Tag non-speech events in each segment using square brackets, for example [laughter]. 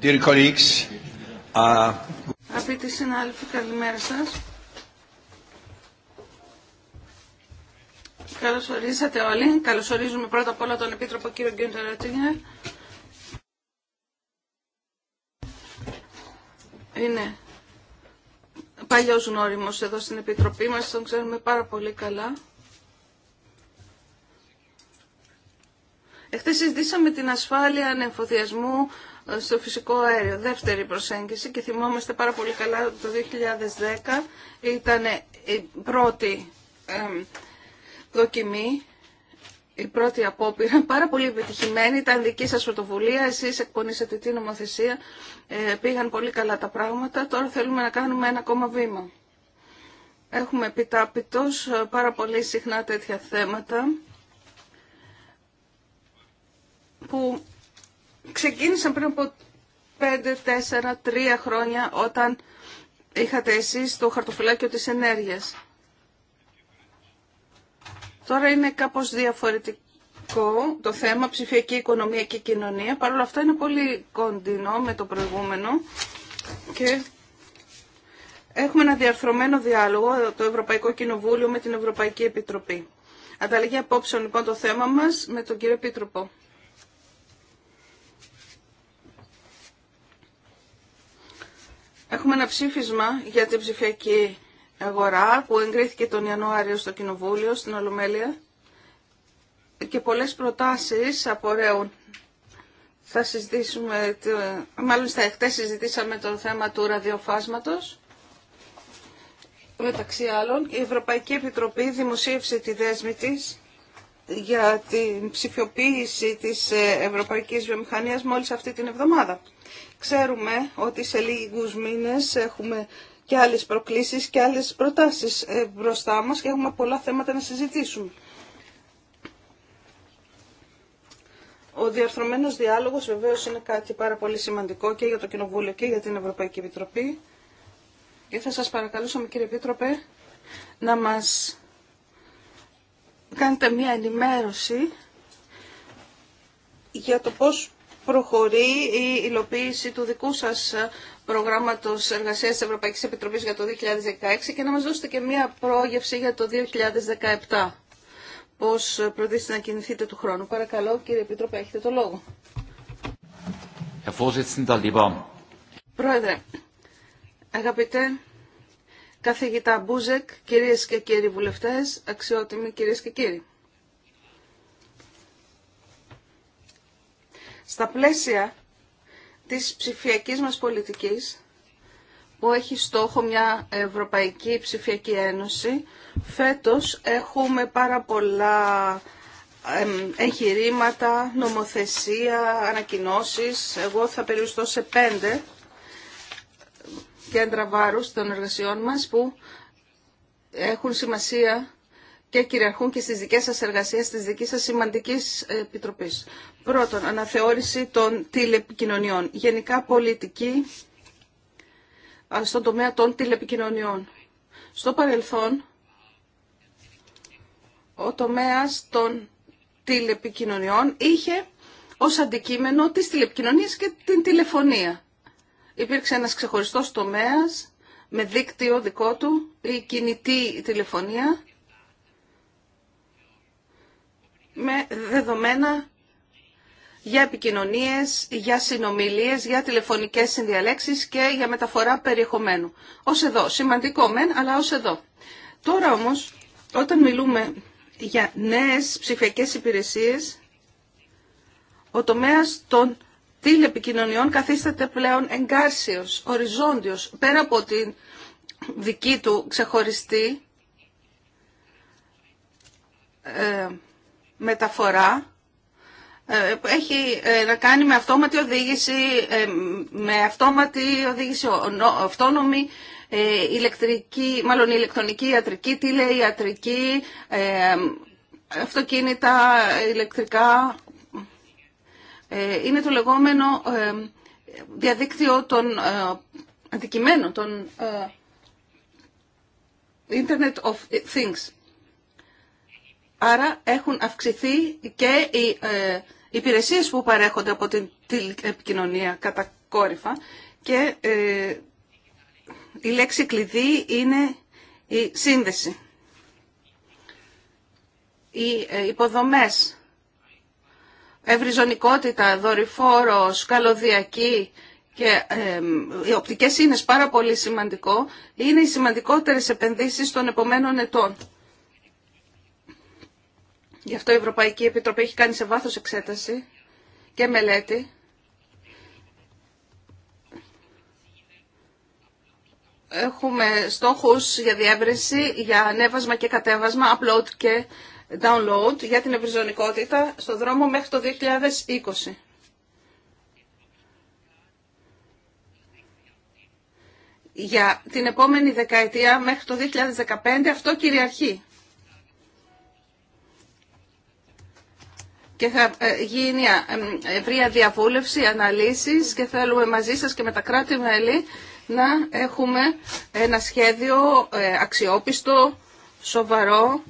Dear colleagues, uh... καλημέρα σας. Καλώς ορίσατε όλοι. Καλώς πρώτα απ' όλα τον Επίτροπο κύριο Γκίντερ Είναι παλιός γνώριμος εδώ στην Επιτροπή μας, τον ξέρουμε πάρα πολύ καλά. Εχθές συζητήσαμε την ασφάλεια ανεμφοδιασμού στο φυσικό αέριο. Δεύτερη προσέγγιση και θυμόμαστε πάρα πολύ καλά το 2010 ήταν η πρώτη δοκιμή, η πρώτη απόπειρα, [laughs] πάρα πολύ επιτυχημένη, ήταν δική σας πρωτοβουλία, εσείς εκπονήσατε την νομοθεσία, ε, πήγαν πολύ καλά τα πράγματα, τώρα θέλουμε να κάνουμε ένα ακόμα βήμα. Έχουμε επιτάπητος ε, πάρα πολύ συχνά τέτοια θέματα που ξεκίνησαν πριν από 5, 4, 3 χρόνια όταν είχατε εσείς το χαρτοφυλάκιο της ενέργειας. Τώρα είναι κάπως διαφορετικό το θέμα ψηφιακή οικονομία και κοινωνία. Παρ' όλα αυτά είναι πολύ κοντινό με το προηγούμενο και έχουμε ένα διαρθρωμένο διάλογο το Ευρωπαϊκό Κοινοβούλιο με την Ευρωπαϊκή Επιτροπή. Ανταλλαγή απόψεων λοιπόν το θέμα μας με τον κύριο Επίτροπο. Έχουμε ένα ψήφισμα για την ψηφιακή αγορά που εγκρίθηκε τον Ιανουάριο στο Κοινοβούλιο, στην Ολομέλεια και πολλές προτάσεις απορρέουν. Θα συζητήσουμε, μάλλον στα εχθές συζητήσαμε το θέμα του ραδιοφάσματος. Μεταξύ άλλων, η Ευρωπαϊκή Επιτροπή δημοσίευσε τη δέσμη της για την ψηφιοποίηση της ε, ευρωπαϊκής βιομηχανίας μόλις αυτή την εβδομάδα. Ξέρουμε ότι σε λίγους μήνες έχουμε και άλλες προκλήσεις και άλλες προτάσεις ε, μπροστά μας και έχουμε πολλά θέματα να συζητήσουμε. Ο διαρθρωμένος διάλογος βεβαίως είναι κάτι πάρα πολύ σημαντικό και για το Κοινοβούλιο και για την Ευρωπαϊκή Επιτροπή. Και θα σας παρακαλούσαμε κύριε Επίτροπε να μας κάνετε μια ενημέρωση για το πώς προχωρεί η υλοποίηση του δικού σας προγράμματος εργασίας της Ευρωπαϊκής Επιτροπής για το 2016 και να μας δώσετε και μία πρόγευση για το 2017. Πώς προτίθεται να κινηθείτε του χρόνου. Παρακαλώ κύριε Επιτροπέ, έχετε το λόγο. Πρόεδρε, αγαπητέ καθηγητά Μπούζεκ, κυρίες και κύριοι βουλευτές, αξιότιμοι κυρίες και κύριοι. Στα πλαίσια της ψηφιακής μας πολιτικής, που έχει στόχο μια Ευρωπαϊκή Ψηφιακή Ένωση, φέτος έχουμε πάρα πολλά εγχειρήματα, νομοθεσία, ανακοινώσεις. Εγώ θα περιοριστώ σε πέντε κέντρα βάρους των εργασιών μας που έχουν σημασία και κυριαρχούν και στις δικές σας εργασίες της δικής σας σημαντικής επιτροπής. Πρώτον, αναθεώρηση των τηλεπικοινωνιών. Γενικά πολιτική στον τομέα των τηλεπικοινωνιών. Στο παρελθόν, ο τομέας των τηλεπικοινωνιών είχε ως αντικείμενο τις τηλεπικοινωνίες και την τηλεφωνία. Υπήρξε ένας ξεχωριστός τομέας με δίκτυο δικό του, η κινητή τηλεφωνία με δεδομένα για επικοινωνίες, για συνομιλίες, για τηλεφωνικές συνδιαλέξεις και για μεταφορά περιεχομένου. Ως εδώ. Σημαντικό μεν, αλλά ως εδώ. Τώρα όμως, όταν μιλούμε για νέες ψηφιακές υπηρεσίες, ο τομέας των τηλεπικοινωνιών καθίσταται πλέον εγκάρσιος, οριζόντιος, πέρα από την δική του ξεχωριστή ε, μεταφορά ε, έχει ε, να κάνει με αυτόματη οδήγηση, ε, με αυτόματη οδήγηση αυτόνομη, ηλεκτρική, μάλλον ηλεκτρονική ιατρική, τηλεϊατρική, αυτοκίνητα, ηλεκτρικά. Είναι το λεγόμενο διαδίκτυο των αντικειμένων, των Internet of Things. Άρα έχουν αυξηθεί και οι ε, υπηρεσίες που παρέχονται από την επικοινωνία κατακόρυφα και ε, η λέξη κλειδί είναι η σύνδεση. Οι ε, υποδομές, ευρυζωνικότητα, δορυφόρος, καλωδιακή και οι οπτικές είναι πάρα πολύ σημαντικό, είναι οι σημαντικότερες επενδύσεις των επομένων ετών. Γι' αυτό η Ευρωπαϊκή Επιτροπή έχει κάνει σε βάθος εξέταση και μελέτη έχουμε στόχους για διεύρυνση, για ανέβασμα και κατέβασμα, upload και download για την ευρυζωνικότητα στο δρόμο μέχρι το 2020. Για την επόμενη δεκαετία μέχρι το 2015 αυτό κυριαρχεί. και θα ε, γίνει ευρεία ε, διαβούλευση, αναλύσεις και θέλουμε μαζί σας και με τα κράτη-μέλη να έχουμε ένα σχέδιο ε, αξιόπιστο, σοβαρό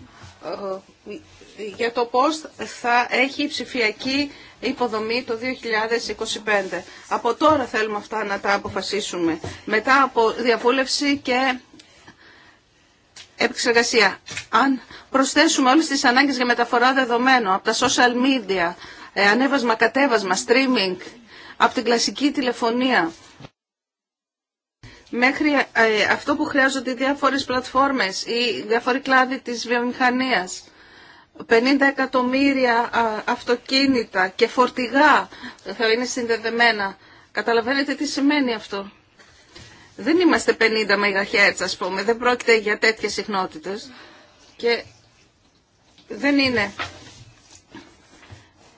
για το πώς θα έχει η ψηφιακή υποδομή το 2025. Από τώρα θέλουμε αυτά να τα αποφασίσουμε. Μετά από διαβούλευση και επεξεργασία. Αν προσθέσουμε όλες τις ανάγκες για μεταφορά δεδομένων από τα social media, ε, ανέβασμα, κατέβασμα, streaming, από την κλασική τηλεφωνία, μέχρι ε, αυτό που χρειάζονται οι διάφορες πλατφόρμες ή διάφοροι κλάδοι της βιομηχανίας, 50 εκατομμύρια αυτοκίνητα και φορτηγά θα είναι συνδεδεμένα. Καταλαβαίνετε τι σημαίνει αυτό. Δεν είμαστε 50 MHz ας πούμε, δεν πρόκειται για τέτοιες συχνότητες και δεν είναι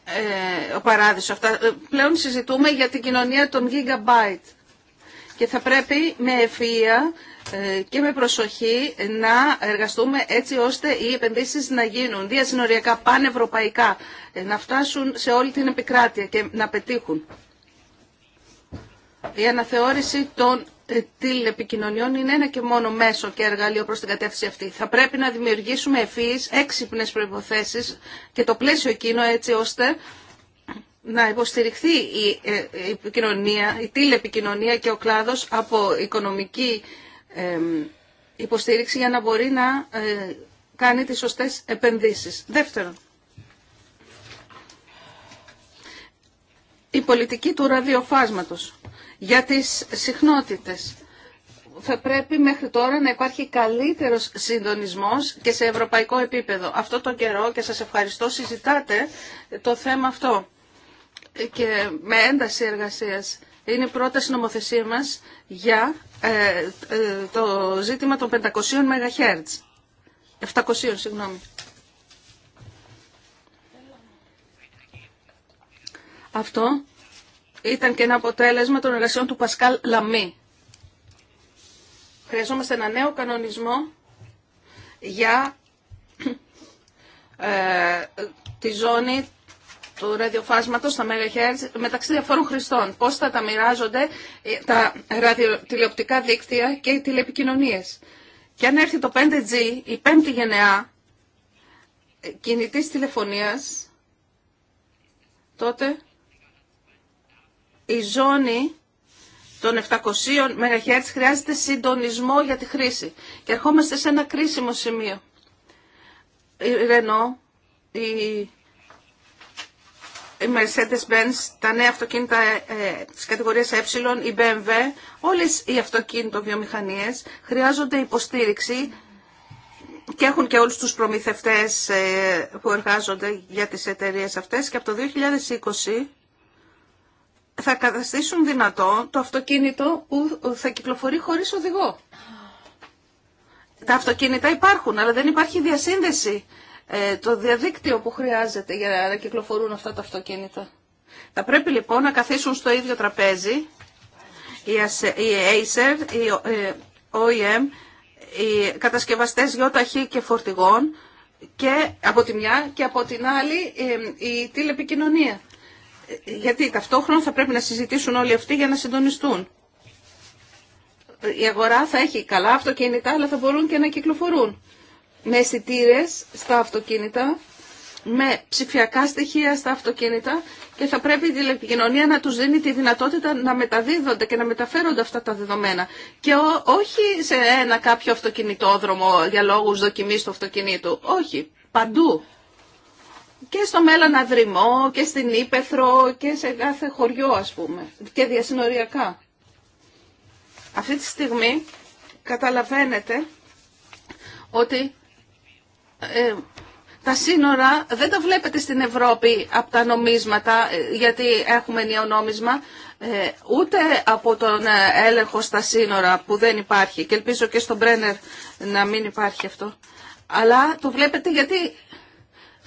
ε, ο παράδεισος. Αυτά, πλέον συζητούμε για την κοινωνία των gigabyte και θα πρέπει με ευφυΐα ε, και με προσοχή να εργαστούμε έτσι ώστε οι επενδύσεις να γίνουν διασυνοριακά, πανευρωπαϊκά, ε, να φτάσουν σε όλη την επικράτεια και να πετύχουν. Η αναθεώρηση των τηλεπικοινωνιών είναι ένα και μόνο μέσο και εργαλείο προς την κατεύθυνση αυτή. Θα πρέπει να δημιουργήσουμε ευφύης, έξυπνες προϋποθέσεις και το πλαίσιο εκείνο έτσι ώστε να υποστηριχθεί η, ε, επικοινωνία, η τηλεπικοινωνία και ο κλάδος από οικονομική υποστήριξη για να μπορεί να ε, κάνει τις σωστές επενδύσεις. Δεύτερον, η πολιτική του ραδιοφάσματος για τις συχνότητες. Θα πρέπει μέχρι τώρα να υπάρχει καλύτερος συντονισμός και σε ευρωπαϊκό επίπεδο. Αυτό το καιρό και σας ευχαριστώ συζητάτε το θέμα αυτό και με ένταση εργασίας. Είναι η πρώτη νομοθεσία μας για ε, ε, το ζήτημα των 500 MHz. 700, συγγνώμη. Αυτό ήταν και ένα αποτέλεσμα των εργασιών του Πασκάλ Λαμή. Χρειαζόμαστε ένα νέο κανονισμό για ε, τη ζώνη του ραδιοφάσματος στα MHz μεταξύ διαφόρων χρηστών. Πώς θα τα μοιράζονται ε, τα ραδιοτηλεοπτικά δίκτυα και οι τηλεπικοινωνίες. Και αν έρθει το 5G, η πέμπτη γενεά ε, κινητής τηλεφωνίας, τότε η ζώνη των 700 MHz χρειάζεται συντονισμό για τη χρήση. Και ερχόμαστε σε ένα κρίσιμο σημείο. Η Renault, η Mercedes-Benz, τα νέα αυτοκίνητα ε, της κατηγορίας ε, η BMW, όλες οι βιομηχανίες χρειάζονται υποστήριξη και έχουν και όλους τους προμηθευτές ε, που εργάζονται για τις εταιρείες αυτές και από το 2020 θα καταστήσουν δυνατό το αυτοκίνητο που θα κυκλοφορεί χωρίς οδηγό. Τα αυτοκίνητα υπάρχουν, αλλά δεν υπάρχει διασύνδεση, ε, το διαδίκτυο που χρειάζεται για να κυκλοφορούν αυτά τα αυτοκίνητα. Θα πρέπει λοιπόν να καθίσουν στο ίδιο τραπέζι η Acer, η OEM, ε, οι κατασκευαστές γιοταχή και φορτηγών και από τη μια και από την άλλη ε, η τηλεπικοινωνία γιατί ταυτόχρονα θα πρέπει να συζητήσουν όλοι αυτοί για να συντονιστούν. Η αγορά θα έχει καλά αυτοκίνητα, αλλά θα μπορούν και να κυκλοφορούν με αισθητήρε στα αυτοκίνητα, με ψηφιακά στοιχεία στα αυτοκίνητα και θα πρέπει η τηλεπικοινωνία να τους δίνει τη δυνατότητα να μεταδίδονται και να μεταφέρονται αυτά τα δεδομένα και όχι σε ένα κάποιο αυτοκινητόδρομο για λόγους δοκιμής του αυτοκινήτου, όχι, παντού και στο μέλλον Αδρυμό και στην Ήπεθρο και σε κάθε χωριό ας πούμε και διασυνοριακά. Αυτή τη στιγμή καταλαβαίνετε ότι ε, τα σύνορα δεν τα βλέπετε στην Ευρώπη από τα νομίσματα ε, γιατί έχουμε νέο νόμισμα ε, ούτε από τον έλεγχο στα σύνορα που δεν υπάρχει και ελπίζω και στον Μπρένερ να μην υπάρχει αυτό αλλά το βλέπετε γιατί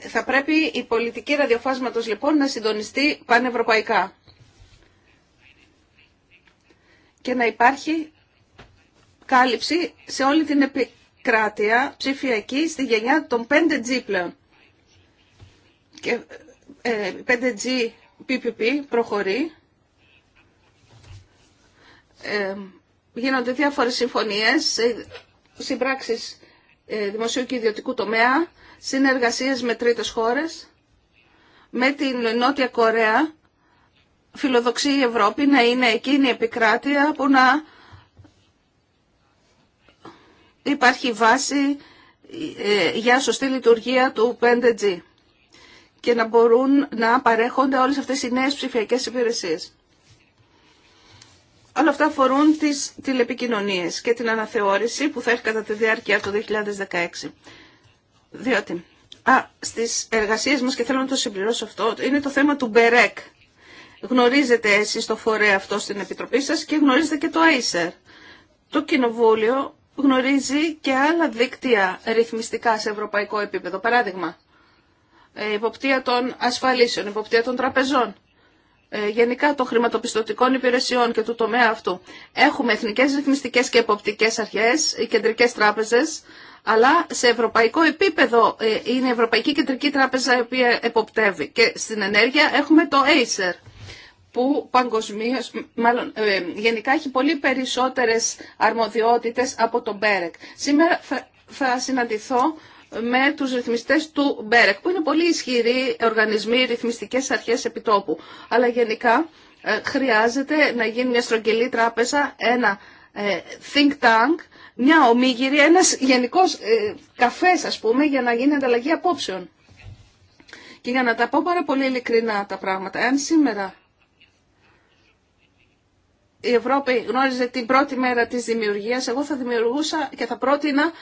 Θα πρέπει η πολιτική ραδιοφάσματος λοιπόν να συντονιστεί πανευρωπαϊκά και να υπάρχει κάλυψη σε όλη την επικράτεια ψηφιακή στη γενιά των 5G πλέον. Και 5G ε, PPP προχωρεί. Ε, γίνονται διάφορες συμφωνίες, συμπράξεις ε, δημοσίου και ιδιωτικού τομέα Συνεργασίες με τρίτες χώρες, με την Νότια Κορέα, φιλοδοξεί η Ευρώπη να είναι εκείνη η επικράτεια που να υπάρχει βάση ε, για σωστή λειτουργία του 5G και να μπορούν να παρέχονται όλες αυτές οι νέες ψηφιακές υπηρεσίες. Όλα αυτά αφορούν τις τηλεπικοινωνίες και την αναθεώρηση που θα έχει κατά τη διάρκεια του 2016. Διότι α, στις εργασίες μας, και θέλω να το συμπληρώσω αυτό, είναι το θέμα του Μπερέκ. Γνωρίζετε εσείς το φορέα αυτό στην Επιτροπή σας και γνωρίζετε και το Acer. Το Κοινοβούλιο γνωρίζει και άλλα δίκτυα ρυθμιστικά σε ευρωπαϊκό επίπεδο. Παράδειγμα, ε, υποπτία των ασφαλίσεων, υποπτία των τραπεζών. Ε, γενικά των χρηματοπιστωτικών υπηρεσιών και του τομέα αυτού. Έχουμε εθνικές ρυθμιστικές και εποπτικές αρχές, οι κεντρικές τράπεζες, αλλά σε ευρωπαϊκό επίπεδο ε, είναι η Ευρωπαϊκή Κεντρική Τράπεζα η οποία εποπτεύει. Και στην ενέργεια έχουμε το Acer που παγκοσμίως μάλλον ε, γενικά έχει πολύ περισσότερες αρμοδιότητες από τον BEREC. Σήμερα θα, θα συναντηθώ με τους ρυθμιστές του Μπέρεκ, που είναι πολύ ισχυροί οργανισμοί ρυθμιστικές αρχές επιτόπου. Αλλά γενικά ε, χρειάζεται να γίνει μια στρογγυλή τράπεζα, ένα ε, think tank, μια ομίγυρη, ένας γενικός ε, καφές ας πούμε για να γίνει ανταλλαγή απόψεων. Και για να τα πω πάρα πολύ ειλικρινά τα πράγματα, εάν σήμερα η Ευρώπη γνώριζε την πρώτη μέρα της δημιουργίας, εγώ θα δημιουργούσα και θα πρότεινα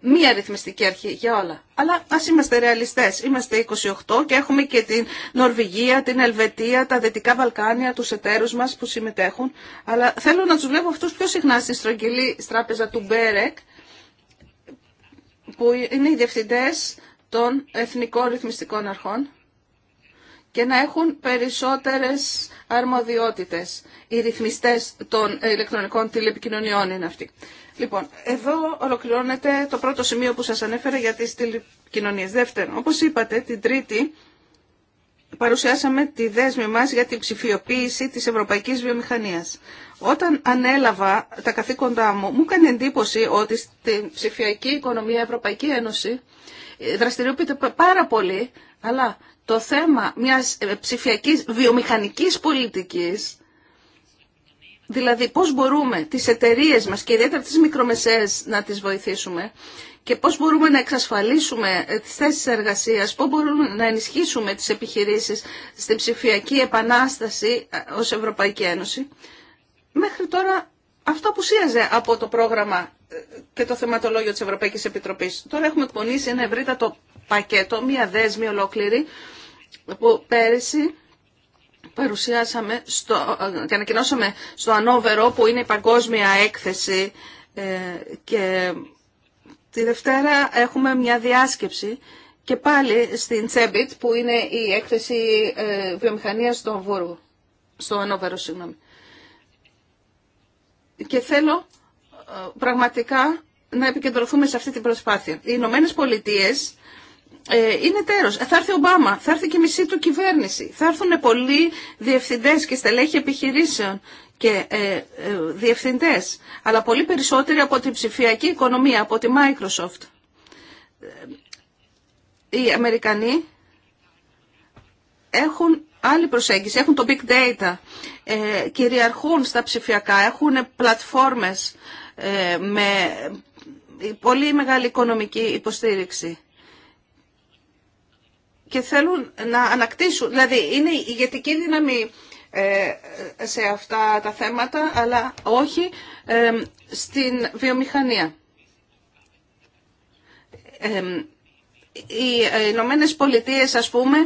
μία ρυθμιστική αρχή για όλα. Αλλά ας είμαστε ρεαλιστές. Είμαστε 28 και έχουμε και την Νορβηγία, την Ελβετία, τα Δυτικά Βαλκάνια, τους εταίρους μας που συμμετέχουν. Αλλά θέλω να τους βλέπω αυτούς πιο συχνά στην στρογγυλή στράπεζα του Μπέρεκ, που είναι οι διευθυντές των Εθνικών Ρυθμιστικών Αρχών και να έχουν περισσότερες αρμοδιότητες. Οι ρυθμιστές των ηλεκτρονικών τηλεπικοινωνιών είναι αυτοί. Λοιπόν, εδώ ολοκληρώνεται το πρώτο σημείο που σας ανέφερα για τις τηλεπικοινωνίες. Δεύτερον, όπως είπατε, την Τρίτη παρουσιάσαμε τη δέσμη μας για την ψηφιοποίηση της ευρωπαϊκής βιομηχανίας. Όταν ανέλαβα τα καθήκοντά μου, μου έκανε εντύπωση ότι στην ψηφιακή οικονομία η Ευρωπαϊκή Ένωση ε, δραστηριοποιείται πάρα πολύ, αλλά το θέμα μιας ε, ψηφιακής βιομηχανικής πολιτικής, δηλαδή πώς μπορούμε τις εταιρείες μας και ιδιαίτερα τις μικρομεσαίες να τις βοηθήσουμε και πώς μπορούμε να εξασφαλίσουμε ε, τις θέσεις εργασίας, πώς μπορούμε να ενισχύσουμε τις επιχειρήσεις στην ψηφιακή επανάσταση ε, ως Ευρωπαϊκή Ένωση. Μέχρι τώρα αυτό απουσίαζε από το πρόγραμμα και το θεματολόγιο της Ευρωπαϊκής Επιτροπής. Τώρα έχουμε εκπονήσει ένα ευρύτατο πακέτο, μία δέσμη ολόκληρη, που πέρυσι παρουσιάσαμε στο, και ανακοινώσαμε στο Ανόβερο που είναι η παγκόσμια έκθεση ε, και τη Δευτέρα έχουμε μια διάσκεψη και πάλι στην Τσέμπιτ που είναι η έκθεση ε, βιομηχανίας στο Βούργο, στο Ανόβερο συγγνώμη. Και θέλω ε, πραγματικά να επικεντρωθούμε σε αυτή την προσπάθεια. Οι Ηνωμένε Πολιτείες ε, είναι τέρος. Ε, θα έρθει ο Ομπάμα, θα έρθει και η μισή του κυβέρνηση, θα έρθουν πολλοί διευθυντέ και στελέχοι επιχειρήσεων και ε, ε, διευθυντές, αλλά πολύ περισσότεροι από την ψηφιακή οικονομία, από τη Microsoft. Οι Αμερικανοί έχουν άλλη προσέγγιση, έχουν το big data, ε, κυριαρχούν στα ψηφιακά, έχουν πλατφόρμες με πολύ μεγάλη οικονομική υποστήριξη και θέλουν να ανακτήσουν, δηλαδή είναι η ηγετική δύναμη ε, σε αυτά τα θέματα, αλλά όχι ε, στην βιομηχανία. Ε, οι Ηνωμένε Πολιτείε, ας πούμε,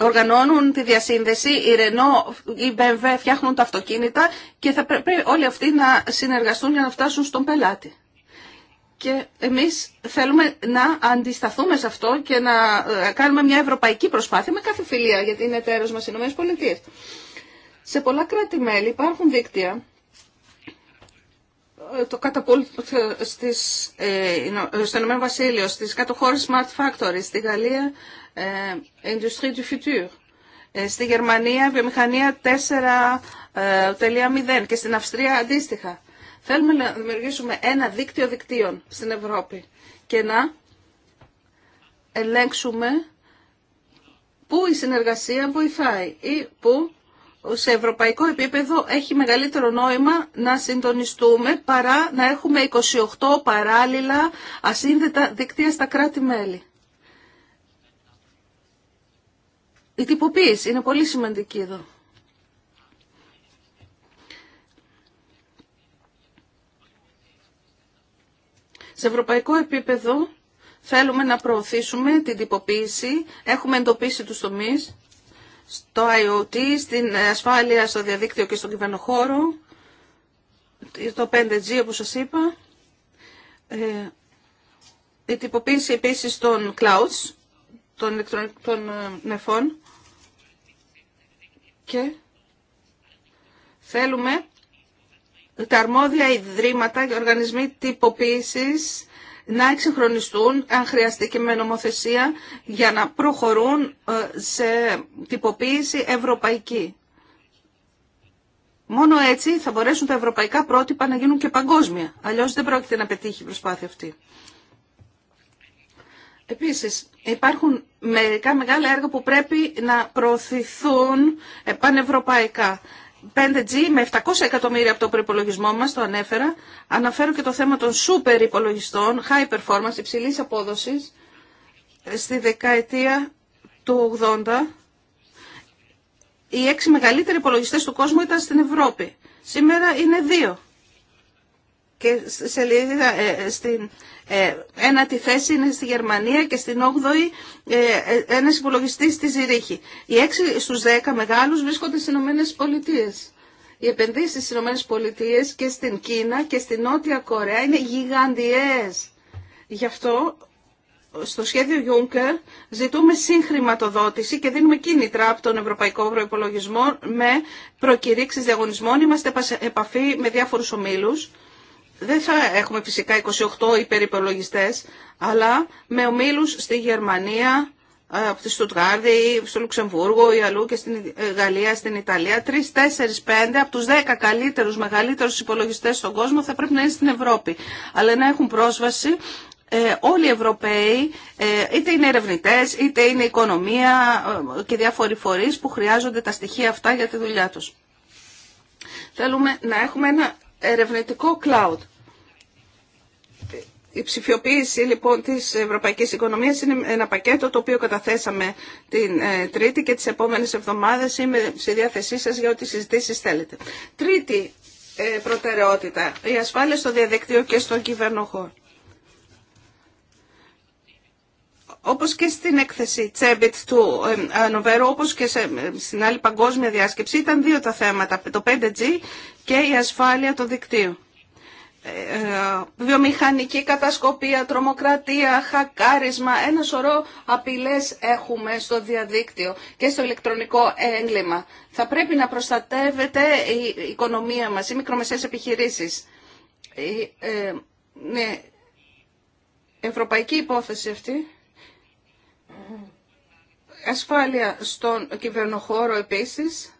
οργανώνουν τη διασύνδεση, η Ρενό, η BMW φτιάχνουν τα αυτοκίνητα και θα πρέπει όλοι αυτοί να συνεργαστούν για να φτάσουν στον πελάτη. Και εμείς θέλουμε να αντισταθούμε σε αυτό και να ε, κάνουμε μια ευρωπαϊκή προσπάθεια με κάθε φιλία, γιατί είναι εταίρος μας οι ΗΠΑ. Σε πολλά κράτη-μέλη υπάρχουν δίκτυα ε, το καταπούλτο ε, στις, στο Ηνωμένο Βασίλειο, στις κατοχώρες Smart Factory, στη Γαλλία Industry Industrie du Futur, στη Γερμανία Βιομηχανία 4.0 και στην Αυστρία αντίστοιχα. Θέλουμε να δημιουργήσουμε ένα δίκτυο δικτύων στην Ευρώπη και να ελέγξουμε πού η συνεργασία βοηθάει ή πού σε ευρωπαϊκό επίπεδο έχει μεγαλύτερο νόημα να συντονιστούμε παρά να έχουμε 28 παράλληλα ασύνδετα δίκτυα στα κράτη-μέλη. Η τυποποίηση είναι πολύ σημαντική εδώ. Σε ευρωπαϊκό επίπεδο θέλουμε να προωθήσουμε την τυποποίηση. Έχουμε εντοπίσει τους τομείς στο IoT, στην ασφάλεια, στο διαδίκτυο και στον κυβερνοχώρο, το 5G όπως σας είπα. Ε, η τυποποίηση επίσης των clouds, των ηλεκτρονικών ε, νεφών και θέλουμε τα αρμόδια ιδρύματα και οργανισμοί τυποποίησης να εξυγχρονιστούν, αν χρειαστεί και με νομοθεσία, για να προχωρούν ε, σε τυποποίηση ευρωπαϊκή. Μόνο έτσι θα μπορέσουν τα ευρωπαϊκά πρότυπα να γίνουν και παγκόσμια. Αλλιώς δεν πρόκειται να πετύχει η προσπάθεια αυτή. Επίσης, υπάρχουν μερικά μεγάλα έργα που πρέπει να προωθηθούν πανευρωπαϊκά. 5G με 700 εκατομμύρια από το προπολογισμό μας, το ανέφερα. Αναφέρω και το θέμα των super υπολογιστών, high performance, υψηλής απόδοσης, στη δεκαετία του 80. Οι έξι μεγαλύτεροι υπολογιστές του κόσμου ήταν στην Ευρώπη. Σήμερα είναι δύο και σε σελίδα ε, ε, στην ε, ένατη θέση είναι στη Γερμανία και στην 8η ε, ε, ένας υπολογιστής στη Ζηρίχη. Οι 6 στους 10 μεγάλους βρίσκονται στις Ηνωμένες Πολιτείες. Οι επενδύσεις στις Ηνωμένες Πολιτείες και στην Κίνα και στην Νότια Κορέα είναι γιγαντιές. Γι' αυτό στο σχέδιο Juncker ζητούμε συγχρηματοδότηση και δίνουμε κίνητρα από τον Ευρωπαϊκό Προπολογισμό με προκηρύξεις διαγωνισμών. Είμαστε επαφή με διάφορους ομίλους δεν θα έχουμε φυσικά 28 υπερυπολογιστέ, αλλά με ομιλού στη Γερμανία, ε, από τη Στουτγάρδη, στο Λουξεμβούργο ή αλλού και στην ε, Γαλλία, στην Ιταλία. Τρει, τέσσερι, πέντε από του δέκα καλύτερου, μεγαλύτερου υπολογιστέ στον κόσμο θα πρέπει να είναι στην Ευρώπη. Αλλά να έχουν πρόσβαση ε, όλοι οι Ευρωπαίοι, είτε είναι ερευνητέ, είτε είναι οικονομία και διάφοροι φορεί που χρειάζονται τα στοιχεία αυτά για τη δουλειά του. Θέλουμε να έχουμε ένα ερευνητικό cloud. Η ψηφιοποίηση λοιπόν της ευρωπαϊκής οικονομίας είναι ένα πακέτο το οποίο καταθέσαμε την ε, Τρίτη και τις επόμενες εβδομάδες είμαι στη διάθεσή σας για ό,τι συζητήσεις θέλετε. Τρίτη ε, προτεραιότητα, η ασφάλεια στο διαδίκτυο και στον κυβερνοχώρο. όπως και στην έκθεση Τσέμπιτ του ε, Νοβέρου, όπως και στην άλλη παγκόσμια διάσκεψη, ήταν δύο τα θέματα, το 5G και η ασφάλεια του δικτύου. Ε, ε, βιομηχανική κατασκοπία, τρομοκρατία, χακάρισμα, ένα σωρό απειλές έχουμε στο διαδίκτυο και στο ηλεκτρονικό έγκλημα. Θα πρέπει να προστατεύεται η οικονομία μας, οι μικρομεσαίες επιχειρήσεις. ε, ναι, ευρωπαϊκή υπόθεση αυτή ασφάλεια στον κυβερνοχώρο επίσης,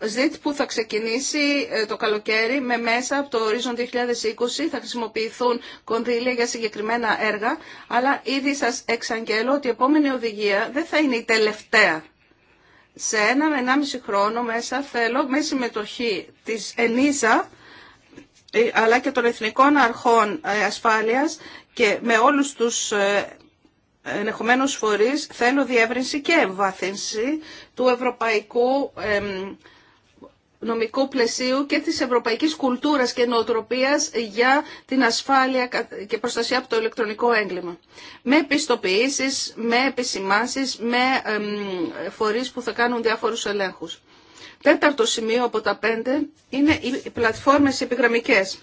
ΖΙΤ που θα ξεκινήσει ε, το καλοκαίρι με μέσα από το ορίζον 2020 θα χρησιμοποιηθούν κονδύλια για συγκεκριμένα έργα, αλλά ήδη σας εξαγγέλω ότι η επόμενη οδηγία δεν θα είναι η τελευταία. Σε ένα με ενάμιση χρόνο μέσα θέλω με συμμετοχή της ΕΝΙΖΑ ε, αλλά και των Εθνικών Αρχών ε, Ασφάλειας και με όλους τους Ενδεχομένω φορεί θέλω διεύρυνση και εμβάθυνση του ευρωπαϊκού νομικού πλαισίου και της ευρωπαϊκής κουλτούρας και νοοτροπίας για την ασφάλεια και προστασία από το ηλεκτρονικό έγκλημα. Με επιστοποιήσεις, με επισημάνσεις, με φορείς που θα κάνουν διάφορους ελέγχους. Τέταρτο σημείο από τα πέντε είναι οι πλατφόρμες επιγραμμικές.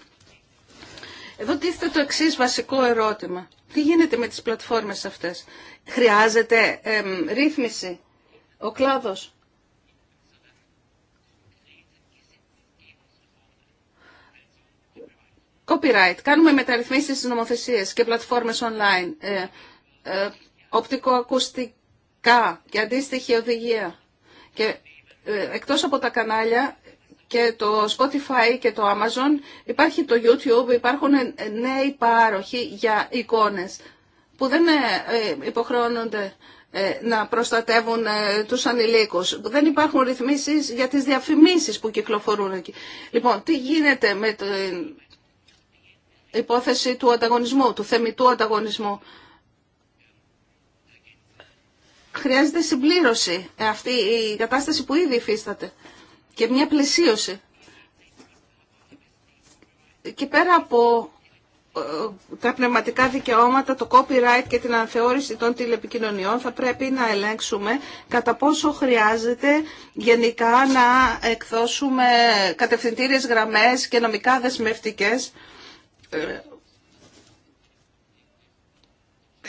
Εδώ τίθεται το εξή βασικό ερώτημα. Τι γίνεται με τις πλατφόρμες αυτές. Χρειάζεται ρύθμιση ο κλάδος. Copyright. Κάνουμε μεταρρυθμίσεις στις νομοθεσίες και πλατφόρμες online. Ε, ε, οπτικοακουστικά και αντίστοιχη οδηγία. Και ε, εκτός από τα κανάλια και το Spotify και το Amazon, υπάρχει το YouTube, υπάρχουν νέοι πάροχοι για εικόνες που δεν ε, ε, υποχρεώνονται ε, να προστατεύουν τους ανηλίκους. Δεν υπάρχουν ρυθμίσεις για τις διαφημίσεις που κυκλοφορούν εκεί. Λοιπόν, τι γίνεται με την υπόθεση του ανταγωνισμού, του θεμητού ανταγωνισμού. Χρειάζεται συμπλήρωση αυτή η κατάσταση που ήδη υφίσταται και μια πλαισίωση. Και πέρα από ε, τα πνευματικά δικαιώματα, το copyright και την αναθεώρηση των τηλεπικοινωνιών θα πρέπει να ελέγξουμε κατά πόσο χρειάζεται γενικά να εκδώσουμε κατευθυντήριες γραμμές και νομικά δεσμευτικές. Ε,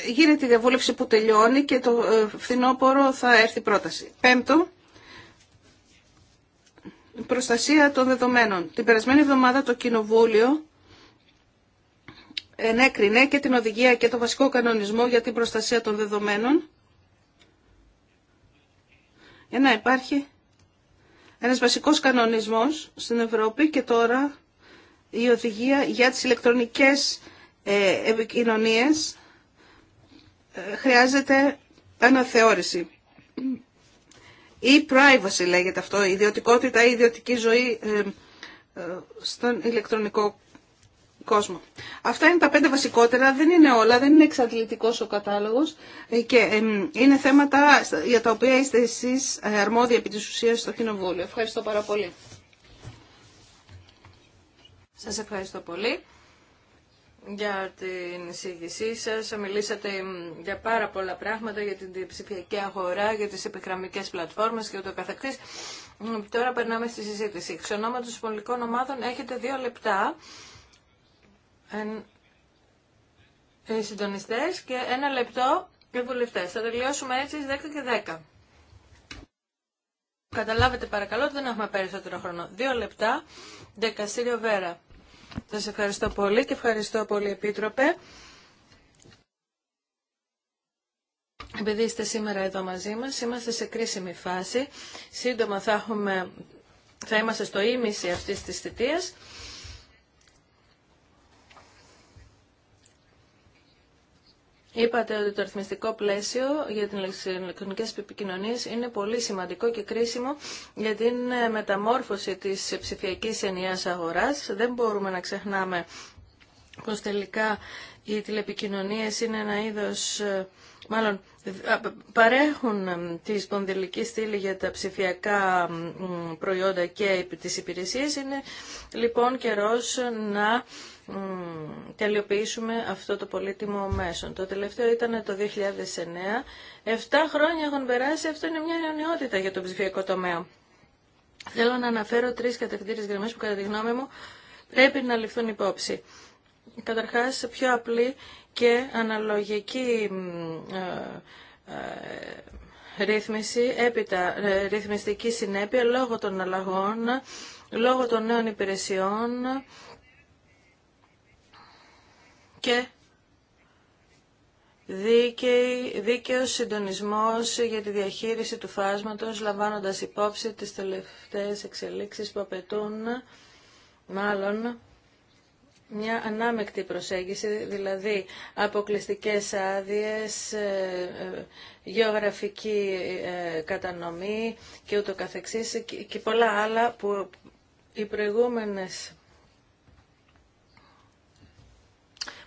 γίνεται η διαβούλευση που τελειώνει και το ε, φθινόπωρο θα έρθει πρόταση. Πέμπτο, προστασία των δεδομένων. Την περασμένη εβδομάδα το Κοινοβούλιο ενέκρινε και την οδηγία και το βασικό κανονισμό για την προστασία των δεδομένων για να υπάρχει ένας βασικός κανονισμός στην Ευρώπη και τώρα η οδηγία για τις ηλεκτρονικές ε, επικοινωνίες ε, χρειάζεται αναθεώρηση ή privacy λέγεται αυτό, ιδιωτικότητα ή ιδιωτική ζωή ε, ε, στον ηλεκτρονικό κόσμο. Αυτά είναι τα πέντε βασικότερα, δεν είναι όλα, δεν είναι εξαντλητικός ο κατάλογος ε, και είναι θέματα για τα οποία είστε εσείς αρμόδιοι επί της ουσίας στο Κοινοβούλιο. Ευχαριστώ πάρα πολύ. Σας ευχαριστώ πολύ για την εισήγησή σας. Μιλήσατε για πάρα πολλά πράγματα, για την ψηφιακή αγορά, για τις επικραμμικές πλατφόρμες και ούτω καθεξή. Τώρα περνάμε στη συζήτηση. Εξ ονόματος πολιτικών ομάδων έχετε δύο λεπτά. Οι συντονιστές και ένα λεπτό οι βουλευτές. Θα τελειώσουμε έτσι 10 και 10. Καταλάβετε παρακαλώ ότι δεν έχουμε περισσότερο χρόνο. Δύο λεπτά, δεκαστήριο Βέρα. Σας ευχαριστώ πολύ και ευχαριστώ πολύ Επίτροπε. Επειδή είστε σήμερα εδώ μαζί μας, είμαστε σε κρίσιμη φάση. Σύντομα θα, έχουμε, είμαστε στο ίμιση αυτής της θητείας. Είπατε ότι το αριθμιστικό πλαίσιο για την ηλεκτρονικέ επικοινωνίε είναι πολύ σημαντικό και κρίσιμο για την ε, μεταμόρφωση της ψηφιακή ενιαία αγοράς. Δεν μπορούμε να ξεχνάμε πως τελικά οι τηλεπικοινωνίες είναι ένα είδος, ε, μάλλον παρέχουν ε, τη σπονδυλική στήλη για τα ψηφιακά προϊόντα και τις υπηρεσίες. Είναι λοιπόν καιρός να τελειοποιήσουμε αυτό το πολύτιμο μέσο. Το τελευταίο ήταν το 2009. Εφτά χρόνια έχουν περάσει. Αυτό είναι μια αιωνιότητα για τον ψηφιακό τομέα. Θέλω να αναφέρω τρεις κατευθύνσεις γραμμέ που κατά τη γνώμη μου πρέπει να ληφθούν υπόψη. Καταρχάς, πιο απλή και αναλογική ε, ε, ρύθμιση, έπειτα ε, ρυθμιστική συνέπεια λόγω των αλλαγών, λόγω των νέων υπηρεσιών, και δίκαιος συντονισμός για τη διαχείριση του φάσματος, λαμβάνοντας υπόψη τις τελευταίες εξελίξεις που απαιτούν, μάλλον, μια ανάμεκτη προσέγγιση, δηλαδή αποκλειστικές άδειες, ε, ε, γεωγραφική ε, κατανομή και ούτω καθεξής και πολλά άλλα που οι προηγούμενες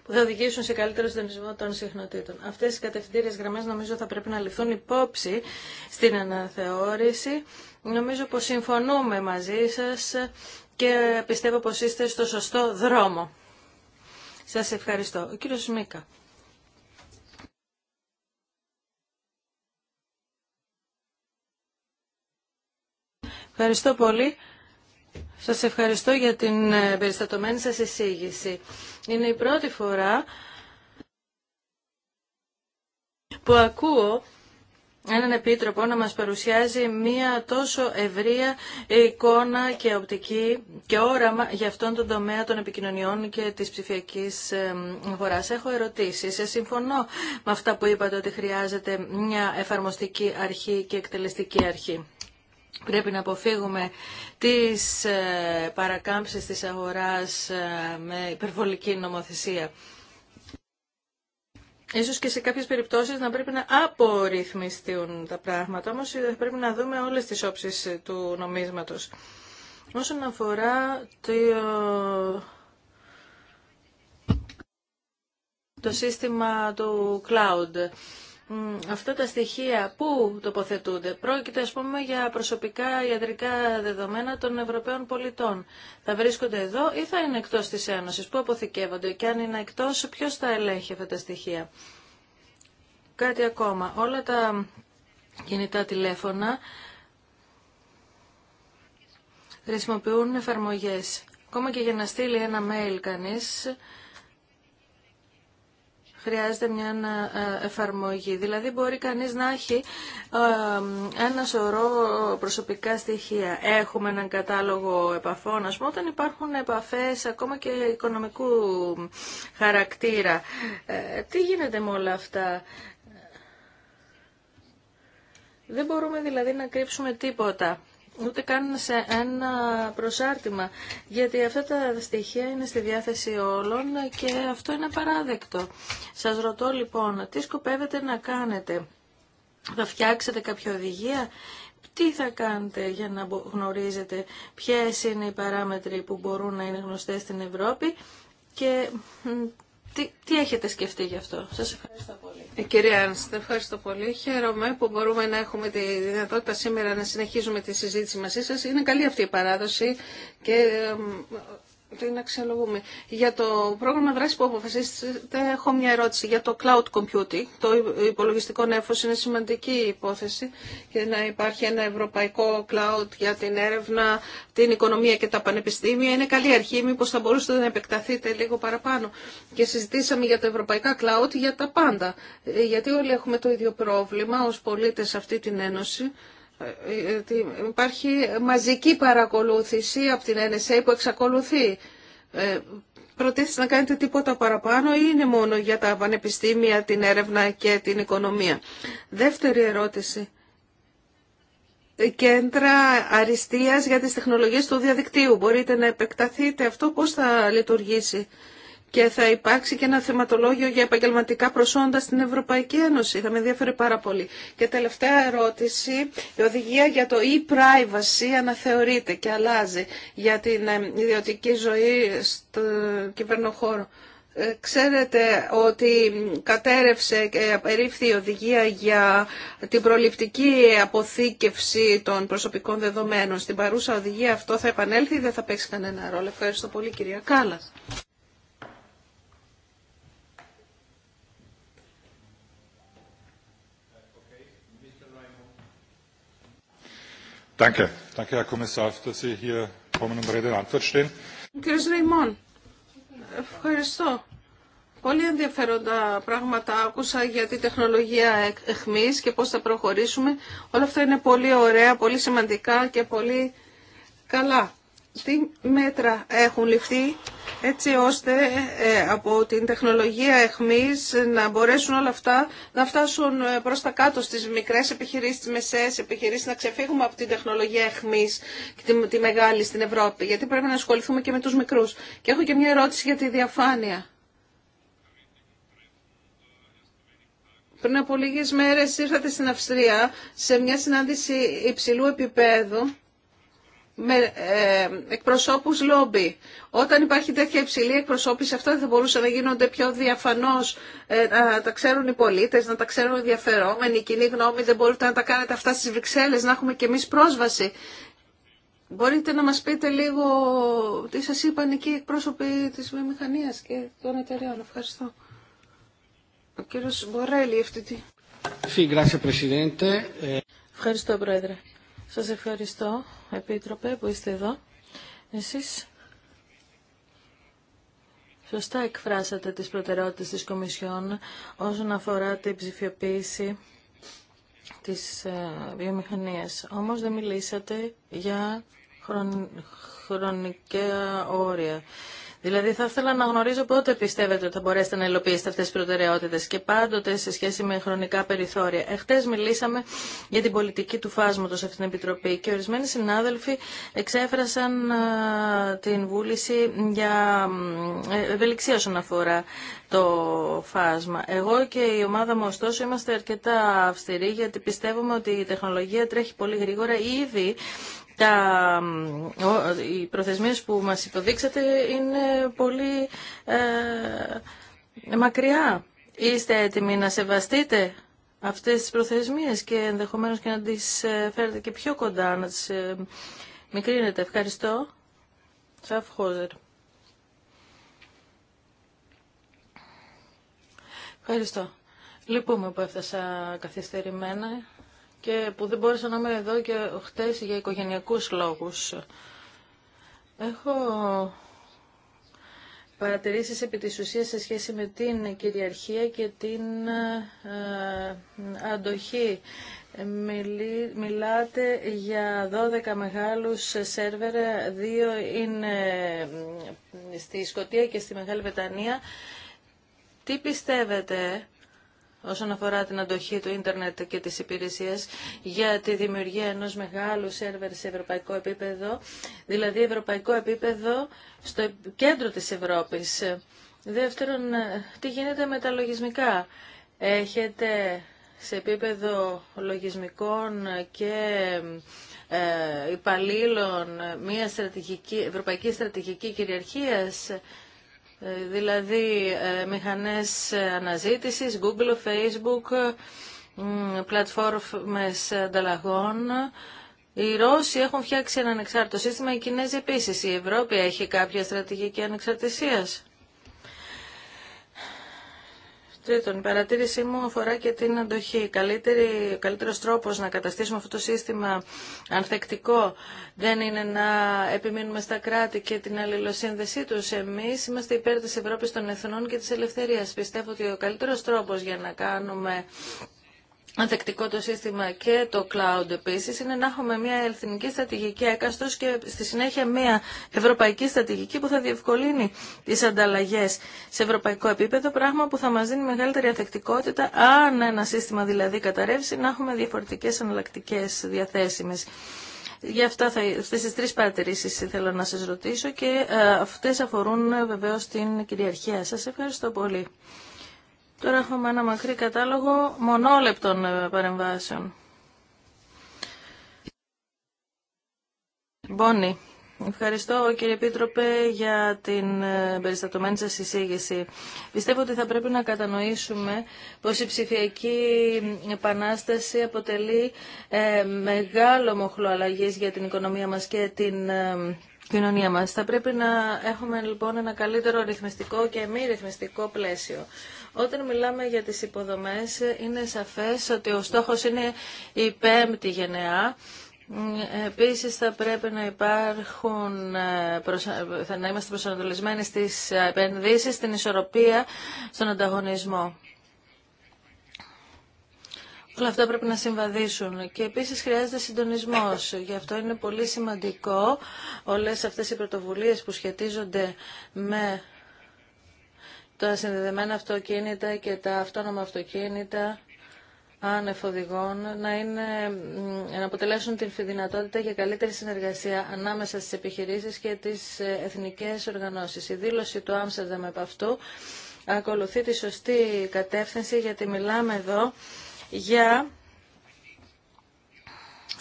που θα οδηγήσουν σε καλύτερο συντονισμό των συχνοτήτων. Αυτές οι κατευθυντήριες γραμμές νομίζω θα πρέπει να ληφθούν υπόψη στην αναθεώρηση. Νομίζω πως συμφωνούμε μαζί σας και πιστεύω πως είστε στο σωστό δρόμο. Σας ευχαριστώ. Ο κύριος Μίκα. Ευχαριστώ πολύ. Σας ευχαριστώ για την ε, περιστατωμένη σας εισήγηση. Είναι η πρώτη φορά που ακούω έναν επίτροπο να μας παρουσιάζει μία τόσο ευρεία εικόνα και οπτική και όραμα για αυτόν τον τομέα των επικοινωνιών και της ψηφιακής ε, αγοράς. Έχω ερωτήσεις. Σε συμφωνώ με αυτά που είπατε ότι χρειάζεται μια εφαρμοστική αρχή και εκτελεστική αρχή. Πρέπει να αποφύγουμε τις ε, παρακάμψεις της αγοράς ε, με υπερβολική νομοθεσία. Ίσως και σε κάποιες περιπτώσεις να πρέπει να απορριθμιστούν τα πράγματα, όμως ε, πρέπει να δούμε όλες τις όψεις του νομίσματος. Όσον αφορά το, το σύστημα του cloud, αυτά τα στοιχεία που τοποθετούνται. Πρόκειται ας πούμε για προσωπικά ιατρικά δεδομένα των Ευρωπαίων πολιτών. Θα βρίσκονται εδώ ή θα είναι εκτός της Ένωσης, που αποθηκεύονται και αν είναι εκτός ποιος θα ελέγχει αυτά τα στοιχεία. Κάτι ακόμα, όλα τα κινητά τηλέφωνα χρησιμοποιούν εφαρμογές. Ακόμα και για να στείλει ένα mail κανείς, χρειάζεται μια ε, εφαρμογή. Δηλαδή μπορεί κανείς να έχει ε, ένα σωρό προσωπικά στοιχεία. Έχουμε έναν κατάλογο επαφών, ας πούμε, όταν υπάρχουν επαφές ακόμα και οικονομικού χαρακτήρα. Ε, τι γίνεται με όλα αυτά. Δεν μπορούμε δηλαδή να κρύψουμε τίποτα ούτε καν σε ένα προσάρτημα, γιατί αυτά τα στοιχεία είναι στη διάθεση όλων και αυτό είναι παράδεκτο. Σας ρωτώ λοιπόν, τι σκοπεύετε να κάνετε, θα φτιάξετε κάποια οδηγία, τι θα κάνετε για να γνωρίζετε ποιες είναι οι παράμετροι που μπορούν να είναι γνωστές στην Ευρώπη και τι, τι έχετε σκεφτεί γι' αυτό. Σας ευχαριστώ πολύ. Ε, κυρία σας ευχαριστώ πολύ. Χαίρομαι που μπορούμε να έχουμε τη δυνατότητα σήμερα να συνεχίζουμε τη συζήτηση μαζί σας. Είναι καλή αυτή η παράδοση και την αξιολογούμε. Για το πρόγραμμα δράση που αποφασίσετε, έχω μια ερώτηση για το cloud computing. Το υπολογιστικό νέφος είναι σημαντική υπόθεση και να υπάρχει ένα ευρωπαϊκό cloud για την έρευνα, την οικονομία και τα πανεπιστήμια. Είναι καλή αρχή, μήπως θα μπορούσατε να επεκταθείτε λίγο παραπάνω. Και συζητήσαμε για τα ευρωπαϊκά cloud για τα πάντα. Ε, γιατί όλοι έχουμε το ίδιο πρόβλημα ω πολίτε αυτή την Ένωση Υπάρχει μαζική παρακολούθηση από την NSA που εξακολουθεί. Ε, προτίθεται να κάνετε τίποτα παραπάνω ή είναι μόνο για τα πανεπιστήμια, την έρευνα και την οικονομία. Δεύτερη ερώτηση. Κέντρα αριστείας για τις τεχνολογίες του διαδικτύου. Μπορείτε να επεκταθείτε αυτό πώς θα λειτουργήσει και θα υπάρξει και ένα θεματολόγιο για επαγγελματικά προσόντα στην Ευρωπαϊκή Ένωση. Θα με ενδιαφέρει πάρα πολύ. Και τελευταία ερώτηση, η οδηγία για το e-privacy αναθεωρείται και αλλάζει για την ε, ιδιωτική ζωή στον κυβερνοχώρο. Ε, ξέρετε ότι κατέρευσε και απερίφθη η οδηγία για την προληπτική αποθήκευση των προσωπικών δεδομένων. Στην παρούσα οδηγία αυτό θα επανέλθει ή δεν θα παίξει κανένα ρόλο. Ευχαριστώ πολύ κυρία Κάλλας. Danke. Danke, Herr Kommissar, dass Sie hier kommen und Rede und Antwort stehen. ευχαριστώ. Πολύ ενδιαφέροντα πράγματα άκουσα για τη τεχνολογία εχμής και πώς θα προχωρήσουμε. Όλα αυτά είναι πολύ ωραία, πολύ σημαντικά και πολύ καλά τι μέτρα έχουν ληφθεί έτσι ώστε ε, από την τεχνολογία εχμής να μπορέσουν όλα αυτά να φτάσουν ε, προς τα κάτω στις μικρές επιχειρήσεις, στις μεσαίες επιχειρήσεις, να ξεφύγουμε από την τεχνολογία εχμής και τη, τη μεγάλη στην Ευρώπη, γιατί πρέπει να ασχοληθούμε και με τους μικρούς. Και έχω και μια ερώτηση για τη διαφάνεια. Πριν από λίγες μέρες ήρθατε στην Αυστρία σε μια συνάντηση υψηλού επίπεδου με ε, εκπροσώπους λόμπι. Όταν υπάρχει τέτοια υψηλή εκπροσώπηση, αυτά δεν θα μπορούσαν να γίνονται πιο διαφανώς, ε, να τα ξέρουν οι πολίτες, να τα ξέρουν οι ενδιαφερόμενοι, η κοινή γνώμη, δεν μπορείτε να τα κάνετε αυτά στις Βρυξέλλες, να έχουμε και εμείς πρόσβαση. Μπορείτε να μας πείτε λίγο τι σας είπαν εκεί οι εκπρόσωποι της βιομηχανίας και των εταιρεών. Ευχαριστώ. Ο κύριος Μπορέλη, ευθυντή. Ευχαριστώ, Πρόεδρε. Σας ευχαριστώ, Επίτροπε, που είστε εδώ. Εσείς σωστά εκφράσατε τις προτεραιότητες της Κομισιόν όσον αφορά την ψηφιοποίηση της ε, βιομηχανίας. Όμως δεν μιλήσατε για χρονικά όρια. Δηλαδή θα ήθελα να γνωρίζω πότε πιστεύετε ότι θα μπορέσετε να υλοποιήσετε αυτέ τις προτεραιότητε και πάντοτε σε σχέση με χρονικά περιθώρια. Εχθέ μιλήσαμε για την πολιτική του φάσματος σε αυτήν την Επιτροπή και ορισμένοι συνάδελφοι εξέφρασαν την βούληση για ε, ευελιξία όσον αφορά το φάσμα. Εγώ και η ομάδα μου ωστόσο είμαστε αρκετά αυστηροί γιατί πιστεύουμε ότι η τεχνολογία τρέχει πολύ γρήγορα ήδη τα, οι προθεσμίες που μας υποδείξατε είναι πολύ ε, μακριά. Είστε έτοιμοι να σεβαστείτε αυτές τις προθεσμίες και ενδεχομένως και να τις ε, φέρετε και πιο κοντά, να τις ε, μικρύνετε. Ευχαριστώ. Σαφχόζερ. Ευχαριστώ. Λυπούμε που έφτασα καθυστερημένα και που δεν μπόρεσα να είμαι εδώ και χτες για οικογενειακούς λόγους. Έχω παρατηρήσεις επί της ουσίας σε σχέση με την κυριαρχία και την ε, αντοχή. μιλάτε για 12 μεγάλους σερβερ, δύο είναι ε, στη Σκωτία και στη Μεγάλη Βετανία. Τι πιστεύετε όσον αφορά την αντοχή του ίντερνετ και της υπηρεσίας για τη δημιουργία ενός μεγάλου σερβερ σε ευρωπαϊκό επίπεδο, δηλαδή ευρωπαϊκό επίπεδο στο κέντρο της Ευρώπης. Δεύτερον, τι γίνεται με τα λογισμικά. Έχετε σε επίπεδο λογισμικών και ε, υπαλλήλων μια στρατηγική, ευρωπαϊκή στρατηγική κυριαρχίας ε, δηλαδή ε, μηχανές ε, αναζήτησης, Google, Facebook, πλατφόρμες ανταλλαγών. Οι Ρώσοι έχουν φτιάξει ένα ανεξάρτητο σύστημα, οι Κινέζοι επίσης. Η Ευρώπη έχει κάποια στρατηγική ανεξαρτησίας η παρατήρησή μου αφορά και την αντοχή. Καλύτερη, ο καλύτερος τρόπος να καταστήσουμε αυτό το σύστημα ανθεκτικό δεν είναι να επιμείνουμε στα κράτη και την αλληλοσύνδεσή τους. Εμείς είμαστε υπέρ της Ευρώπης των Εθνών και της Ελευθερίας. Πιστεύω ότι ο καλύτερος τρόπος για να κάνουμε ανθεκτικό το σύστημα και το cloud επίση είναι να έχουμε μια εθνική στρατηγική έκαστο και στη συνέχεια μια ευρωπαϊκή στρατηγική που θα διευκολύνει τι ανταλλαγέ σε ευρωπαϊκό επίπεδο. Πράγμα που θα μα δίνει μεγαλύτερη ανθεκτικότητα, αν ένα σύστημα δηλαδή καταρρεύσει, να έχουμε διαφορετικέ εναλλακτικέ διαθέσιμε. Γι' αυτά θα, τις τρεις παρατηρήσεις ήθελα να σας ρωτήσω και ε, αυτές αφορούν ε, βεβαίως την κυριαρχία σας. Ευχαριστώ πολύ. Τώρα έχουμε ένα μακρύ κατάλογο μονόλεπτων ε, παρεμβάσεων. Μπόνι, ευχαριστώ κύριε Επίτροπε για την ε, περιστατωμένη σας εισήγηση. Πιστεύω ότι θα πρέπει να κατανοήσουμε πως η ψηφιακή επανάσταση αποτελεί ε, μεγάλο μοχλό αλλαγής για την οικονομία μας και την κοινωνία μας. Θα πρέπει να έχουμε λοιπόν ένα καλύτερο ρυθμιστικό και μη ρυθμιστικό πλαίσιο. Όταν μιλάμε για τις υποδομές είναι σαφές ότι ο στόχος είναι η πέμπτη γενεά. Επίσης θα πρέπει να υπάρχουν, θα να είμαστε προσανατολισμένοι στις επενδύσεις, στην ισορροπία, στον ανταγωνισμό. Όλα αυτά πρέπει να συμβαδίσουν και επίσης χρειάζεται συντονισμός. Γι' αυτό είναι πολύ σημαντικό όλες αυτές οι πρωτοβουλίες που σχετίζονται με τα συνδεδεμένα αυτοκίνητα και τα αυτόνομα αυτοκίνητα άνευ οδηγών, να, είναι, να αποτελέσουν την δυνατότητα για καλύτερη συνεργασία ανάμεσα στις επιχειρήσεις και τις ε, εθνικές οργανώσεις. Η δήλωση του Άμστερνταμ με αυτού ακολουθεί τη σωστή κατεύθυνση γιατί μιλάμε εδώ για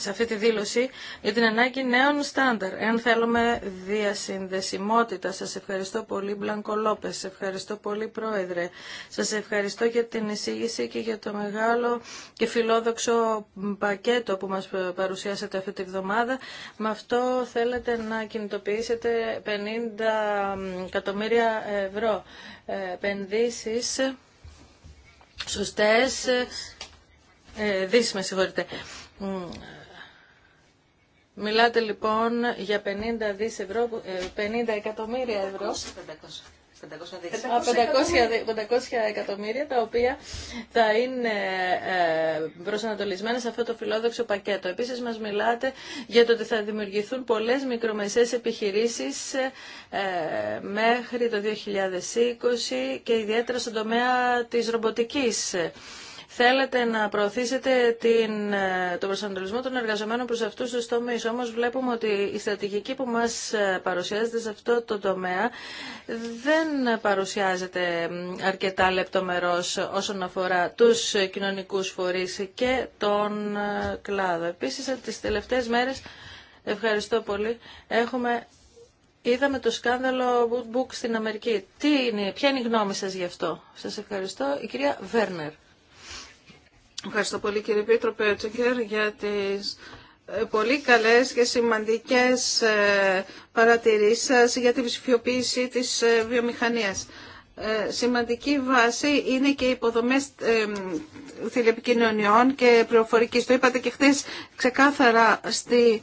σε αυτή τη δήλωση για την ανάγκη νέων στάνταρ. Εάν θέλουμε διασυνδεσιμότητα, σας ευχαριστώ πολύ Μπλανκο Λόπες, ευχαριστώ πολύ Πρόεδρε, σας ευχαριστώ για την εισήγηση και για το μεγάλο και φιλόδοξο πακέτο που μας παρουσιάσατε αυτή τη βδομάδα. Με αυτό θέλετε να κινητοποιήσετε 50 εκατομμύρια ευρώ ε, επενδύσεις σωστές, ε, ε με συγχωρείτε, Μιλάτε λοιπόν για 50 ευρώ, 50 ε, εκατομμύρια ευρώ. 500. 500, 500 εκατομμύρια τα οποία θα είναι ε, προσανατολισμένα σε αυτό το φιλόδοξο πακέτο. Επίσης μας μιλάτε για το ότι θα δημιουργηθούν πολλές μικρομεσαίες επιχειρήσεις ε, μέχρι το 2020 και ιδιαίτερα στον τομέα της ρομποτικής. Θέλετε να προωθήσετε την, ε, τον προσανατολισμό των εργαζομένων προς αυτούς τους τομείς. Όμως βλέπουμε ότι η στρατηγική που μας ε, παρουσιάζεται σε αυτό το τομέα δεν παρουσιάζεται αρκετά λεπτομερώς όσον αφορά τους κοινωνικούς φορείς και τον ε, κλάδο. Επίσης, τις τελευταίες μέρες, ευχαριστώ πολύ, έχουμε... Είδαμε το σκάνδαλο Woodbook στην Αμερική. Τι είναι, ποια είναι η γνώμη σας γι' αυτό. Σας ευχαριστώ. Η κυρία Βέρνερ. Ευχαριστώ πολύ κύριε Πίτρο Πέτσεγκερ για τις ε, πολύ καλές και σημαντικές ε, παρατηρήσεις σας για τη ψηφιοποίηση της ε, βιομηχανίας. Σημαντική βάση είναι και οι υποδομές τηλεπικοινωνιών και πληροφορικής. Το είπατε και χθες ξεκάθαρα στη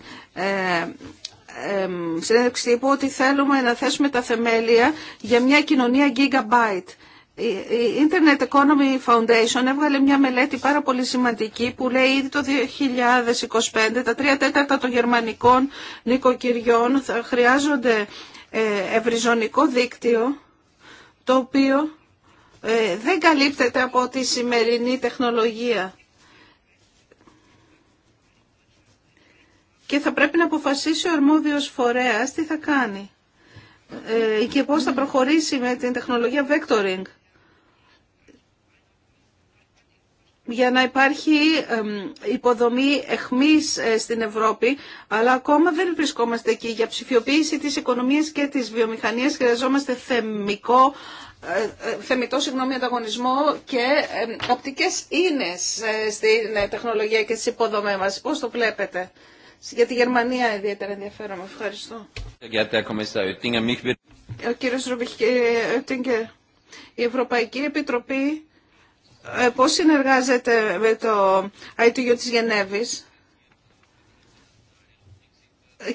συνέντευξη τύπου ότι θέλουμε να θέσουμε τα θεμέλια για μια κοινωνία gigabyte η Internet Economy Foundation έβγαλε μια μελέτη πάρα πολύ σημαντική που λέει ήδη το 2025 τα τρία τέταρτα των γερμανικών νοικοκυριών θα χρειάζονται ε, ευρυζωνικό δίκτυο το οποίο ε, δεν καλύπτεται από τη σημερινή τεχνολογία. Και θα πρέπει να αποφασίσει ο αρμόδιος φορέας τι θα κάνει ε, και πώς θα προχωρήσει με την τεχνολογία vectoring. για να υπάρχει υποδομή εχμής ε, στην Ευρώπη, αλλά ακόμα δεν βρισκόμαστε εκεί. Για ψηφιοποίηση της οικονομίας και της βιομηχανίας χρειαζόμαστε θεμικό, ε, ε, θεμητό συγγνώμη, ανταγωνισμό και οπτικές ίνες στην τεχνολογία και στις υποδομές μας. Πώς το βλέπετε. Για τη Γερμανία ιδιαίτερα ενδιαφέρομαι. Ευχαριστώ. Ο κύριος η Ευρωπαϊκή Επιτροπή ε, πώς συνεργάζεται με το ITU της Γενέβης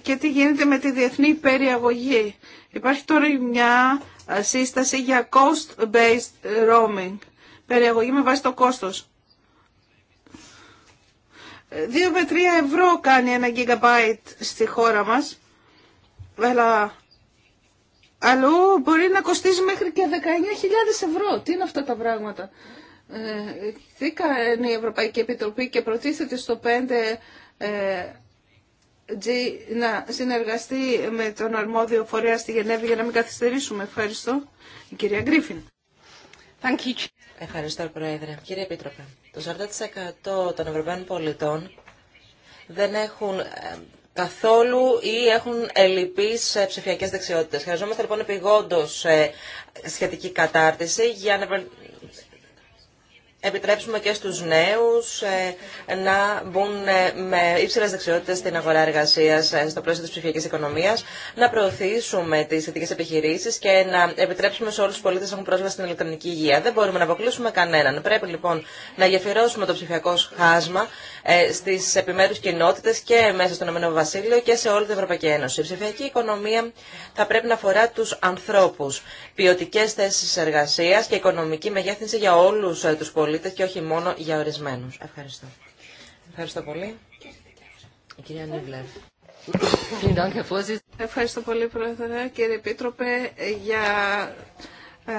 και τι γίνεται με τη διεθνή περιαγωγή. Υπάρχει τώρα μια σύσταση για cost-based roaming, περιαγωγή με βάση το κόστος. 2 με 3 ευρώ κάνει ένα gigabyte στη χώρα μας, αλλά αλλού μπορεί να κοστίζει μέχρι και 19.000 ευρώ. Τι είναι αυτά τα πράγματα τι η Ευρωπαϊκή Επιτροπή και προτίθεται στο 5G ε, να συνεργαστεί με τον αρμόδιο φορέα στη Γενέβη για να μην καθυστερήσουμε. Ευχαριστώ. Η κυρία Γκρίφιν. Ευχαριστώ, Πρόεδρε. Κύριε Επίτροπε, το 40% των Ευρωπαίων πολιτών δεν έχουν ε, καθόλου ή έχουν ελλειπείς ε, ψηφιακές δεξιότητες. Χρειαζόμαστε λοιπόν επιγόντως σχετική κατάρτιση για επιτρέψουμε και στους νέους ε, να μπουν ε, με ύψηλες δεξιότητες στην αγορά εργασίας ε, στο πλαίσιο της ψηφιακής οικονομίας, να προωθήσουμε τις θετικές επιχειρήσεις και να επιτρέψουμε σε όλους τους πολίτες να έχουν πρόσβαση στην ηλεκτρονική υγεία. Δεν μπορούμε να αποκλείσουμε κανέναν. Πρέπει λοιπόν να γεφυρώσουμε το ψηφιακό χάσμα στις επιμέρους κοινότητες και μέσα στον Ηνωμένο Βασίλειο και σε όλη την Ευρωπαϊκή Ένωση. Η ψηφιακή οικονομία θα πρέπει να αφορά τους ανθρώπους, ποιοτικές θέσεις εργασίας και οικονομική μεγέθυνση για όλους τους πολίτες πολίτες και όχι μόνο για ορισμένους. Ευχαριστώ. Ευχαριστώ πολύ. Η κυρία Νίβλερ. Ευχαριστώ πολύ, Πρόεδρε. Κύριε Επίτροπε, για ε,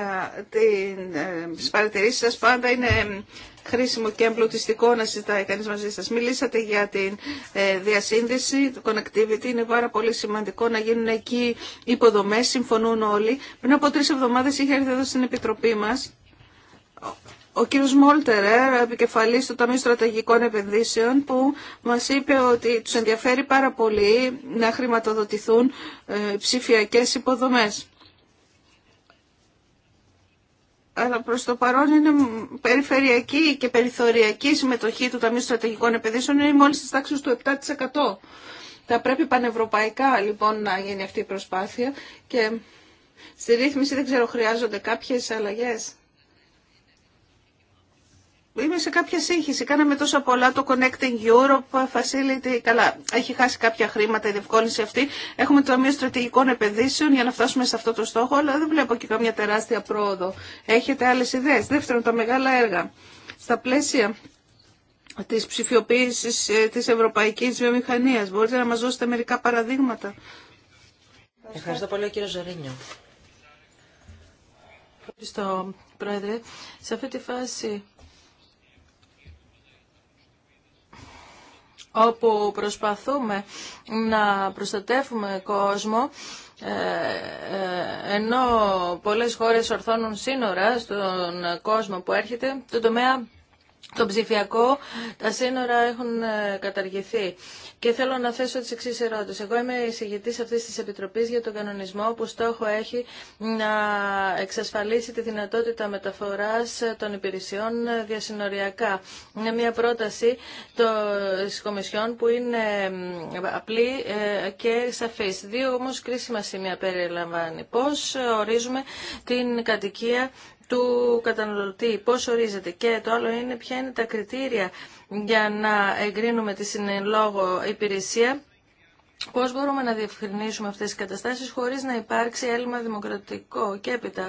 ε, τις παρατηρήσει σα πάντα είναι χρήσιμο και εμπλουτιστικό να συζητάει κανεί μαζί σας. Μιλήσατε για την ε, διασύνδεση, το connectivity, είναι πάρα πολύ σημαντικό να γίνουν εκεί υποδομές, συμφωνούν όλοι. Πριν από τρει εβδομάδες είχε έρθει εδώ στην Επιτροπή μας ο κύριος Μόλτερερ, επικεφαλής του Ταμείου Στρατηγικών Επενδύσεων, που μας είπε ότι τους ενδιαφέρει πάρα πολύ να χρηματοδοτηθούν ε, ψηφιακές υποδομές. Αλλά προς το παρόν είναι περιφερειακή και περιθωριακή συμμετοχή του Ταμείου Στρατηγικών Επενδύσεων είναι μόλις της τάξης του 7%. Θα πρέπει πανευρωπαϊκά λοιπόν να γίνει αυτή η προσπάθεια και στη ρύθμιση δεν ξέρω χρειάζονται κάποιες αλλαγές είμαι σε κάποια σύγχυση. Κάναμε τόσο πολλά το Connecting Europe Facility. Καλά, έχει χάσει κάποια χρήματα η διευκόλυνση αυτή. Έχουμε το Ταμείο Στρατηγικών Επενδύσεων για να φτάσουμε σε αυτό το στόχο, αλλά δεν βλέπω και καμία τεράστια πρόοδο. Έχετε άλλε ιδέε. Δεύτερον, τα μεγάλα έργα. Στα πλαίσια τη ψηφιοποίηση ε, τη Ευρωπαϊκή Βιομηχανία, Μπορείτε να μας δώσετε μερικά παραδείγματα. Ευχαριστώ πολύ κύριο Ζωρίνιο. Ευχαριστώ πρόεδρε. Σε αυτή τη φάση όπου προσπαθούμε να προστατεύουμε κόσμο ε, ε, ενώ πολλές χώρες ορθώνουν σύνορα στον κόσμο που έρχεται, το τομέα το ψηφιακό, τα σύνορα έχουν ε, καταργηθεί. Και θέλω να θέσω τι εξής ερώτηση. Εγώ είμαι εισηγητή αυτή τη Επιτροπή για τον κανονισμό που στόχο έχει να εξασφαλίσει τη δυνατότητα μεταφοράς των υπηρεσιών διασυνοριακά. Είναι μια πρόταση τη Κομισιόν που είναι απλή ε, και σαφή. Δύο όμως κρίσιμα σημεία περιλαμβάνει. Πώς ορίζουμε την κατοικία του καταναλωτή, πώς ορίζεται και το άλλο είναι ποια είναι τα κριτήρια για να εγκρίνουμε τη συνελόγω υπηρεσία. Πώς μπορούμε να διευκρινίσουμε αυτές τις καταστάσεις χωρίς να υπάρξει έλλειμμα δημοκρατικό και έπειτα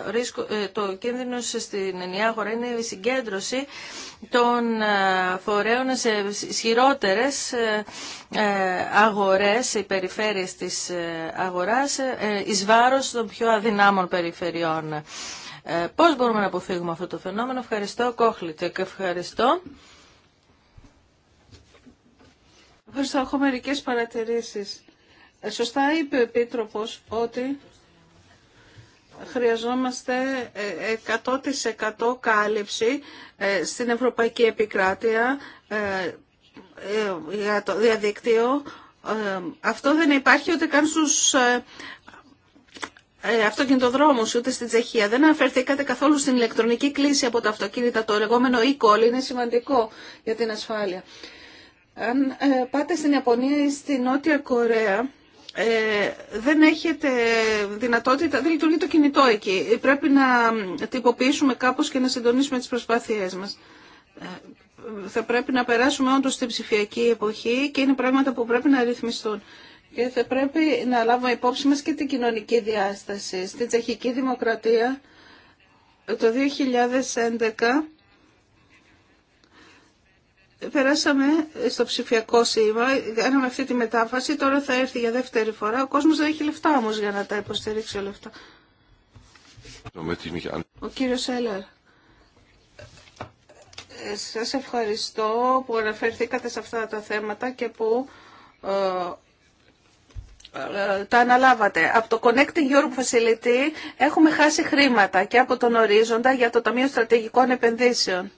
ε, το κίνδυνο στην ενιαία χώρα είναι η συγκέντρωση των ε, φορέων σε ισχυρότερε ε, αγορές, οι περιφέρειες της αγοράς εις βάρος των πιο αδυνάμων περιφερειών. Ε, πώς μπορούμε να αποφύγουμε αυτό το φαινόμενο. Ευχαριστώ και Ευχαριστώ. Ευχαριστώ. Έχω μερικές παρατηρήσεις. Ε, σωστά είπε ο Επίτροπος ότι χρειαζόμαστε 100% ε, κάλυψη στην Ευρωπαϊκή Επικράτεια για το διαδικτύο. Αυτό δεν υπάρχει ούτε καν στους ε, αυτοκινητοδρόμους ούτε στην Τσεχία. Δεν αναφερθήκατε καθόλου στην ηλεκτρονική κλίση από τα αυτοκίνητα. Το λεγόμενο e-call είναι σημαντικό για την ασφάλεια. Αν ε, πάτε στην Ιαπωνία ή στην Νότια Κορέα, ε, δεν έχετε δυνατότητα, δεν λειτουργεί το κινητό εκεί. Πρέπει να τυποποιήσουμε κάπως και να συντονίσουμε τις προσπάθειές μας. Ε, θα πρέπει να περάσουμε όντως στην ψηφιακή εποχή και είναι πράγματα που πρέπει να ρυθμιστούν. Και θα πρέπει να λάβουμε υπόψη μας και την κοινωνική διάσταση. Στην Τσεχική Δημοκρατία το 2011 περάσαμε στο ψηφιακό σήμα, κάναμε αυτή τη μετάφαση, τώρα θα έρθει για δεύτερη φορά. Ο κόσμος δεν έχει λεφτά όμως για να τα υποστηρίξει όλα αυτά. Ο κύριος Έλλερ, ε, σας ευχαριστώ που αναφερθήκατε σε αυτά τα θέματα και που ε, ε, το αναλάβατε. Από το Connecting Europe Facility έχουμε χάσει χρήματα και από τον ορίζοντα για το Ταμείο Στρατηγικών Επενδύσεων.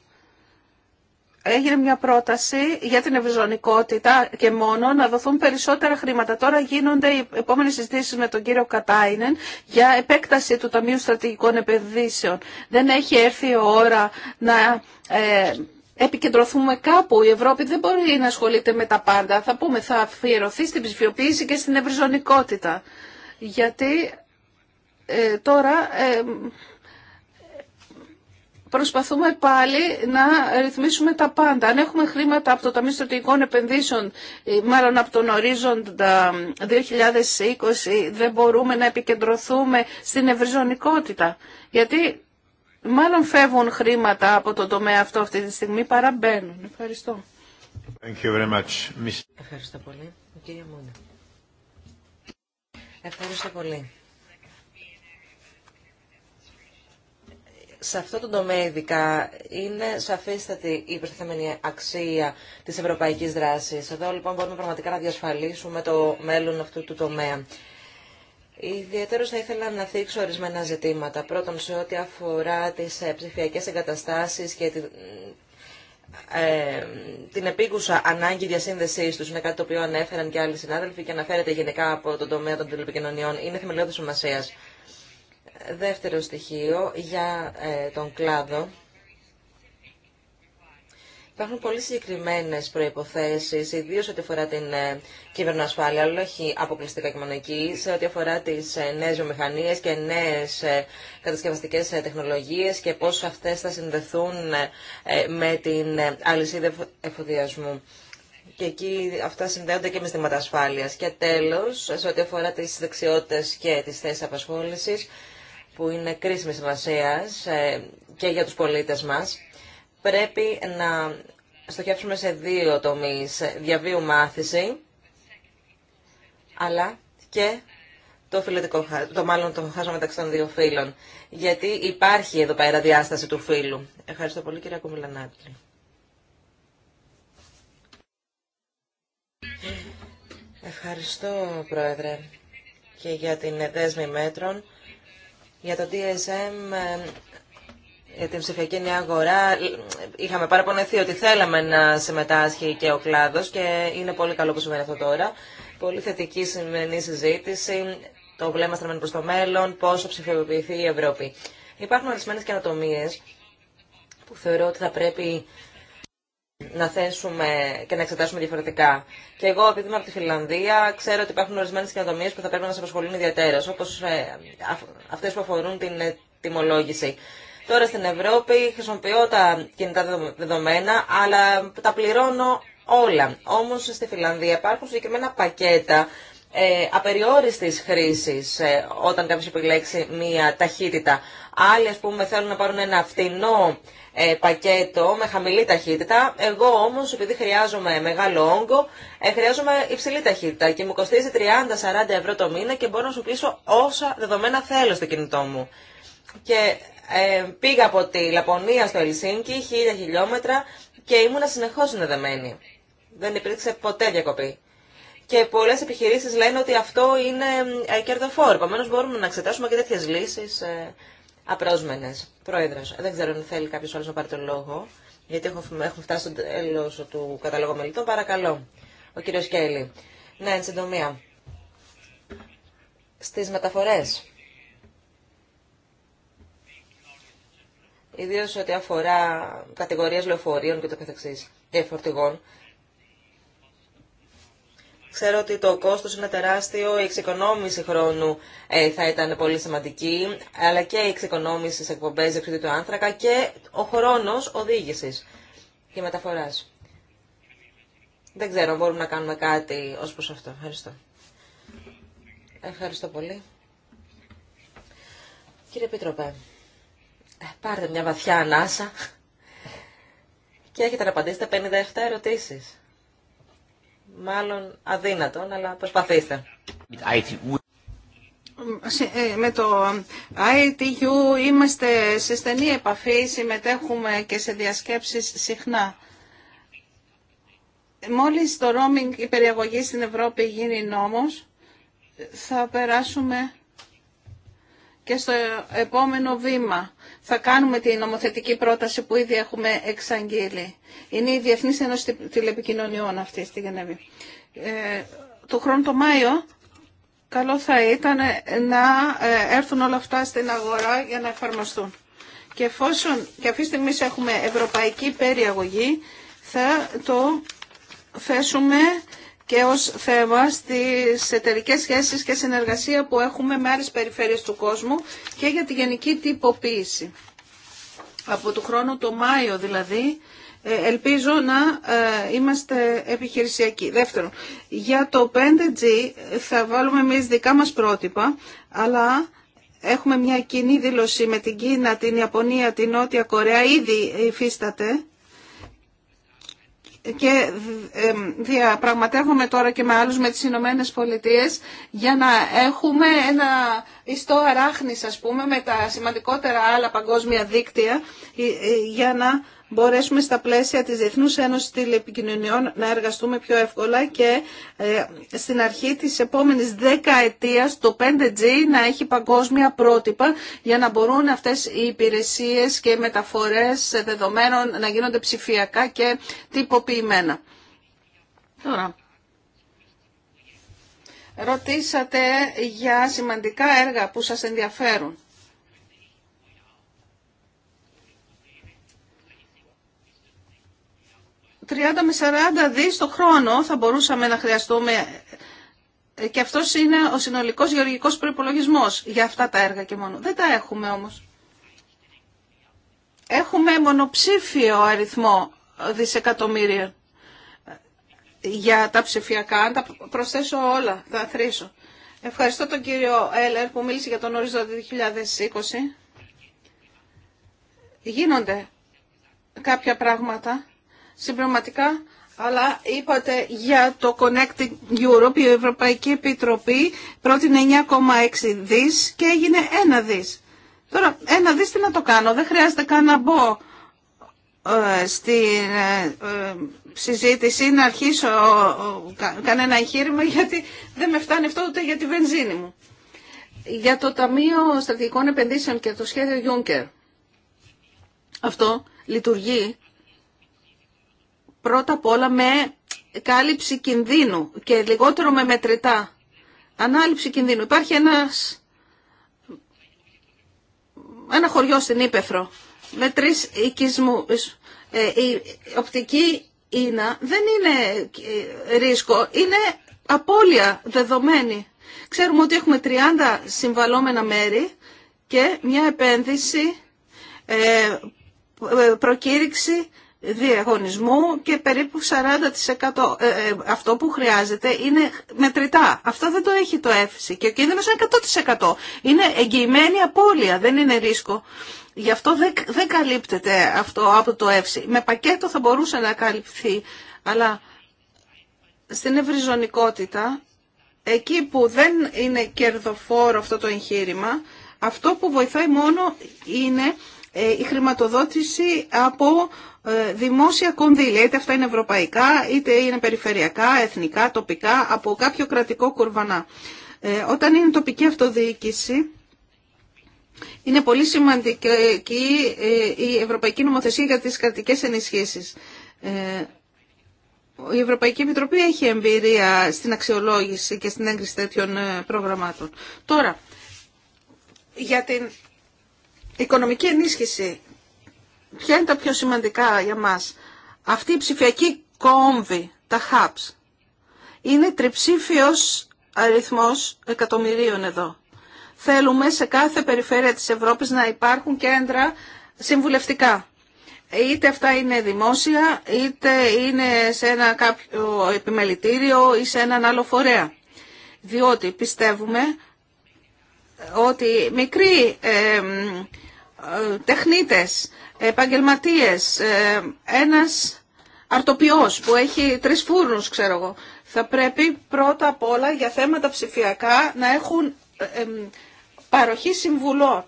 Έγινε μια πρόταση για την ευρυζωνικότητα και μόνο να δοθούν περισσότερα χρήματα. Τώρα γίνονται οι επόμενες συζητήσεις με τον κύριο Κατάινεν για επέκταση του Ταμείου Στρατηγικών Επενδύσεων. Δεν έχει έρθει η ώρα να ε, επικεντρωθούμε κάπου. Η Ευρώπη δεν μπορεί να ασχολείται με τα πάντα. Θα πούμε, θα αφιερωθεί στην ψηφιοποίηση και στην ευρυζωνικότητα. Γιατί ε, τώρα ε, προσπαθούμε πάλι να ρυθμίσουμε τα πάντα. Αν έχουμε χρήματα από το Ταμείο Στρατηγικών Επενδύσεων, ε, μάλλον από τον ορίζοντα 2020, δεν μπορούμε να επικεντρωθούμε στην ευρυζωνικότητα. Γιατί Μάλλον φεύγουν χρήματα από το τομέα αυτό αυτή τη στιγμή παρά μπαίνουν. Ευχαριστώ. Ευχαριστώ πολύ. Ευχαριστώ πολύ. σε αυτό το τομέα ειδικά είναι σαφίστατη η προστιθέμενη αξία της ευρωπαϊκής δράσης. Εδώ λοιπόν μπορούμε πραγματικά να διασφαλίσουμε το μέλλον αυτού του τομέα. Ιδιαίτερως θα ήθελα να θίξω ορισμένα ζητήματα. Πρώτον, σε ό,τι αφορά τις ε, ψηφιακές εγκαταστάσεις και την, ε, την επίκουσα ανάγκη διασύνδεσή του είναι κάτι το οποίο ανέφεραν και άλλοι συνάδελφοι και αναφέρεται γενικά από τον τομέα των τηλεπικοινωνιών. Είναι θεμελιώδη σημασία. Δεύτερο στοιχείο για ε, τον κλάδο. Υπάρχουν πολύ συγκεκριμένε προποθέσει, ιδίω ό,τι αφορά την ε, κυβερνοασφάλεια, αλλά όχι αποκλειστικά και μοναδική, σε ό,τι αφορά τι ε, νέε βιομηχανίε και νέε κατασκευαστικέ ε, τεχνολογίε και πώ αυτέ θα συνδεθούν με την αλυσίδα εφοδιασμού. Και εκεί αυτά συνδέονται και με στήματα ασφάλεια. Και τέλο, σε ό,τι αφορά τι δεξιότητε και τι θέσει απασχόληση, που είναι κρίσιμη σημασία και για του πολίτε μα πρέπει να στοχεύσουμε σε δύο τομείς. Διαβίου μάθηση, αλλά και το φιλετικό το μάλλον το χάσμα μεταξύ των δύο φίλων. Γιατί υπάρχει εδώ πέρα διάσταση του φίλου. Ευχαριστώ πολύ κυρία Ευχαριστώ Πρόεδρε και για την δέσμη μέτρων. Για το DSM για ε, την ψηφιακή νέα αγορά είχαμε παραπονεθεί ότι θέλαμε να συμμετάσχει και ο κλάδος και είναι πολύ καλό που συμβαίνει αυτό τώρα. Πολύ θετική σημερινή συζήτηση, το βλέμμα στραμμένο προς το μέλλον, πώς θα ψηφιοποιηθεί η Ευρώπη. Υπάρχουν ορισμένες καινοτομίε που θεωρώ ότι θα πρέπει να θέσουμε και να εξετάσουμε διαφορετικά. Και εγώ, επειδή είμαι από τη Φιλανδία, ξέρω ότι υπάρχουν ορισμένε καινοτομίε που θα πρέπει να μα απασχολούν ιδιαίτερω, όπω ε, αυτέ που αφορούν την ε, τιμολόγηση. Τώρα στην Ευρώπη χρησιμοποιώ τα κινητά δεδομένα, αλλά τα πληρώνω όλα. Όμως στη Φιλανδία υπάρχουν συγκεκριμένα πακέτα ε, απεριόριστης χρήσης ε, όταν κάποιος επιλέξει μία ταχύτητα. Άλλοι, ας πούμε, θέλουν να πάρουν ένα φτηνό ε, πακέτο με χαμηλή ταχύτητα. Εγώ όμως, επειδή χρειάζομαι μεγάλο όγκο, ε, χρειάζομαι υψηλή ταχύτητα και μου κοστίζει 30-40 ευρώ το μήνα και μπορώ να σου πλήσω όσα δεδομένα θέλω στο κινητό μου. Και ε, πήγα από τη Λαπωνία στο Ελσίνκι, χίλια χιλιόμετρα και ήμουνα συνεχώς συνδεδεμένη. Δεν υπήρξε ποτέ διακοπή. Και πολλέ επιχειρήσει λένε ότι αυτό είναι ε, κερδοφόρο. Επομένω, μπορούμε να εξετάσουμε και τέτοιε λύσει ε, απρόσμενε. Πρόεδρο, δεν ξέρω αν θέλει κάποιο άλλο να πάρει τον λόγο, γιατί έχουμε φτάσει στο τέλο του καταλόγου μελητών. Παρακαλώ, ο κύριο Κέλλη. Ναι, εν συντομία. Στι μεταφορέ. ιδίω ό,τι αφορά κατηγορίες λεωφορείων και το καθεξής, ε, φορτηγών. Ξέρω ότι το κόστος είναι τεράστιο, η εξοικονόμηση χρόνου ε, θα ήταν πολύ σημαντική, αλλά και η εξοικονόμηση σε εκπομπές δεξιδίου του άνθρακα και ο χρόνος οδήγησης και μεταφοράς. Δεν ξέρω, μπορούμε να κάνουμε κάτι ως προς αυτό. Ευχαριστώ. Ευχαριστώ πολύ. Κύριε Πίτροπε πάρτε μια βαθιά ανάσα και έχετε να απαντήσετε 57 ερωτήσεις. Μάλλον αδύνατον, αλλά προσπαθήστε. Ε, με το ITU είμαστε σε στενή επαφή, συμμετέχουμε και σε διασκέψεις συχνά. Μόλις το roaming η περιαγωγή στην Ευρώπη γίνει νόμος, θα περάσουμε και στο επόμενο βήμα θα κάνουμε την νομοθετική πρόταση που ήδη έχουμε εξαγγείλει. Είναι η Διεθνής Ένωση Τηλεπικοινωνιών αυτή στη Γενέβη. Ε, το χρόνο το Μάιο καλό θα ήταν να ε, έρθουν όλα αυτά στην αγορά για να εφαρμοστούν. Και εφόσον και αυτή τη στιγμή έχουμε ευρωπαϊκή περιαγωγή, θα το θέσουμε και ως θέμα στις εταιρικέ σχέσεις και συνεργασία που έχουμε με άλλες περιφέρειες του κόσμου και για τη γενική τυποποίηση. Από το χρόνο το Μάιο δηλαδή, ε, ελπίζω να ε, είμαστε επιχειρησιακοί. Δεύτερον, για το 5G θα βάλουμε εμείς δικά μας πρότυπα, αλλά έχουμε μια κοινή δήλωση με την Κίνα, την Ιαπωνία, την Νότια Κορέα, ήδη υφίσταται και ε, διαπραγματεύομαι τώρα και με άλλους με τις Ηνωμένε Πολιτείε για να έχουμε ένα ιστό αράχνης ας πούμε με τα σημαντικότερα άλλα παγκόσμια δίκτυα ε, ε, για να μπορέσουμε στα πλαίσια της Διεθνούς Ένωσης Τηλεπικοινωνιών να εργαστούμε πιο εύκολα και ε, στην αρχή της επόμενης δεκαετίας το 5G να έχει παγκόσμια πρότυπα για να μπορούν αυτές οι υπηρεσίες και οι μεταφορές δεδομένων να γίνονται ψηφιακά και τυποποιημένα. Τώρα, ρωτήσατε για σημαντικά έργα που σας ενδιαφέρουν. 30 με 40 δις το χρόνο θα μπορούσαμε να χρειαστούμε και αυτός είναι ο συνολικός γεωργικός προϋπολογισμός για αυτά τα έργα και μόνο. Δεν τα έχουμε όμως. Έχουμε μονοψήφιο αριθμό δισεκατομμύρια για τα ψηφιακά. Αν τα προσθέσω όλα, θα θρήσω. Ευχαριστώ τον κύριο Έλερ που μίλησε για τον ορίζοντα 2020. Γίνονται κάποια πράγματα συμπληρωματικά, αλλά είπατε για το Connecting Europe η Ευρωπαϊκή Επιτροπή πρότεινε 9,6 δις και έγινε 1 δις. Τώρα, 1 δις τι να το κάνω, δεν χρειάζεται καν να μπω ε, στη ε, ε, συζήτηση να αρχίσω κανένα εγχείρημα γιατί δεν με φτάνει αυτό ούτε για τη βενζίνη μου. Για το Ταμείο Στρατηγικών Επενδύσεων και το σχέδιο Juncker. Αυτό λειτουργεί πρώτα απ' όλα με κάλυψη κινδύνου και λιγότερο με μετρητά. Ανάληψη κινδύνου. Υπάρχει ένας, ένα χωριό στην Ήπεθρο με τρεις οικισμούς. Ε, η οπτική είναι, δεν είναι ε, ρίσκο, είναι απώλεια δεδομένη. Ξέρουμε ότι έχουμε 30 συμβαλόμενα μέρη και μια επένδυση, ε, προκήρυξη διαγωνισμού και περίπου 40% ε, ε, αυτό που χρειάζεται είναι μετρητά. Αυτό δεν το έχει το έφηση και ο κίνδυνος είναι 100%. Είναι εγγυημένη απώλεια, δεν είναι ρίσκο. Γι' αυτό δεν, δεν καλύπτεται αυτό από το ΕΦΣΙ. Με πακέτο θα μπορούσε να καλυφθεί, αλλά στην ευρυζωνικότητα, εκεί που δεν είναι κερδοφόρο αυτό το εγχείρημα, αυτό που βοηθάει μόνο είναι ε, η χρηματοδότηση από ε, δημόσια κονδύλια, είτε αυτά είναι ευρωπαϊκά, είτε είναι περιφερειακά, εθνικά, τοπικά, από κάποιο κρατικό κουρβανά. Ε, όταν είναι τοπική αυτοδιοίκηση, είναι πολύ σημαντική ε, η Ευρωπαϊκή Νομοθεσία για τις κρατικές ενισχύσεις. Ε, η Ευρωπαϊκή Επιτροπή έχει εμπειρία στην αξιολόγηση και στην έγκριση τέτοιων προγραμμάτων. Τώρα, για την οικονομική ενίσχυση Ποια είναι τα πιο σημαντικά για μας. Αυτή η ψηφιακή κόμβη, τα hubs, είναι τριψήφιος αριθμός εκατομμυρίων εδώ. Θέλουμε σε κάθε περιφέρεια της Ευρώπης να υπάρχουν κέντρα συμβουλευτικά. Είτε αυτά είναι δημόσια, είτε είναι σε ένα κάποιο επιμελητήριο ή σε έναν άλλο φορέα. Διότι πιστεύουμε ότι μικροί ε, τεχνίτες, επαγγελματίες, ε, ένας αρτοπιός που έχει τρεις φούρνους, ξέρω εγώ, θα πρέπει πρώτα απ' όλα για θέματα ψηφιακά να έχουν ε, ε, παροχή συμβουλών.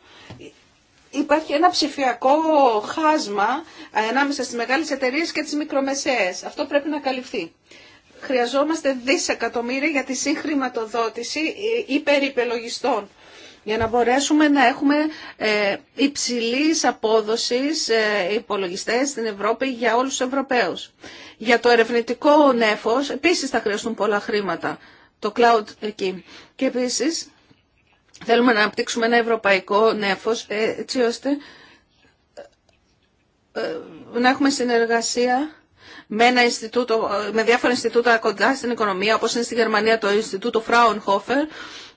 Υπάρχει ένα ψηφιακό χάσμα ανάμεσα στις μεγάλες εταιρείες και τις μικρομεσαίες. Αυτό πρέπει να καλυφθεί. Χρειαζόμαστε δισεκατομμύρια για τη συγχρηματοδότηση υπερυπελογιστών για να μπορέσουμε να έχουμε ε, υψηλής απόδοσης ε, υπολογιστές στην Ευρώπη για όλους τους Ευρωπαίους. Για το ερευνητικό νέφος επίσης θα χρειαστούν πολλά χρήματα, το cloud εκεί. Και επίσης θέλουμε να αναπτύξουμε ένα ευρωπαϊκό νέφος ε, έτσι ώστε να έχουμε συνεργασία με, ένα διάφορα Ινστιτούτα κοντά στην οικονομία, όπως είναι στη Γερμανία το Ινστιτούτο Fraunhofer,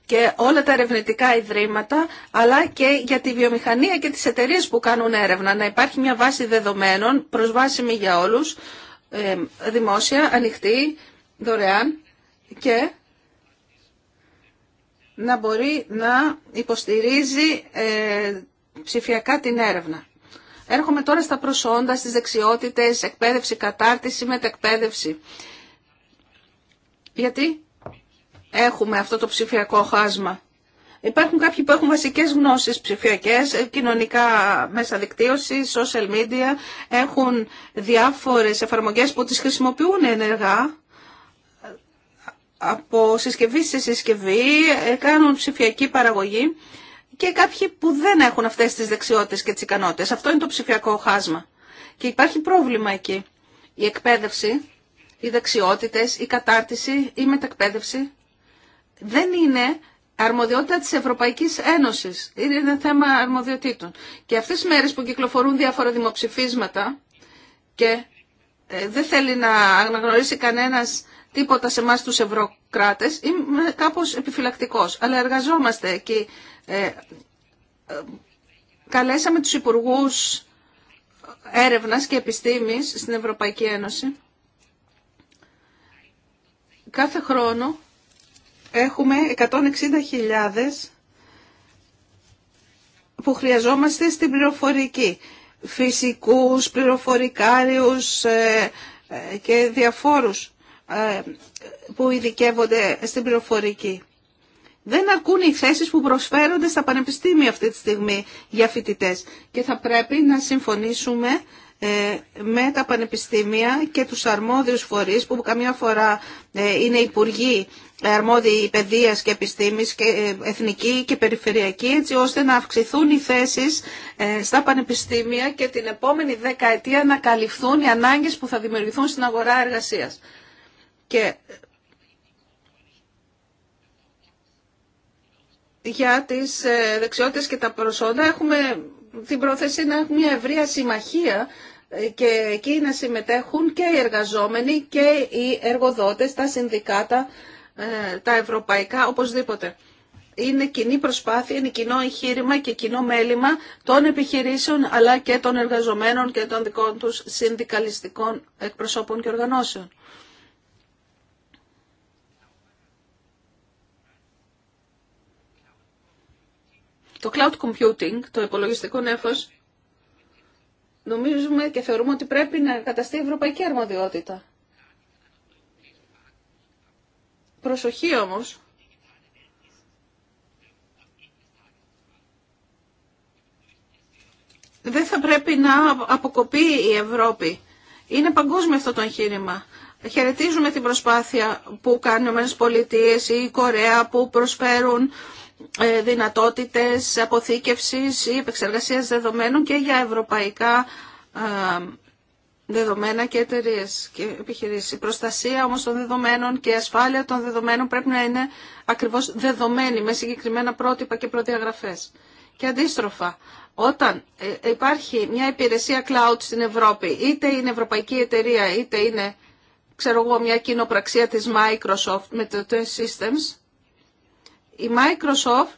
και όλα τα ερευνητικά ιδρύματα, αλλά και για τη βιομηχανία και τις εταιρείες που κάνουν έρευνα. Να υπάρχει μια βάση δεδομένων, προσβάσιμη για όλους, ε, δημόσια, ανοιχτή, δωρεάν και να μπορεί να υποστηρίζει ε, ψηφιακά την έρευνα. Έρχομαι τώρα στα προσόντα, στις δεξιότητες, εκπαίδευση, κατάρτιση, μετεκπαίδευση. Γιατί έχουμε αυτό το ψηφιακό χάσμα. Υπάρχουν κάποιοι που έχουν βασικές γνώσεις ψηφιακές, κοινωνικά μέσα δικτύωση, social media, έχουν διάφορες εφαρμογές που τις χρησιμοποιούν ενεργά, από συσκευή σε συσκευή, ε, κάνουν ψηφιακή παραγωγή και κάποιοι που δεν έχουν αυτές τις δεξιότητες και τις ικανότητες. Αυτό είναι το ψηφιακό χάσμα. Και υπάρχει πρόβλημα εκεί. Η εκπαίδευση, οι δεξιότητες, η κατάρτιση, η μετακπαίδευση δεν είναι αρμοδιότητα της Ευρωπαϊκής Ένωσης. Είναι ένα θέμα αρμοδιοτήτων. Και αυτές τις μέρες που κυκλοφορούν διάφορα δημοψηφίσματα και ε, δεν θέλει να αναγνωρίσει κανένας τίποτα σε εμά τους ευρωκράτες, είμαι κάπως επιφυλακτικός. Αλλά εργαζόμαστε εκεί. Ε, ε, καλέσαμε τους υπουργούς έρευνας και επιστήμης στην Ευρωπαϊκή Ένωση. Κάθε χρόνο έχουμε 160.000 που χρειαζόμαστε στην πληροφορική. Φυσικούς, πληροφορικάριους ε, ε, και διαφόρους ε, που ειδικεύονται στην πληροφορική. Δεν αρκούν οι θέσεις που προσφέρονται στα πανεπιστήμια αυτή τη στιγμή για φοιτητές και θα πρέπει να συμφωνήσουμε ε, με τα πανεπιστήμια και τους αρμόδιους φορείς που καμιά φορά ε, είναι υπουργοί ε, αρμόδιοι παιδείας και επιστήμης και εθνική και περιφερειακή έτσι ώστε να αυξηθούν οι θέσεις στα πανεπιστήμια και την επόμενη δεκαετία να καλυφθούν οι ανάγκες που θα δημιουργηθούν στην αγορά εργασίας. Και για τις δεξιότητες και τα προσόντα έχουμε την πρόθεση να έχουν μια ευρεία συμμαχία ε, και εκεί να συμμετέχουν και οι εργαζόμενοι και οι εργοδότες, τα συνδικάτα, ε, τα ευρωπαϊκά, οπωσδήποτε. Είναι κοινή προσπάθεια, είναι κοινό εγχείρημα και κοινό μέλημα των επιχειρήσεων αλλά και των εργαζομένων και των δικών τους συνδικαλιστικών εκπροσώπων και οργανώσεων. Το cloud computing, το υπολογιστικό νέφος, νομίζουμε και θεωρούμε ότι πρέπει να καταστεί ευρωπαϊκή αρμοδιότητα. Προσοχή όμως. Δεν θα πρέπει να αποκοπεί η Ευρώπη. Είναι παγκόσμιο αυτό το εγχείρημα. Χαιρετίζουμε την προσπάθεια που κάνουν οι ΗΠΑ ή η Κορέα που προσφέρουν ε, δυνατότητες αποθήκευσης ή επεξεργασίας δεδομένων και για ευρωπαϊκά ε, δεδομένα και εταιρείε και επιχειρήσεις. Η προστασία όμως των δεδομένων και η ασφάλεια των δεδομένων πρέπει να είναι ακριβώς δεδομένη με συγκεκριμένα πρότυπα και προδιαγραφές. Και αντίστροφα, όταν ε, υπάρχει μια υπηρεσία cloud στην Ευρώπη, είτε είναι ευρωπαϊκή εταιρεία, είτε είναι ξέρω εγώ, μια κοινοπραξία της Microsoft με το systems η Microsoft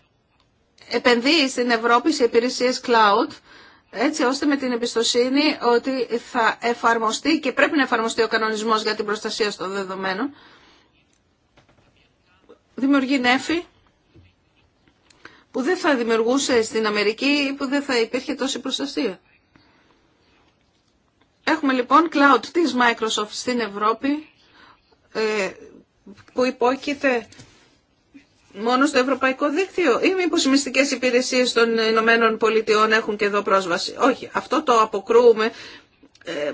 επενδύει στην Ευρώπη σε υπηρεσίες cloud έτσι ώστε με την εμπιστοσύνη ότι θα εφαρμοστεί και πρέπει να εφαρμοστεί ο κανονισμός για την προστασία των δεδομένων. Δημιουργεί νέφη που δεν θα δημιουργούσε στην Αμερική ή που δεν θα υπήρχε τόση προστασία. Έχουμε λοιπόν cloud της Microsoft στην Ευρώπη ε, που υπόκειται μόνο στο ευρωπαϊκό δίκτυο ή μήπω οι μυστικέ υπηρεσίε των Ηνωμένων Πολιτειών έχουν και εδώ πρόσβαση. Όχι, αυτό το αποκρούουμε ε,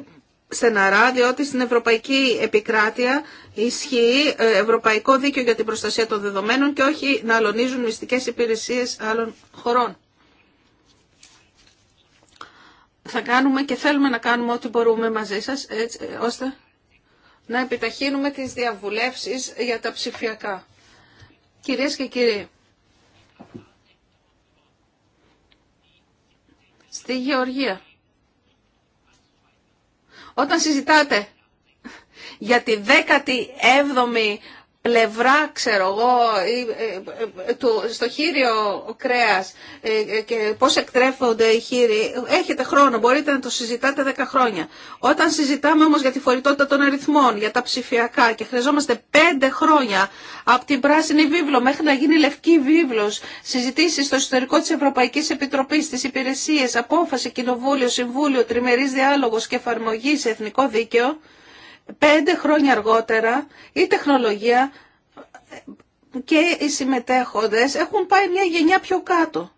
στεναρά, διότι στην ευρωπαϊκή επικράτεια ισχύει ε, ευρωπαϊκό δίκαιο για την προστασία των δεδομένων και όχι να αλωνίζουν μυστικέ υπηρεσίε άλλων χωρών. Θα κάνουμε και θέλουμε να κάνουμε ό,τι μπορούμε μαζί σας, έτσι, ώστε να επιταχύνουμε τις διαβουλεύσεις για τα ψηφιακά. Κυρίες και κύριοι, στη Γεωργία, όταν συζητάτε για τη 17η πλευρά, ξέρω εγώ, ε, ε, στο χείριο κρέας ε, και πώς εκτρέφονται οι χείροι, έχετε χρόνο, μπορείτε να το συζητάτε 10 χρόνια. Όταν συζητάμε όμως για τη φορητότητα των αριθμών, για τα ψηφιακά και χρειαζόμαστε πέντε χρόνια από την πράσινη βίβλο μέχρι να γίνει λευκή βίβλος, συζητήσεις στο εσωτερικό της Ευρωπαϊκής Επιτροπής, στις υπηρεσίες, απόφαση, κοινοβούλιο, συμβούλιο, τριμερής διάλογος και εφαρμογή σε εθνικό δίκαιο, πέντε χρόνια αργότερα η τεχνολογία και οι συμμετέχοντες έχουν πάει μια γενιά πιο κάτω.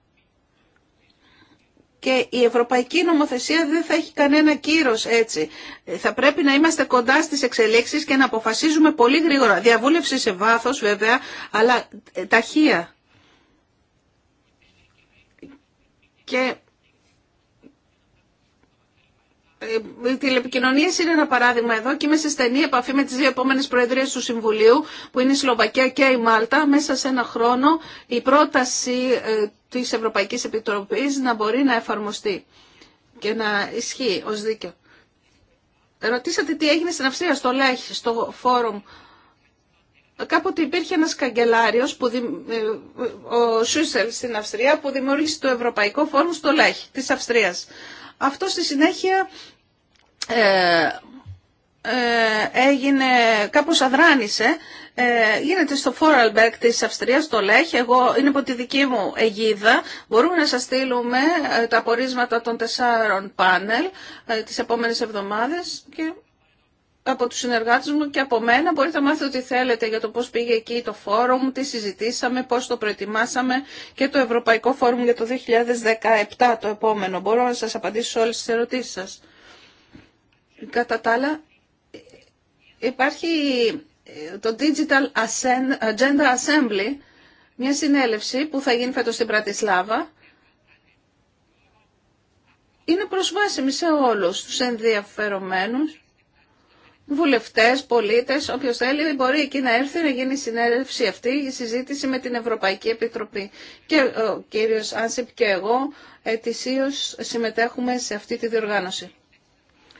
Και η ευρωπαϊκή νομοθεσία δεν θα έχει κανένα κύρος έτσι. Θα πρέπει να είμαστε κοντά στις εξελίξεις και να αποφασίζουμε πολύ γρήγορα. Διαβούλευση σε βάθος βέβαια, αλλά ταχεία. Και ε, οι τηλεπικοινωνίε είναι ένα παράδειγμα εδώ και είμαι σε στενή επαφή με τι δύο επόμενε προεδρίε του Συμβουλίου, που είναι η Σλοβακία και η Μάλτα. Μέσα σε ένα χρόνο η πρόταση ε, τη Ευρωπαϊκή Επιτροπή να μπορεί να εφαρμοστεί και να ισχύει ω δίκαιο. Ρωτήσατε τι έγινε στην Αυστρία, στο ΛΕΧ, στο φόρουμ. Κάποτε υπήρχε ένας καγκελάριος, που ε, ο Σούσελ στην Αυστρία, που δημιούργησε το Ευρωπαϊκό Φόρουμ στο ΛΕΧ της Αυστρίας. Αυτό στη συνέχεια ε, ε, έγινε, κάπως αδράνησε, ε, γίνεται στο Φόραλμπερκ της Αυστρίας, το ΛΕΧ, εγώ, είναι από τη δική μου αιγίδα, μπορούμε να σας στείλουμε τα απορίσματα των τεσσάρων πάνελ ε, τις επόμενες εβδομάδες και από τους συνεργάτες μου και από μένα μπορείτε να μάθετε ό,τι θέλετε για το πώς πήγε εκεί το φόρουμ, τι συζητήσαμε, πώς το προετοιμάσαμε και το Ευρωπαϊκό Φόρουμ για το 2017 το επόμενο. Μπορώ να σας απαντήσω σε όλες τις ερωτήσεις σας. Κατά τα άλλα, υπάρχει ε, το Digital Agenda Assembly, μια συνέλευση που θα γίνει φέτος στην Πρατισλάβα. Είναι προσβάσιμη σε όλους τους ενδιαφερομένους, βουλευτές, πολίτες, όποιος θέλει μπορεί εκεί να έρθει να γίνει η συνέλευση αυτή, η συζήτηση με την Ευρωπαϊκή Επιτροπή. Και ο κύριος Άνσιπ και εγώ ετησίως συμμετέχουμε σε αυτή τη διοργάνωση.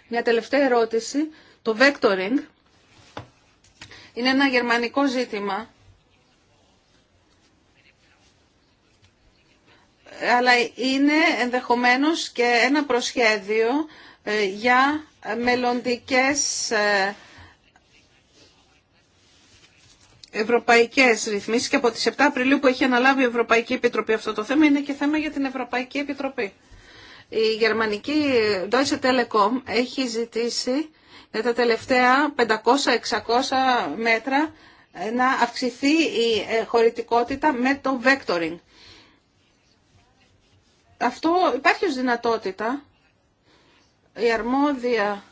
Μια τελευταία ερώτηση. Το vectoring είναι ένα γερμανικό ζήτημα. Αλλά είναι ενδεχομένως και ένα προσχέδιο ε, για μελλοντικές ε, ευρωπαϊκές ρυθμίσεις και από τις 7 Απριλίου που έχει αναλάβει η Ευρωπαϊκή Επιτροπή αυτό το θέμα είναι και θέμα για την Ευρωπαϊκή Επιτροπή. Η γερμανική Deutsche Telekom έχει ζητήσει για τα τελευταία 500-600 μέτρα να αυξηθεί η ε, χωρητικότητα με το vectoring. Αυτό υπάρχει ως δυνατότητα. Η αρμόδια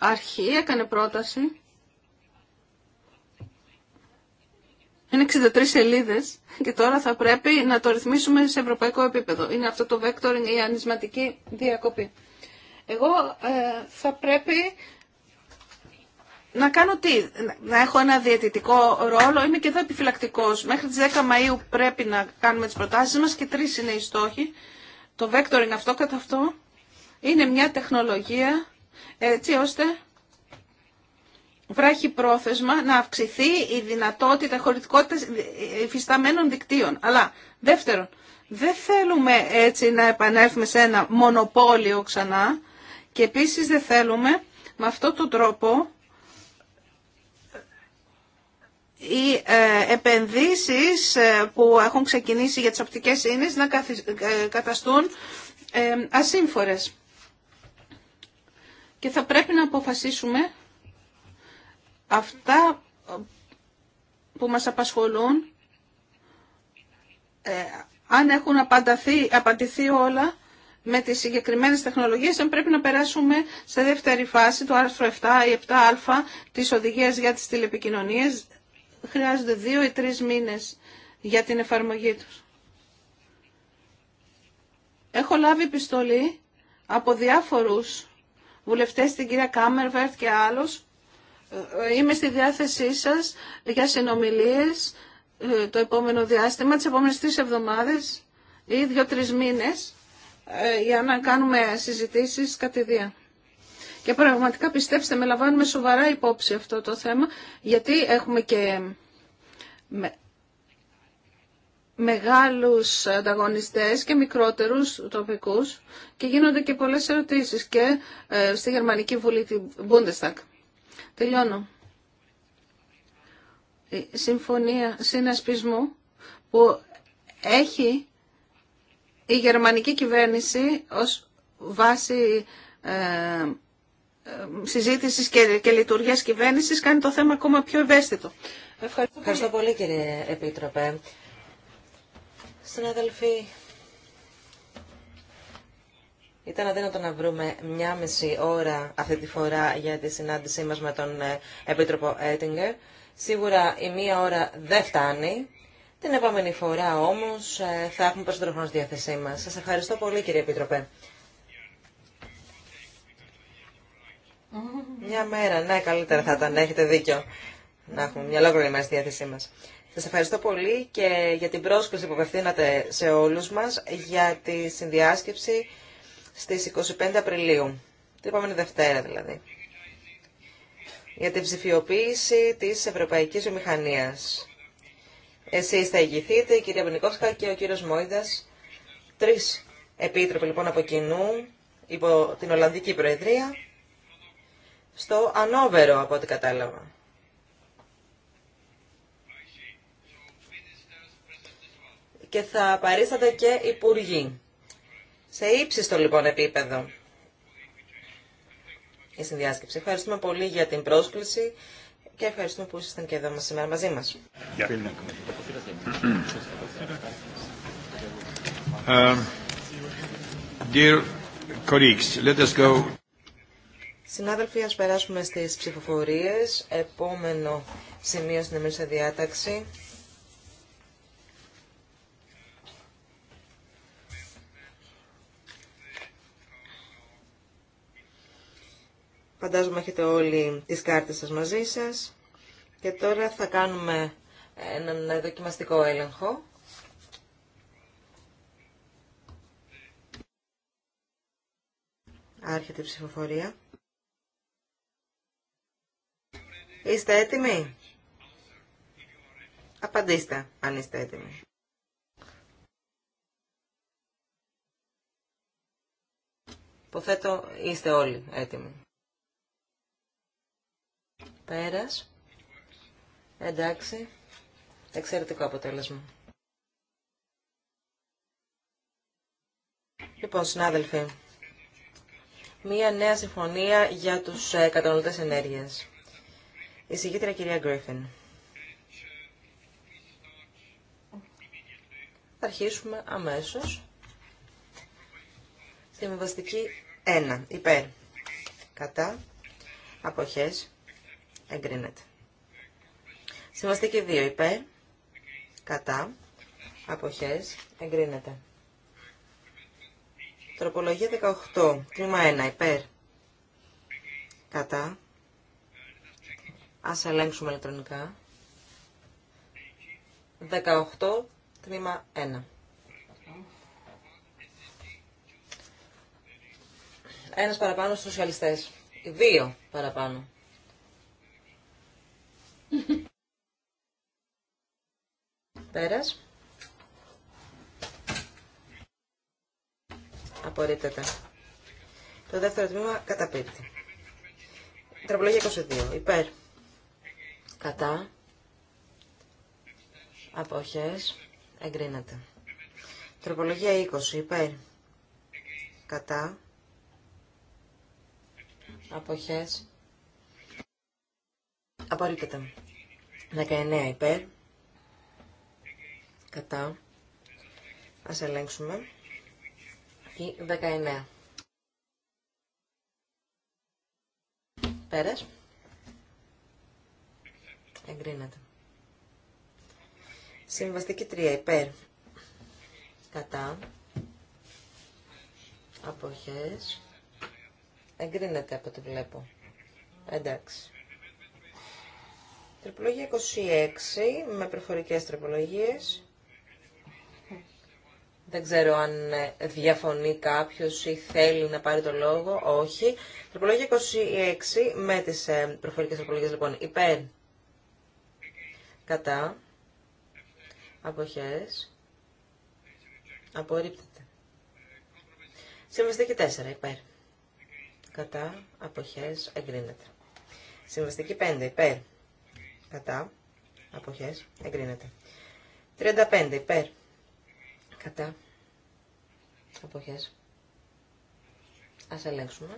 αρχή έκανε πρόταση Είναι 63 σελίδες και τώρα θα πρέπει να το ρυθμίσουμε σε ευρωπαϊκό επίπεδο. Είναι αυτό το vectoring, η ανισματική διακοπή. Εγώ ε, θα πρέπει να κάνω τι, να έχω ένα διαιτητικό ρόλο, είμαι και εδώ επιφυλακτικό. Μέχρι τις 10 Μαΐου πρέπει να κάνουμε τις προτάσεις μας και τρεις είναι οι στόχοι. Το vectoring αυτό κατά αυτό είναι μια τεχνολογία έτσι ώστε βράχει πρόθεσμα να αυξηθεί η δυνατότητα χωρητικότητας υφισταμένων δικτύων. Αλλά δεύτερον, δεν θέλουμε έτσι να επανέλθουμε σε ένα μονοπόλιο ξανά και επίσης δεν θέλουμε με αυτόν τον τρόπο οι ε, επενδύσεις ε, που έχουν ξεκινήσει για τις οπτικές ίνες να ε, καταστούν ασύμφορες. Και θα πρέπει να αποφασίσουμε αυτά που μας απασχολούν, ε, αν έχουν απαντηθεί όλα με τις συγκεκριμένες τεχνολογίες, αν πρέπει να περάσουμε σε δεύτερη φάση του άρθρο 7 ή 7α της οδηγίας για τις τηλεπικοινωνίες, χρειάζονται δύο ή τρεις μήνες για την εφαρμογή τους. Έχω λάβει επιστολή από διάφορους βουλευτές, την κυρία Κάμερβερτ και άλλους, Είμαι στη διάθεσή σας για συνομιλίες ε, το επόμενο διάστημα, τις επόμενες τρεις εβδομάδες ή δύο-τρεις μήνες ε, για να κάνουμε συζητήσεις κατηδία. Και πραγματικά πιστέψτε με, λαμβάνουμε σοβαρά υπόψη αυτό το θέμα, γιατί έχουμε και μεγάλους ανταγωνιστές και μικρότερους τοπικούς και γίνονται και πολλές ερωτήσεις και ε, στη Γερμανική Βουλή, την Bundestag. Τελειώνω. Η συμφωνία συνασπισμού που έχει η γερμανική κυβέρνηση ως βάση ε, ε, συζήτησης και, και λειτουργίας κυβέρνησης κάνει το θέμα ακόμα πιο ευαίσθητο. Ευχαριστώ πολύ, κύριε Επίτροπε. Ήταν αδύνατο να βρούμε μια μισή ώρα αυτή τη φορά για τη συνάντησή μας με τον ε, Επίτροπο Έτιγκερ. Σίγουρα η μία ώρα δεν φτάνει. Την επόμενη φορά όμως ε, θα έχουμε περισσότερο χρόνο στη διάθεσή μας. Σας ευχαριστώ πολύ κύριε Επίτροπε. Μια μέρα, ναι, καλύτερα θα ήταν, έχετε δίκιο. Να έχουμε μια ολόκληρη μέρα στη διάθεσή μας. Σας ευχαριστώ πολύ και για την πρόσκληση που απευθύνατε σε όλους μας για τη συνδιάσκεψη στις 25 Απριλίου, την επόμενη Δευτέρα δηλαδή, για την ψηφιοποίηση της Ευρωπαϊκής Βιομηχανίας. Εσείς θα ηγηθείτε, η κυρία Μπενικόφσκα και ο κύριος Μόιδας, τρεις επίτροποι λοιπόν από κοινού, υπό την Ολλανδική Προεδρία, στο ανώβερο από ό,τι κατάλαβα. Και θα παρίσταται και υπουργοί σε ύψιστο λοιπόν επίπεδο η συνδιάσκεψη. Ευχαριστούμε πολύ για την πρόσκληση και ευχαριστούμε που ήσασταν και εδώ μας σήμερα μαζί μας. Um, Συνάδελφοι, ας περάσουμε στις ψηφοφορίες. Επόμενο σημείο στην εμείς διάταξη Φαντάζομαι έχετε όλοι τις κάρτες σας μαζί σας. Και τώρα θα κάνουμε έναν δοκιμαστικό έλεγχο. Άρχεται η ψηφοφορία. Είστε έτοιμοι? Απαντήστε αν είστε έτοιμοι. Υποθέτω είστε όλοι έτοιμοι. Πέρας. Εντάξει. Εξαιρετικό αποτέλεσμα. Λοιπόν, συνάδελφοι, μία νέα συμφωνία για τους ε, καταναλωτές ενέργειας. Η συγκήτρια κυρία Γκρίφιν. Θα αρχίσουμε αμέσως. Στη 1. Υπέρ. Κατά. Αποχές. Εγκρίνεται. Συμβαστική 2 υπέρ. Κατά. Αποχές. Εγκρίνεται. Τροπολογία 18. Τμήμα 1 υπέρ. Κατά. Ας ελέγξουμε ηλεκτρονικά. 18. Τμήμα 1. Ένας παραπάνω στους σοσιαλιστές. Δύο παραπάνω. Πέρας. Απορρίπτεται. Το δεύτερο τμήμα καταπίπτει. Τροπολογία 22. Υπέρ. Κατά. Αποχές. Εγκρίνεται. Τροπολογία 20. Υπέρ. Κατά. Αποχές. Απορρίπτεται. 19. Υπέρ. Κατά. Ας ελέγξουμε. Η 19. Πέρας. Εγκρίνεται. Συμβαστική 3. Υπέρ. Κατά. Αποχές. Εγκρίνεται από ό,τι βλέπω. Εντάξει. Τροπολογία 26 με προφορικές τροπολογίες. Δεν ξέρω αν ε, διαφωνεί κάποιο ή θέλει να πάρει το λόγο. Όχι. Τροπολογία 26 με τι ε, προφορικέ τροπολογίε λοιπόν. Υπέρ. Κατά. αποχέ. Απορρίπτεται. Συμβαστική 4. Υπέρ. Κατά. απόχέ, Εγκρίνεται. Συμβαστική 5. Υπέρ. Κατά. αποχέ, Εγκρίνεται. 35. Υπέρ κατά αποχές. Ας ελέγξουμε.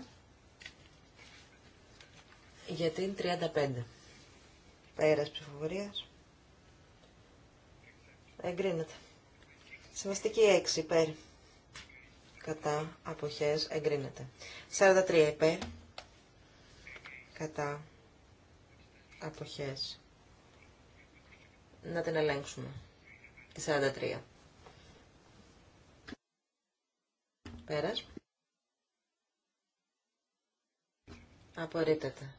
Για την 35. Πέρας ψηφοφορίας. Εγκρίνεται. Σημαντική 6 υπέρ. Κατά αποχές εγκρίνεται. 43 υπέρ. Κατά αποχές. Να την ελέγξουμε. Τη 43. Πέρας. Απορρίπτεται.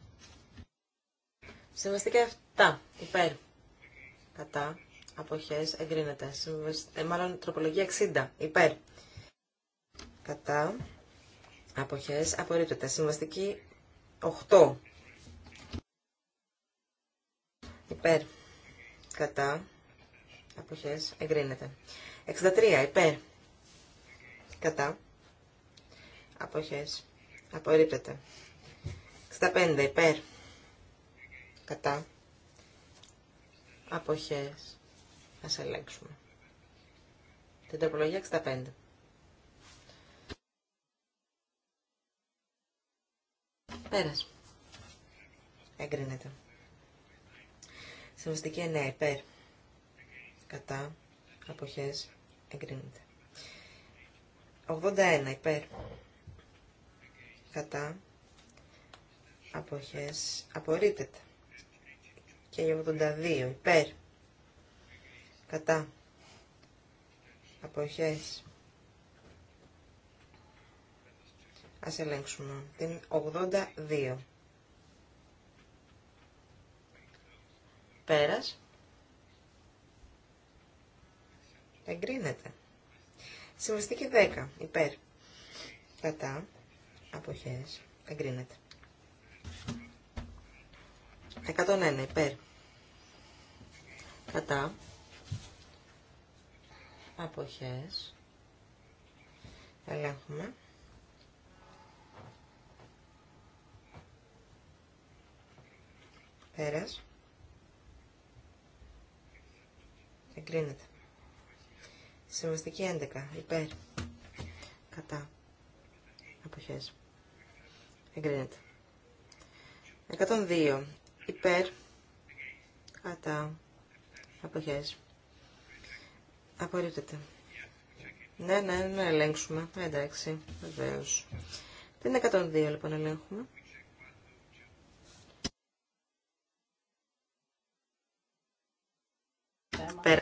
Συμβαστική 7. Υπέρ. Κατά. Αποχές. Εγκρίνεται. Ε, μάλλον τροπολογία 60. Υπέρ. Κατά. Αποχές. Απορρίπτεται. Συμβαστική 8. Υπέρ. Κατά. Αποχές. Εγκρίνεται. 63. Υπέρ. Κατά αποχές απορρίπτεται 65 υπέρ κατά αποχές θα ελέγξουμε την τροπολογία 65 Πέρας. Εγκρίνεται. Συμβαστική 9 υπέρ. Κατά. Αποχές. Εγκρίνεται. 81 υπέρ κατά αποχές απορρίπτεται και 82 υπέρ κατά αποχές ας ελέγξουμε την 82 πέρας εγκρίνεται συμβαστική 10 υπέρ κατά αποχές εγκρίνεται. 101 υπέρ κατά αποχές ελέγχουμε πέρας εγκρίνεται συμβαστική 11 υπέρ κατά αποχές εγκρίνεται. 102 υπέρ κατά αποχές απορρίπτεται. Ναι, ναι, να ελέγξουμε. Εντάξει, βεβαίω. Την 102 λοιπόν ελέγχουμε. Πέρα.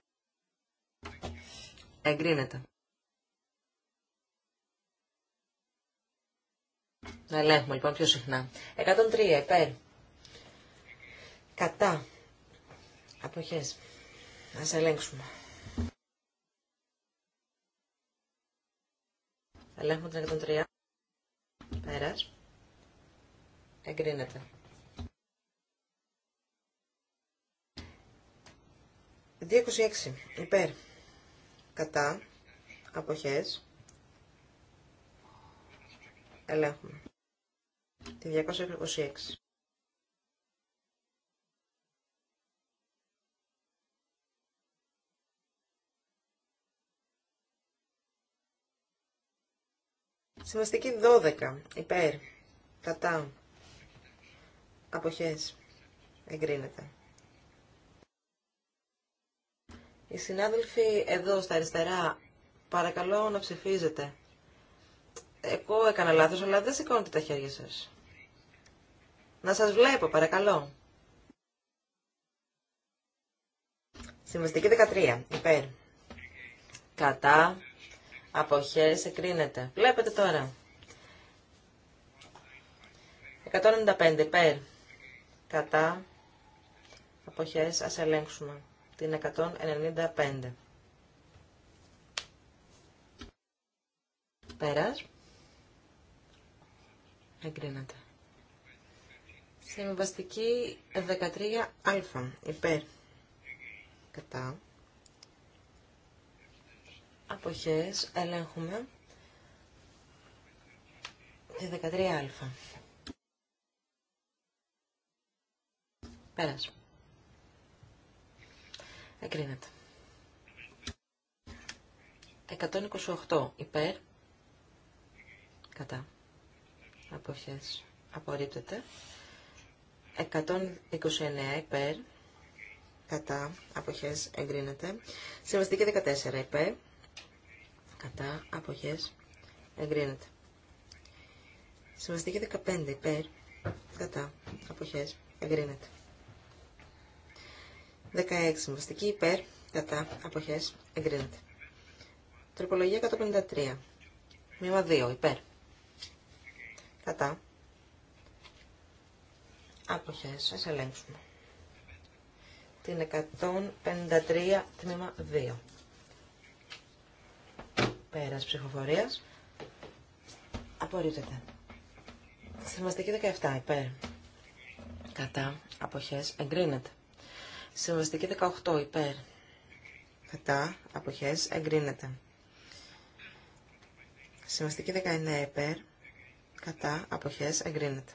Εγκρίνεται. Να ελέγχουμε λοιπόν πιο συχνά. 103 υπέρ. Κατά. Αποχές. Ας ελέγξουμε. Ελέγχουμε την 103. Πέρας. Εγκρίνεται. 26, υπέρ. Κατά. Αποχές. Ελέγχουμε. Τη 226. Συμβαστική 12. Υπέρ. Κατά. Αποχές. Εγκρίνεται. Οι συνάδελφοι εδώ στα αριστερά, παρακαλώ να ψηφίζετε. Εγώ έκανα λάθος, αλλά δεν σηκώνετε τα χέρια σας. Να σας βλέπω, παρακαλώ. Συμβαστική 13. Υπέρ. Κατά. Αποχές εκρίνεται. Βλέπετε τώρα. 195. Υπέρ. Κατά. Αποχές. Ας ελέγξουμε. Την 195. Πέρας. Εγκρίνεται. Συμβαστική 13α. Υπέρ. Κατά. Αποχές. Ελέγχουμε. Τη 13α. Πέρασε. Εγκρίνεται. 128. Υπέρ. Κατά αποχές απορρίπτεται 129 υπέρ κατά αποχές εγκρίνεται συμβαστική 14 υπέρ κατά αποχές εγκρίνεται συμβαστική 15 υπέρ κατά αποχές εγκρίνεται 16 συμβαστική υπέρ κατά αποχές εγκρίνεται τροπολογία 153 μήμα 2 υπέρ Κατά. Αποχές. Ας ελέγξουμε. Την 153 τμήμα 2. Πέρας ψηφοφορίας. Απορρίπτεται. Συμβαστική 17. Υπέρ. Κατά. Αποχές. Εγκρίνεται. Συμβαστική 18. Υπέρ. Κατά. Αποχές. Εγκρίνεται. Συμβαστική 19. Υπέρ κατά αποχές εγκρίνεται.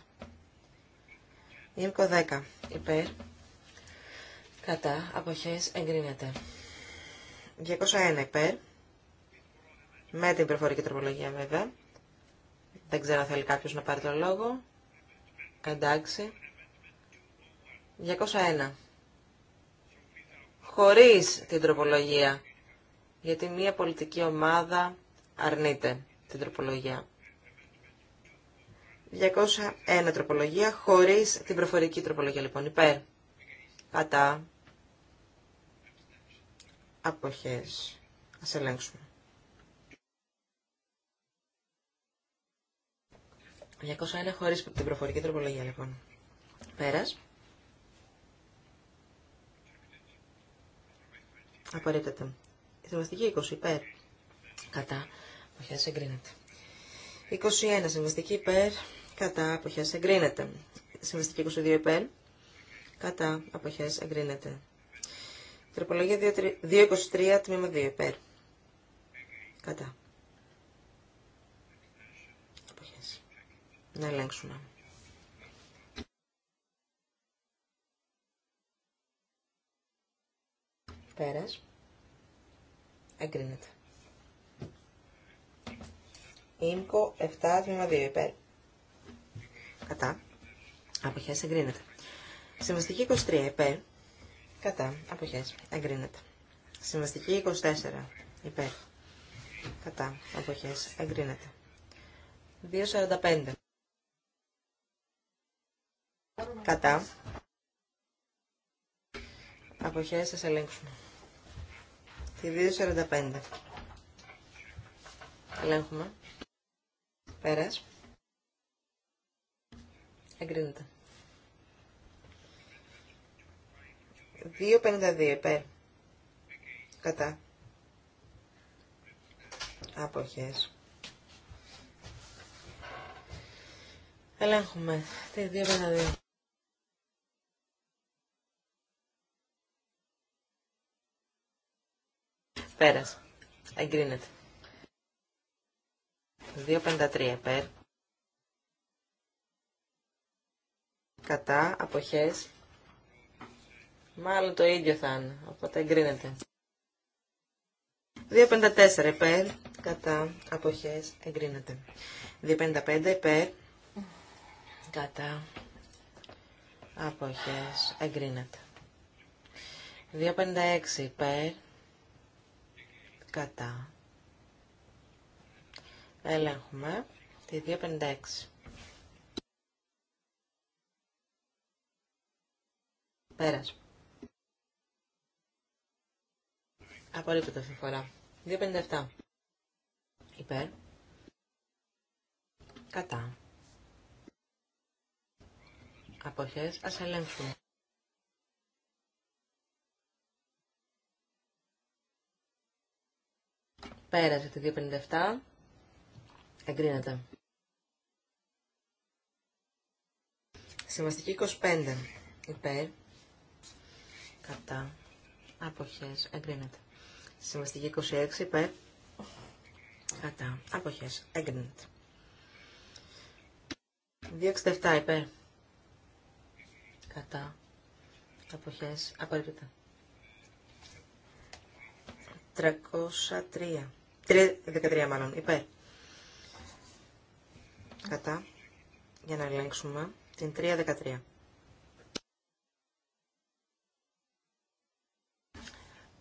Ήμκο 10 υπέρ κατά αποχές εγκρίνεται. 201 υπέρ με την προφορική τροπολογία βέβαια. Δεν ξέρω αν θέλει κάποιος να πάρει τον λόγο. Εντάξει. 201. Χωρίς την τροπολογία. Γιατί μία πολιτική ομάδα αρνείται την τροπολογία. 201 τροπολογία χωρίς την προφορική τροπολογία λοιπόν υπέρ κατά αποχές. Ας ελέγξουμε. 201 χωρίς την προφορική τροπολογία λοιπόν. Πέρας. Απορρίπτεται. Η θεμαστική 20 υπέρ. Κατά. Αποχές εγκρίνεται. 21 συμβαστική υπέρ κατά αποχές εγκρίνεται. Συμβαστική 22 υπέρ, κατά αποχές εγκρίνεται. Τροπολογία 223 τμήμα 2 υπέρ, κατά. Αποχές. Να ελέγξουμε. Πέρας. Εγκρίνεται. Ήμκο 7 τμήμα 2 υπέρ κατά, αποχές εγκρίνεται. Συμβαστική 23 υπέρ, κατά, αποχές εγκρίνεται. Συμβαστική 24 υπέρ, κατά, αποχές εγκρίνεται. 2.45 κατά αποχές σας ελέγξουμε τη 2.45 ελέγχουμε πέρας εγκρίνεται. 2.52 υπέρ. Κατά. Αποχές. Ελέγχουμε τη 2.52. Πέρας. Εγκρίνεται. 2.53 υπέρ. κατά, αποχές. Μάλλον το ίδιο θα είναι, οπότε εγκρίνεται. 2.54 υπέρ, κατά, αποχές, εγκρίνεται. 2.55 υπέρ, κατά, αποχές, εγκρίνεται. 2.56 υπέρ, κατά. Ελέγχουμε τη 2.56. Πέρασε. Απορρίπτεται αυτή τη φορά. 2.57. Υπέρ. Κατά. Αποχές. Ας ελέγξουμε. Πέρασε τη 2.57. Εγκρίνεται. Συμβαστική 25. Υπέρ κατά, αποχές, εγκρίνεται. Συμβαστική 26 υπέρ, κατά, αποχές, εγκρίνεται. 267 υπέρ, κατά, αποχές, απορρίπτεται. 303, 13 μάλλον, υπέρ, κατά, για να ελέγξουμε την 313.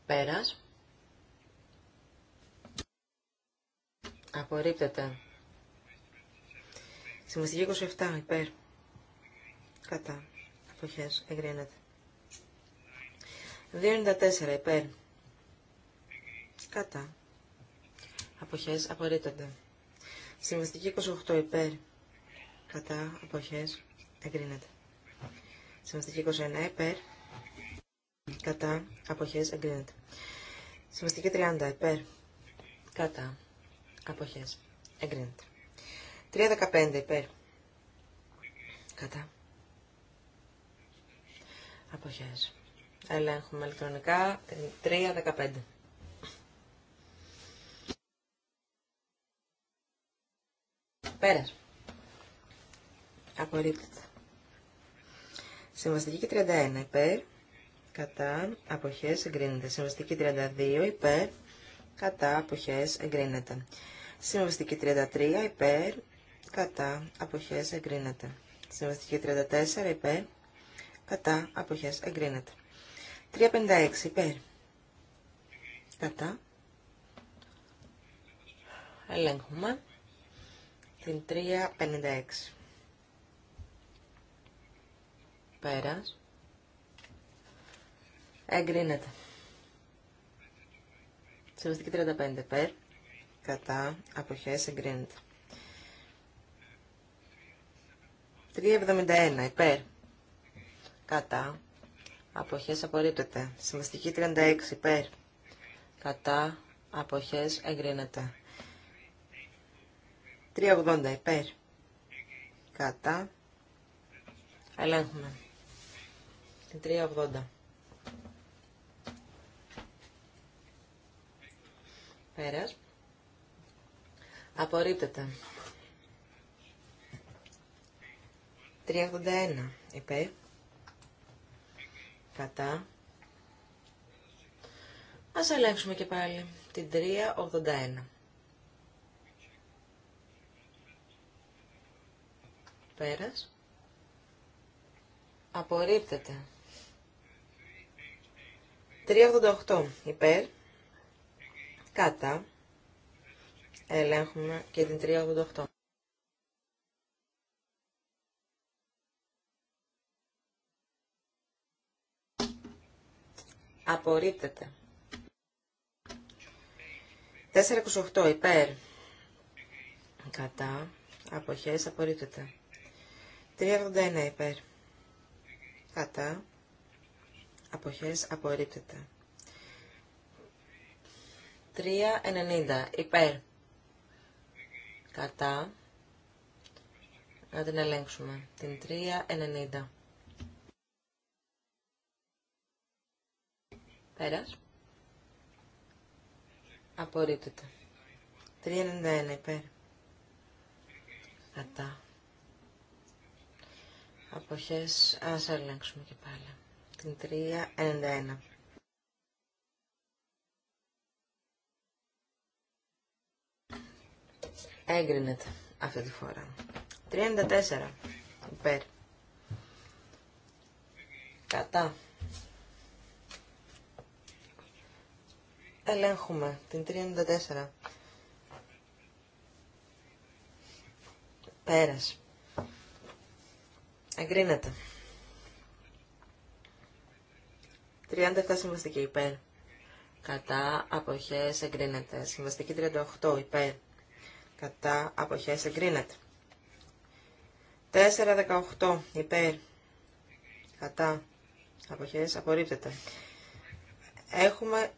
Πέρας. Απορρίπτεται. Συμβαστική 27 υπέρ. Κατά. Αποχές. Εγκρίνεται. 294 υπέρ. Κατά. Αποχές. Απορρίπτεται. Συμβαστική 28 υπέρ. Κατά. Αποχές. Εγκρίνεται. Συμβαστική 29 υπέρ κατά αποχές εγκρίνεται. Συμβαστική 30 υπέρ κατά αποχές εγκρίνεται. 3.15 υπέρ κατά αποχές. Ελέγχουμε ηλεκτρονικά 3.15. Πέρας. Απορρίπτεται. Συμβαστική 31 υπέρ κατά αποχές εγκρίνεται. Συμβαστική 32 υπέρ κατά αποχές εγκρίνεται. Συμβαστική 33 υπέρ κατά αποχές εγκρίνεται. Συμβαστική 34 υπέρ κατά αποχές εγκρίνεται. 356 υπέρ κατά ελέγχουμε την 356 πέρας Εγκρίνεται. Συμβαστική 35 Περ. Κατά αποχές εγκρίνεται. 371 υπέρ. Κατά αποχές απορρίπτεται. Συμβαστική 36 υπέρ. Κατά αποχές εγκρίνεται. 380 υπέρ. Κατά. Ελέγχουμε. 380. Πέρας. Απορρίπτεται. 381 υπέρ. Κατά. Ας ελέγξουμε και πάλι την 381. Πέρας. Απορρίπτεται. 388 υπέρ. Κατά. Ελέγχουμε και την 388. Απορρίπτεται. 428 υπέρ. Κατά. Αποχές απορρίπτεται. 381 υπέρ. Κατά. Αποχές απορρίπτεται. 3.90 υπέρ κατά να την ελέγξουμε την 3.90 πέρας απορρίπτεται 3.91 υπέρ κατά αποχές ας ελέγξουμε και πάλι την 3.91 Έγκρινεται αυτή τη φορά. 34. Υπέρ. Κατά. Ελέγχουμε την 34. Πέρας. Εγκρίνεται. 37 συμβαστική υπέρ. Κατά αποχές εγκρίνεται. Συμβαστική 38 υπέρ κατά αποχές εγκρίνεται. 4.18 υπέρ κατά αποχές απορρίπτεται. Έχουμε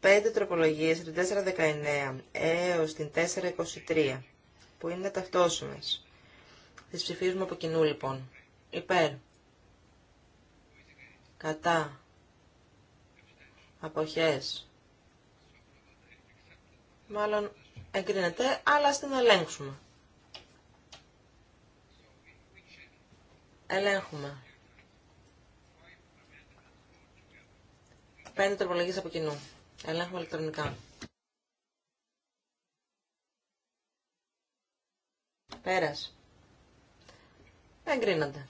5 τροπολογίες από την 4.19 έως την 4.23 που είναι ταυτόσιμες. Τις ψηφίζουμε από κοινού λοιπόν. Υπέρ. Κατά. Αποχές. Μάλλον εγκρίνεται, αλλά ας την ελέγξουμε. Ελέγχουμε. Πέντε τροπολογίες από κοινού. Ελέγχουμε ηλεκτρονικά. Πέρας. Εγκρίνονται.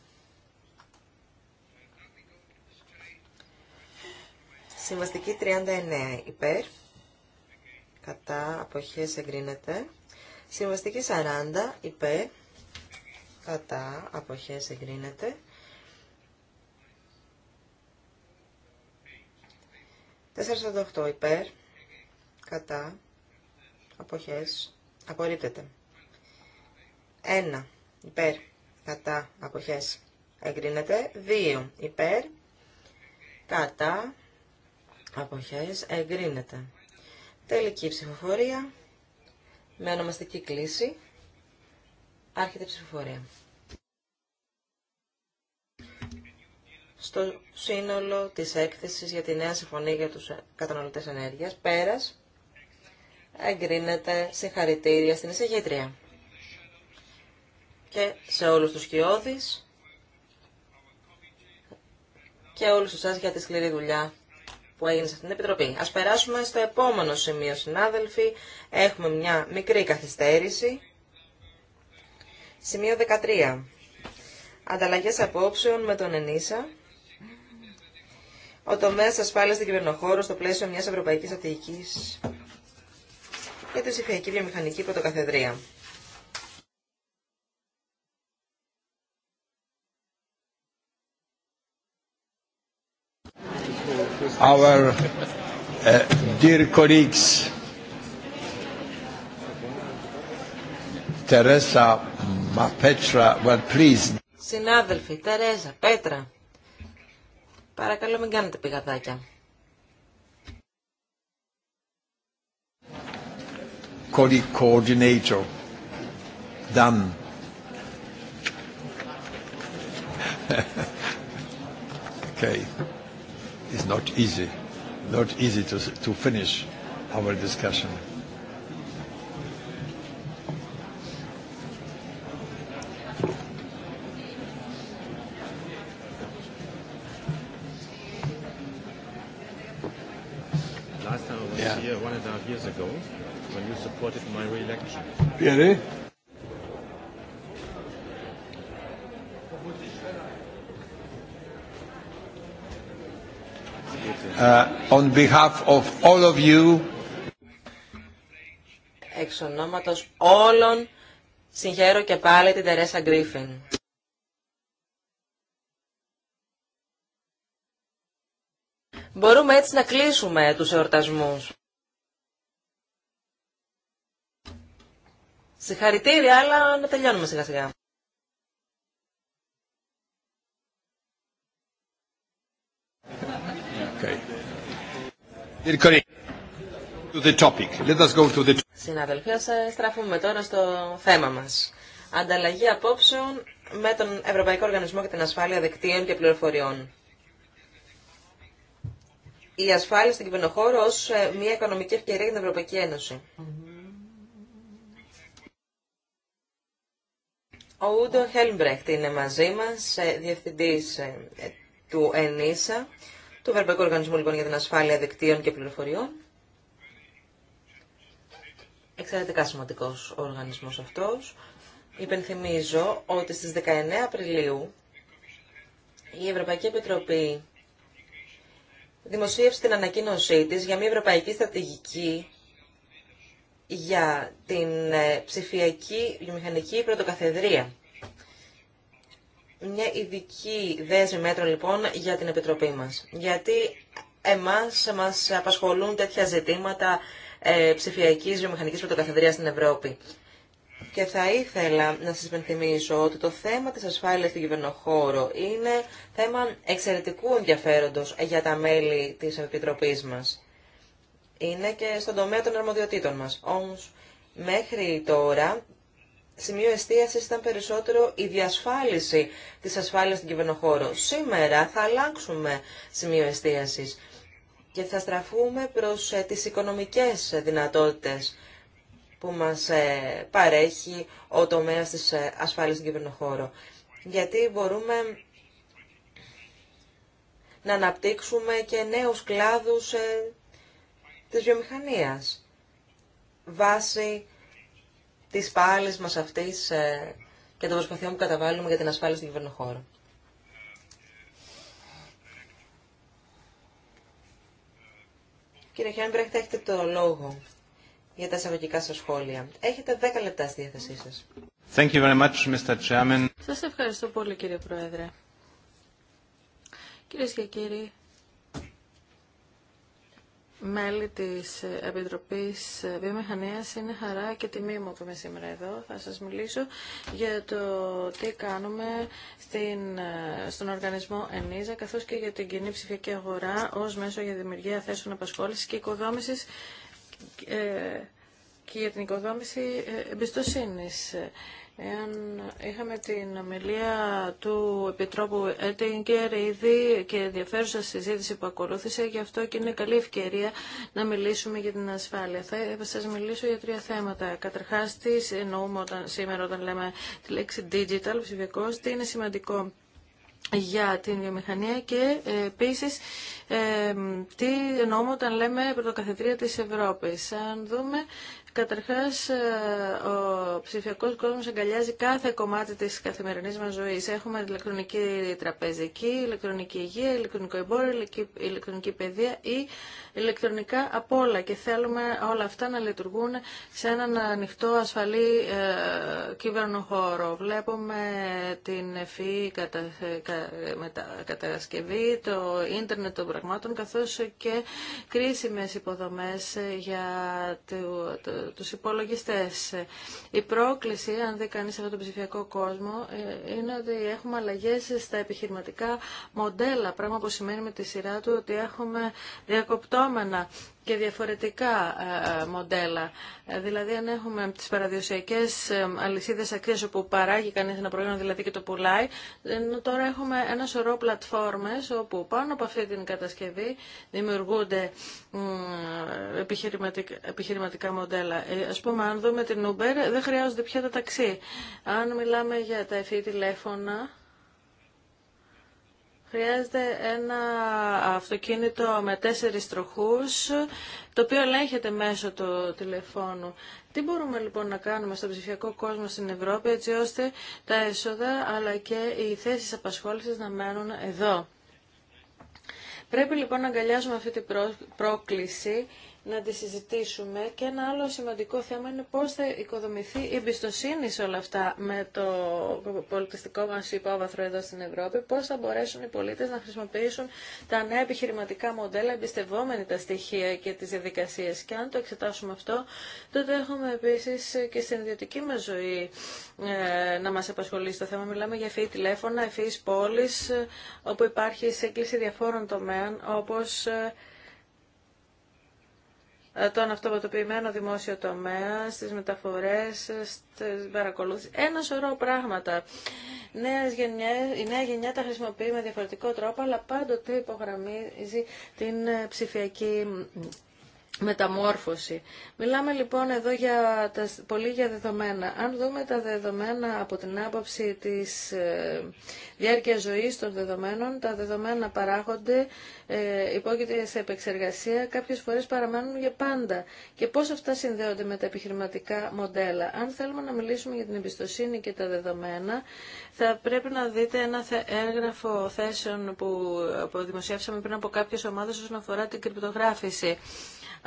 Συμβαστική 39 υπέρ κατά αποχές εγκρίνεται. Συμβαστική 40 υπέρ κατά αποχές εγκρίνεται. Τέσσερα υπέρ κατά αποχές απορρίπτεται. Ένα, υπέρ κατά αποχές εγκρίνεται. 2 υπέρ κατά αποχές εγκρίνεται. Τελική ψηφοφορία με ονομαστική κλίση. Άρχεται η ψηφοφορία. Στο σύνολο της έκθεσης για τη νέα συμφωνία για τους καταναλωτές ενέργειας, πέρας, εγκρίνεται συγχαρητήρια στην εισηγήτρια. Και σε όλους τους κοιόδης και όλους εσάς για τη σκληρή δουλειά που έγινε σε αυτήν την Επιτροπή. Ας περάσουμε στο επόμενο σημείο, συνάδελφοι. Έχουμε μια μικρή καθυστέρηση. Σημείο 13. Ανταλλαγές απόψεων με τον ΕΝΙΣΑ. Ο τομέας ασφάλεια στην κυβερνοχώρο στο πλαίσιο μια Ευρωπαϊκή στρατηγική για τη ψηφιακή βιομηχανική πρωτοκαθεδρία. our uh, dear colleagues, Teresa Ma Petra, well, please. Συνάδελφοι, Τερέζα, Πέτρα, παρακαλώ μην κάνετε πηγαδάκια. Colleague coordinator, done. okay is not easy, not easy to, to finish our discussion. Last time I was here one and a half years ago when you supported my re-election. Really? Uh, on Εξ ονόματος όλων συγχαίρω και πάλι την Τερέσα Γκρίφιν. Μπορούμε έτσι να κλείσουμε τους εορτασμούς. Συγχαρητήρια, αλλά να τελειώνουμε σιγά σιγά. Συναδελφοί, ας ε, στραφούμε τώρα στο θέμα μας. Ανταλλαγή απόψεων με τον Ευρωπαϊκό Οργανισμό για την Ασφάλεια Δικτύων και Πληροφοριών. Η ασφάλεια στην κυβερνοχώρο ως ε, μια οικονομική ευκαιρία για την Ευρωπαϊκή Ένωση. Ο Ούντο Χέλμπρεχτ είναι μαζί μας, ε, διευθυντής του ΕΝΙΣΑ του Ευρωπαϊκού Οργανισμού λοιπόν, για την Ασφάλεια Δικτύων και Πληροφοριών. Εξαιρετικά σημαντικό ο οργανισμός αυτός. Υπενθυμίζω ότι στις 19 Απριλίου η Ευρωπαϊκή Επιτροπή δημοσίευσε την ανακοίνωσή της για μια ευρωπαϊκή στρατηγική για την ε, ψηφιακή βιομηχανική πρωτοκαθεδρία. Μια ειδική δέσμη μέτρων λοιπόν για την Επιτροπή μας. Γιατί εμάς μας απασχολούν τέτοια ζητήματα ε, ψηφιακής βιομηχανικής πρωτοκαθεδρίας στην Ευρώπη. Και θα ήθελα να σας πενθυμίσω ότι το θέμα της ασφάλειας στην κυβερνοχώρο είναι θέμα εξαιρετικού ενδιαφέροντος για τα μέλη της Επιτροπής μας. Είναι και στον τομέα των αρμοδιοτήτων μας. Όμως, μέχρι τώρα σημείο εστίαση ήταν περισσότερο η διασφάλιση της ασφάλειας στην κυβερνοχώρο. Σήμερα θα αλλάξουμε σημείο εστίαση και θα στραφούμε προς ε, τις οικονομικές δυνατότητε που μας ε, παρέχει ο τομέας της ε, ασφάλειας στην κυβερνοχώρο. Γιατί μπορούμε να αναπτύξουμε και νέους κλάδους της βιομηχανίας βάσει Τη πάλης μας αυτή ε, και των προσπαθειών που καταβάλουμε για την ασφάλεια στον κυβερνοχώρο. Κύριε Χιάνμπρεχτ, έχετε το λόγο για τα εισαγωγικά σα σχόλια. Έχετε 10 λεπτά στη διάθεσή σα. Σα Σας ευχαριστώ πολύ, κύριε Πρόεδρε. Κύριε και κύριοι, μέλη της Επιτροπής Βιομηχανίας. Είναι χαρά και τιμή μου που είμαι σήμερα εδώ. Θα σας μιλήσω για το τι κάνουμε στην, στον οργανισμό ΕΝΙΖΑ, καθώς και για την κοινή ψηφιακή αγορά ως μέσο για δημιουργία θέσεων απασχόλησης και οικοδόμησης ε, και για την οικοδόμηση ε, εμπιστοσύνης. Εάν είχαμε την ομιλία του Επιτρόπου Έτιγκερ ήδη και ενδιαφέρουσα συζήτηση που ακολούθησε, γι' αυτό και είναι καλή ευκαιρία να μιλήσουμε για την ασφάλεια. Θα σα μιλήσω για τρία θέματα. Καταρχά τι εννοούμε σήμερα όταν λέμε τη λέξη digital, ψηφιακό, τι είναι σημαντικό για την βιομηχανία και ε, επίσης ε, τι εννοούμε όταν λέμε πρωτοκαθεδρία της Ευρώπης. Αν δούμε Καταρχάς, ε, ο ψηφιακός κόσμος αγκαλιάζει κάθε κομμάτι της καθημερινής μας ζωής. Έχουμε ηλεκτρονική τραπεζική, ηλεκτρονική υγεία, ηλεκτρονικό εμπόριο, ηλεκτρονική παιδεία ή ηλεκτρονικά από όλα και θέλουμε όλα αυτά να λειτουργούν σε έναν ανοιχτό ασφαλή ε, κύβερνο χώρο. Βλέπουμε την εφή κατα, κα, κατασκευή, το ίντερνετ των πραγμάτων καθώς και κρίσιμες υποδομές για του, το, τους υπολογιστές. Η πρόκληση, αν δει κανείς αυτό τον ψηφιακό κόσμο, ε, είναι ότι έχουμε αλλαγές στα επιχειρηματικά μοντέλα, πράγμα που σημαίνει με τη σειρά του ότι έχουμε διακοπτό και διαφορετικά ε, μοντέλα. Ε, δηλαδή αν έχουμε τις παραδοσιακές ε, αλυσίδες αξία όπου παράγει κανεί ένα προϊόν δηλαδή και το πουλάει, τώρα έχουμε ένα σωρό πλατφόρμες όπου πάνω από αυτή την κατασκευή δημιουργούνται επιχειρηματικά μοντέλα. Ας πούμε αν δούμε την Uber δεν χρειάζονται πια τα ταξί. Αν μιλάμε για τα ευφύ τηλέφωνα, Χρειάζεται ένα αυτοκίνητο με τέσσερις τροχούς, το οποίο ελέγχεται μέσω του τηλεφώνου. Τι μπορούμε λοιπόν να κάνουμε στον ψηφιακό κόσμο στην Ευρώπη, έτσι ώστε τα έσοδα αλλά και οι θέσεις απασχόλησης να μένουν εδώ. Πρέπει λοιπόν να αγκαλιάσουμε αυτή την πρόκληση να τη συζητήσουμε. Και ένα άλλο σημαντικό θέμα είναι πώς θα οικοδομηθεί η εμπιστοσύνη σε όλα αυτά με το πολιτιστικό μας υπόβαθρο εδώ στην Ευρώπη, πώς θα μπορέσουν οι πολίτες να χρησιμοποιήσουν τα νέα επιχειρηματικά μοντέλα εμπιστευόμενοι τα στοιχεία και τις διαδικασίες. Και αν το εξετάσουμε αυτό, τότε έχουμε επίσης και στην ιδιωτική μας ζωή ε, να μας απασχολήσει το θέμα. Μιλάμε για ευφύη τηλέφωνα, ευφύης πόλης, ε, όπου υπάρχει σύγκληση διαφόρων τομέων, όπως ε, ε, τον αυτοματοποιημένο δημόσιο τομέα, στις μεταφορές, στις παρακολούθηση. Ένα σωρό πράγματα. η νέα γενιά τα χρησιμοποιεί με διαφορετικό τρόπο, αλλά πάντοτε υπογραμμίζει την ε, ψηφιακή μεταμόρφωση. Μιλάμε λοιπόν εδώ για τα, πολύ για δεδομένα. Αν δούμε τα δεδομένα από την άποψη της ε, διάρκειας ζωής των δεδομένων, τα δεδομένα παράγονται, ε, υπόκειται σε επεξεργασία, κάποιες φορές παραμένουν για πάντα. Και πώς αυτά συνδέονται με τα επιχειρηματικά μοντέλα. Αν θέλουμε να μιλήσουμε για την εμπιστοσύνη και τα δεδομένα, θα πρέπει να δείτε ένα έγγραφο θέσεων που δημοσιεύσαμε πριν από κάποιες ομάδες όσον αφορά την κρυπτογράφηση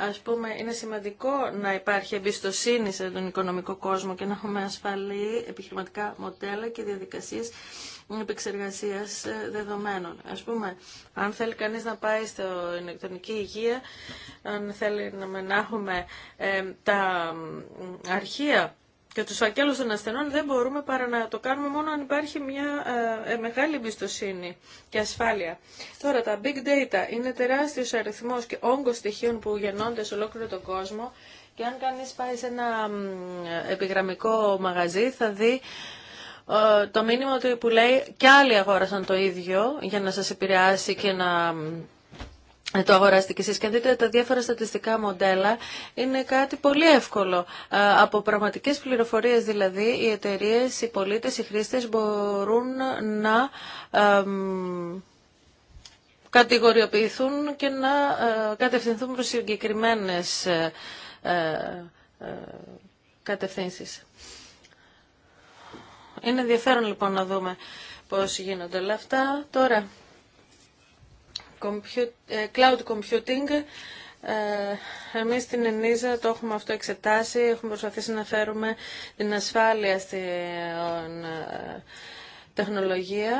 ας πούμε, είναι σημαντικό να υπάρχει εμπιστοσύνη σε τον οικονομικό κόσμο και να έχουμε ασφαλή επιχειρηματικά μοντέλα και διαδικασίες επεξεργασίας ε, δεδομένων. Ας πούμε, αν θέλει κανείς να πάει στην ηλεκτρονική υγεία, αν θέλει να έχουμε ε, τα αρχεία και τους φακέλου των ασθενών δεν μπορούμε παρά να το κάνουμε μόνο αν υπάρχει μια ε, μεγάλη εμπιστοσύνη και ασφάλεια. Τώρα τα big data είναι τεράστιο αριθμός και όγκο στοιχείων που γεννώνται σε ολόκληρο τον κόσμο και αν κανείς πάει σε ένα επιγραμμικό μαγαζί θα δει ε, το μήνυμα του που λέει και άλλοι αγόρασαν το ίδιο για να σας επηρεάσει και να ε, το αγοράστηκε. και και δείτε τα διάφορα στατιστικά μοντέλα είναι κάτι πολύ εύκολο. Ε, από πραγματικές πληροφορίες δηλαδή οι εταιρείες, οι πολίτες, οι χρήστες μπορούν να κατηγοριοποιηθούν και να ε, κατευθυνθούν προς συγκεκριμένες κατευθύνσεις. Είναι ενδιαφέρον λοιπόν να δούμε πώς γίνονται όλα αυτά. Τώρα ε, cloud computing. Ε, εμείς στην ΕΝΙΖΑ το έχουμε αυτό εξετάσει, έχουμε προσπαθήσει να φέρουμε την ασφάλεια στην ε, τεχνολογία.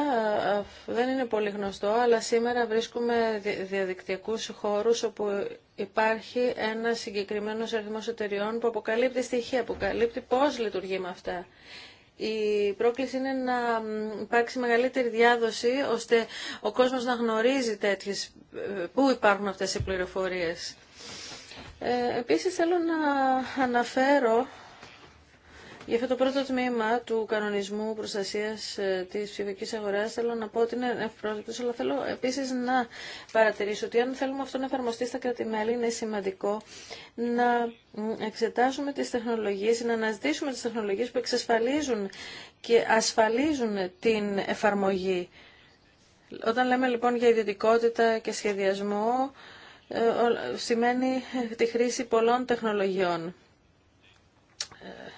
Δεν είναι πολύ γνωστό, αλλά σήμερα βρίσκουμε διαδικτυακούς χώρους όπου υπάρχει ένα συγκεκριμένος αριθμός εταιριών που αποκαλύπτει στοιχεία, αποκαλύπτει πώς λειτουργεί με αυτά. Η πρόκληση είναι να υπάρξει μεγαλύτερη διάδοση ώστε ο κόσμος να γνωρίζει τέτοιες, πού υπάρχουν αυτές οι πληροφορίες. Ε, επίσης θέλω να αναφέρω για αυτό το πρώτο τμήμα του κανονισμού προστασία ε, τη ψηφιακή αγορά θέλω να πω ότι είναι ευπρόσδεκτο, αλλά θέλω επίση να παρατηρήσω ότι αν θέλουμε αυτό να εφαρμοστεί στα κράτη-μέλη, είναι σημαντικό να εξετάσουμε τι τεχνολογίε, να αναζητήσουμε τι τεχνολογίε που εξασφαλίζουν και ασφαλίζουν την εφαρμογή. Όταν λέμε λοιπόν για ιδιωτικότητα και σχεδιασμό, ε, σημαίνει τη χρήση πολλών τεχνολογιών ε,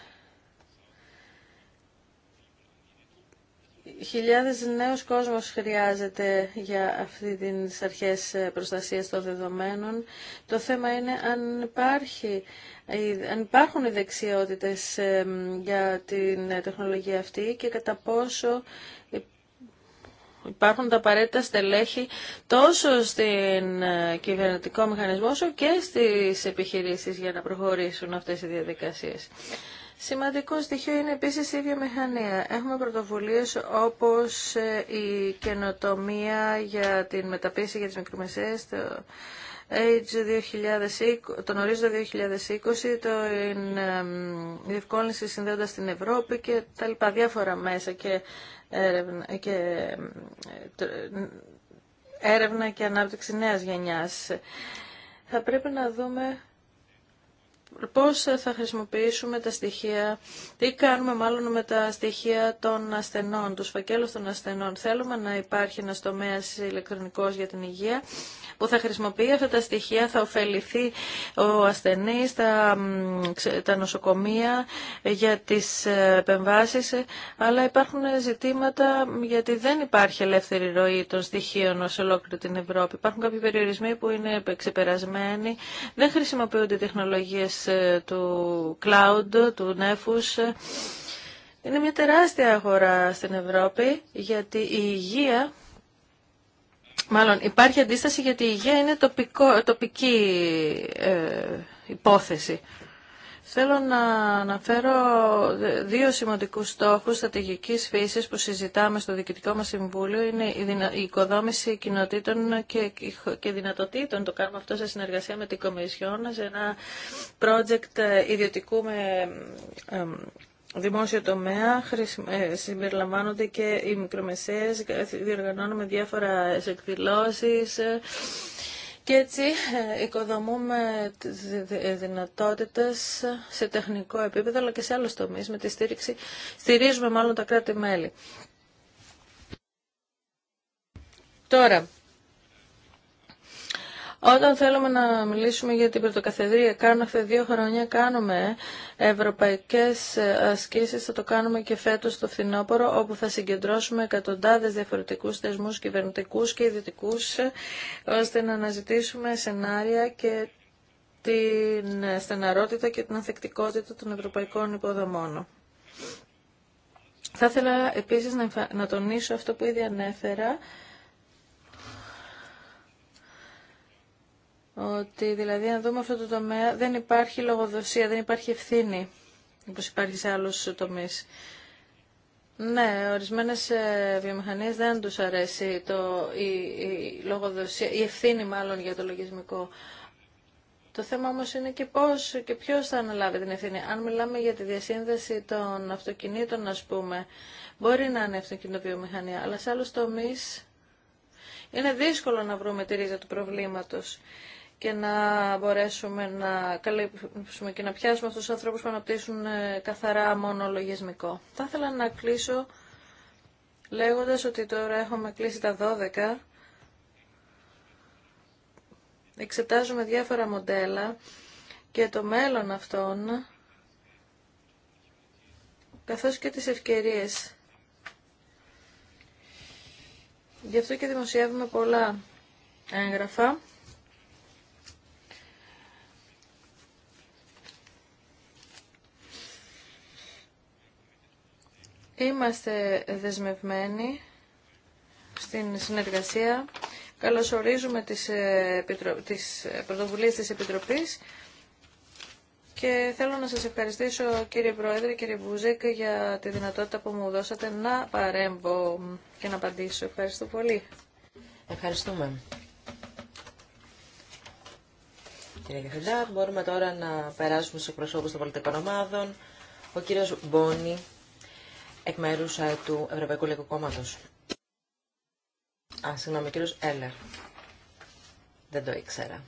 Χιλιάδες νέος κόσμος χρειάζεται για αυτή την αρχές ε, προστασίας των δεδομένων. Το θέμα είναι αν, υπάρχει, ε, αν υπάρχουν οι δεξιότητες ε, για την τεχνολογία αυτή και κατά πόσο υπάρχουν τα απαραίτητα στελέχη τόσο στην κυβερνητικό μηχανισμό όσο και στις επιχειρήσεις για να προχωρήσουν αυτές οι διαδικασίες. Σημαντικό στοιχείο είναι επίσης η βιομηχανία. Έχουμε πρωτοβουλίες όπως ε, η καινοτομία για την μεταπίση για τις μικρομεσαίες, το Age 2020, τον ορίζοντα 2020, το διευκόλυνση συνδέοντας την Ευρώπη και τα λοιπά διάφορα μέσα και έρευνα και, ε, ε, έρευνα και ανάπτυξη νέας γενιάς. Θα πρέπει να δούμε πώς θα χρησιμοποιήσουμε τα στοιχεία, τι κάνουμε μάλλον με τα στοιχεία των ασθενών, του φακέλου των ασθενών. Θέλουμε να υπάρχει ένα τομέα ηλεκτρονικός για την υγεία που θα χρησιμοποιεί αυτά τα στοιχεία, θα ωφεληθεί ο ασθενής, τα, τα νοσοκομεία για τις ε, επεμβάσεις, αλλά υπάρχουν ζητήματα γιατί δεν υπάρχει ελεύθερη ροή των στοιχείων σε ολόκληρη την Ευρώπη. Υπάρχουν κάποιοι περιορισμοί που είναι ξεπερασμένοι, δεν χρησιμοποιούνται τεχνολογίες ε, του cloud, του νέφους. Είναι μια τεράστια αγορά στην Ευρώπη γιατί η υγεία Μάλλον υπάρχει αντίσταση γιατί η υγεία είναι τοπικό, τοπική ε, υπόθεση. Θέλω να αναφέρω δύο σημαντικούς στόχους στρατηγικής φύσης που συζητάμε στο Διοικητικό μας Συμβούλιο. Είναι η οικοδόμηση κοινοτήτων και δυνατοτήτων. Το κάνουμε αυτό σε συνεργασία με την Κομισιόν, σε ένα project ε, ιδιωτικού με ε, ε, δημόσιο τομέα συμπεριλαμβάνονται και οι μικρομεσαίες, διοργανώνουμε διάφορα εκδηλώσεις και έτσι ε, οικοδομούμε ε, δυνατότητες σε τεχνικό επίπεδο αλλά και σε άλλους τομείς με τη στήριξη, στηρίζουμε μάλλον τα κράτη-μέλη. Τώρα, όταν θέλουμε να μιλήσουμε για την πρωτοκαθεδρία, κάνουμε αυτά δύο χρόνια, κάνουμε ευρωπαϊκές ασκήσεις, θα το κάνουμε και φέτος το φθινόπωρο, όπου θα συγκεντρώσουμε εκατοντάδες διαφορετικούς θεσμούς, κυβερνητικούς και ιδιωτικούς, ώστε να αναζητήσουμε σενάρια και την στεναρότητα και την ανθεκτικότητα των ευρωπαϊκών υποδομών. Θα ήθελα επίσης να τονίσω αυτό που ήδη ανέφερα, Ότι δηλαδή αν δούμε αυτό το τομέα δεν υπάρχει λογοδοσία, δεν υπάρχει ευθύνη όπως υπάρχει σε άλλους τομείς. Ναι, ορισμένες ε, βιομηχανίες δεν τους αρέσει το, η, η, λογοδοσία, η ευθύνη μάλλον για το λογισμικό. Το θέμα όμως είναι και πώς και ποιος θα αναλάβει την ευθύνη. Αν μιλάμε για τη διασύνδεση των αυτοκινήτων, ας πούμε, μπορεί να είναι αυτοκινητοβιομηχανία, αλλά σε άλλους τομείς είναι δύσκολο να βρούμε τη ρίζα του προβλήματος και να μπορέσουμε να καλύψουμε και να πιάσουμε αυτούς τους ανθρώπους που αναπτύσσουν ε, καθαρά μόνο λογισμικό. Θα ήθελα να κλείσω λέγοντας ότι τώρα έχουμε κλείσει τα 12. Εξετάζουμε διάφορα μοντέλα και το μέλλον αυτών, καθώς και τις ευκαιρίες. Γι' αυτό και δημοσιεύουμε πολλά έγγραφα. Είμαστε δεσμευμένοι στην συνεργασία. Καλωσορίζουμε τις, ε, τις ε, πρωτοβουλίες της Επιτροπής και θέλω να σας ευχαριστήσω κύριε Πρόεδρε, κύριε Βουζέκ για τη δυνατότητα που μου δώσατε να παρέμβω και να απαντήσω. Ευχαριστώ πολύ. Ευχαριστούμε. Κύριε Καφεντά, μπορούμε τώρα να περάσουμε στους προσώπους των πολιτικών ομάδων. Ο κύριος Μπόνι εκ μέρου ε, του Ευρωπαϊκού Λαϊκού Κόμματο. Α, συγγνώμη, κύριο Έλερ. Δεν το ήξερα.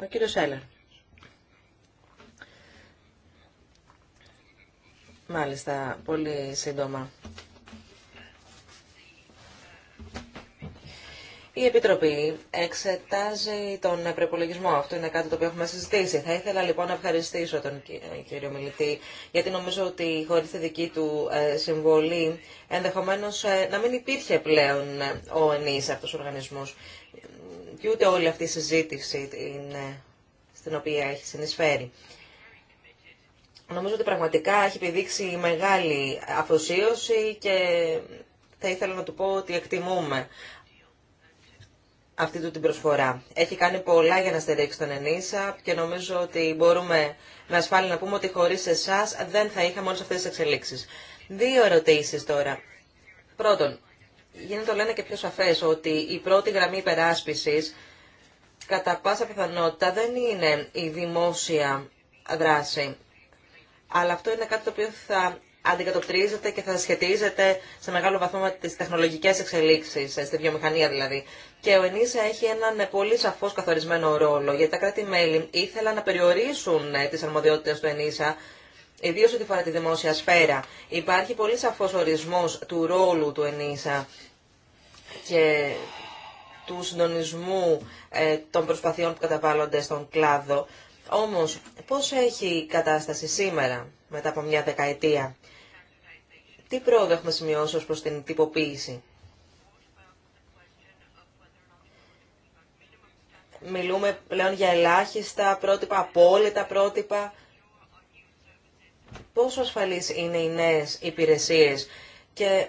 Ο κύριο Έλερ. Μάλιστα, πολύ σύντομα. Η Επιτροπή εξετάζει τον προπολογισμό. Αυτό είναι κάτι το οποίο έχουμε συζητήσει. Θα ήθελα λοιπόν να ευχαριστήσω τον ε, κύριο Μιλητή, γιατί νομίζω ότι χωρί τη δική του ε, συμβολή ενδεχομένω ε, να μην υπήρχε πλέον ο σε αυτό ο οργανισμό και ούτε όλη αυτή η συζήτηση στην οποία έχει συνεισφέρει. Νομίζω ότι πραγματικά έχει επιδείξει μεγάλη αφοσίωση και θα ήθελα να του πω ότι εκτιμούμε αυτή του την προσφορά. Έχει κάνει πολλά για να στηρίξει τον ΕΝΙΣΑ και νομίζω ότι μπορούμε να ασφάλεια να πούμε ότι χωρί εσά δεν θα είχαμε όλε αυτέ τι εξελίξει. Δύο ερωτήσει τώρα. Πρώτον, γίνεται το λένε και πιο σαφέ ότι η πρώτη γραμμή υπεράσπιση κατά πάσα πιθανότητα δεν είναι η δημόσια δράση. Αλλά αυτό είναι κάτι το οποίο θα αντικατοπτρίζεται και θα σχετίζεται σε μεγάλο βαθμό με τις τεχνολογικές εξελίξεις, ε, στη βιομηχανία δηλαδή και ο ΕΝΙΣΑ έχει έναν πολύ σαφώ καθορισμένο ρόλο, γιατί τα κράτη-μέλη ήθελαν να περιορίσουν ε, τις αρμοδιότητες του ΕΝΙΣΑ, ιδίω ό,τι φορά τη δημόσια σφαίρα. Υπάρχει πολύ σαφώ ορισμό του ρόλου του ΕΝΙΣΑ και του συντονισμού ε, των προσπαθειών που καταβάλλονται στον κλάδο. Όμω, πώς έχει η κατάσταση σήμερα, μετά από μια δεκαετία, τι πρόοδο έχουμε σημειώσει ως προς την τυποποίηση. Μιλούμε πλέον για ελάχιστα πρότυπα, απόλυτα πρότυπα. Πόσο ασφαλείς είναι οι νέες υπηρεσίες και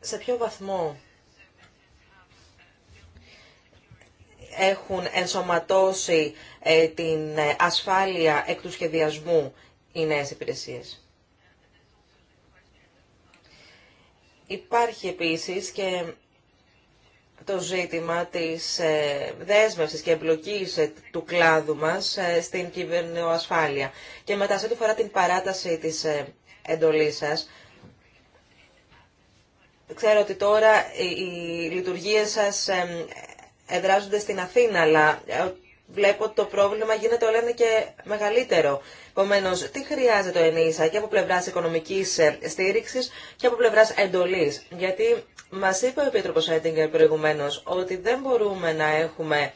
σε ποιο βαθμό έχουν ενσωματώσει ε, την ε, ασφάλεια εκ του σχεδιασμού οι νέες υπηρεσίες. Υπάρχει επίσης και το ζήτημα της ε, δέσμευσης και εμπλοκής ε, του κλάδου μας ε, στην κυβερνοασφάλεια. Και μετά σε ό,τι φορά την παράταση της εντολής σας, ξέρω ότι τώρα οι λειτουργίες σας εδράζονται στην Αθήνα, αλλά βλέπω ότι το πρόβλημα γίνεται όλο και μεγαλύτερο. Επομένω, τι χρειάζεται ο ΕΝΗΣΑ και από πλευρά οικονομική ε, στήριξη και από πλευρά εντολή. Γιατί μα είπε ο Επίτροπο Έντιγκερ προηγουμένω ότι δεν μπορούμε να έχουμε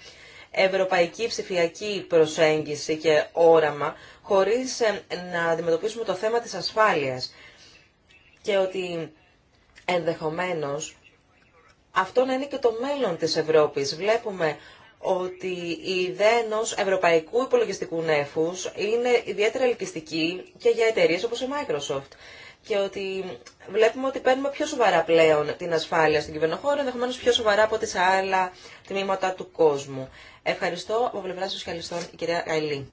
ευρωπαϊκή ψηφιακή προσέγγιση και όραμα χωρίς ε, να αντιμετωπίσουμε το θέμα της ασφάλειας και ότι ενδεχομένως αυτό να είναι και το μέλλον της Ευρώπης. Βλέπουμε ότι η ιδέα ενό ευρωπαϊκού υπολογιστικού νεφου είναι ιδιαίτερα ελκυστική και για εταιρείε όπω η Microsoft και ότι βλέπουμε ότι παίρνουμε πιο σοβαρά πλέον την ασφάλεια στην κυβερνοχώρα, ενδεχομένω πιο σοβαρά από τι άλλα τμήματα του κόσμου. Ευχαριστώ από πλευρά Σοσιαλιστών, η κυρία Καϊλή.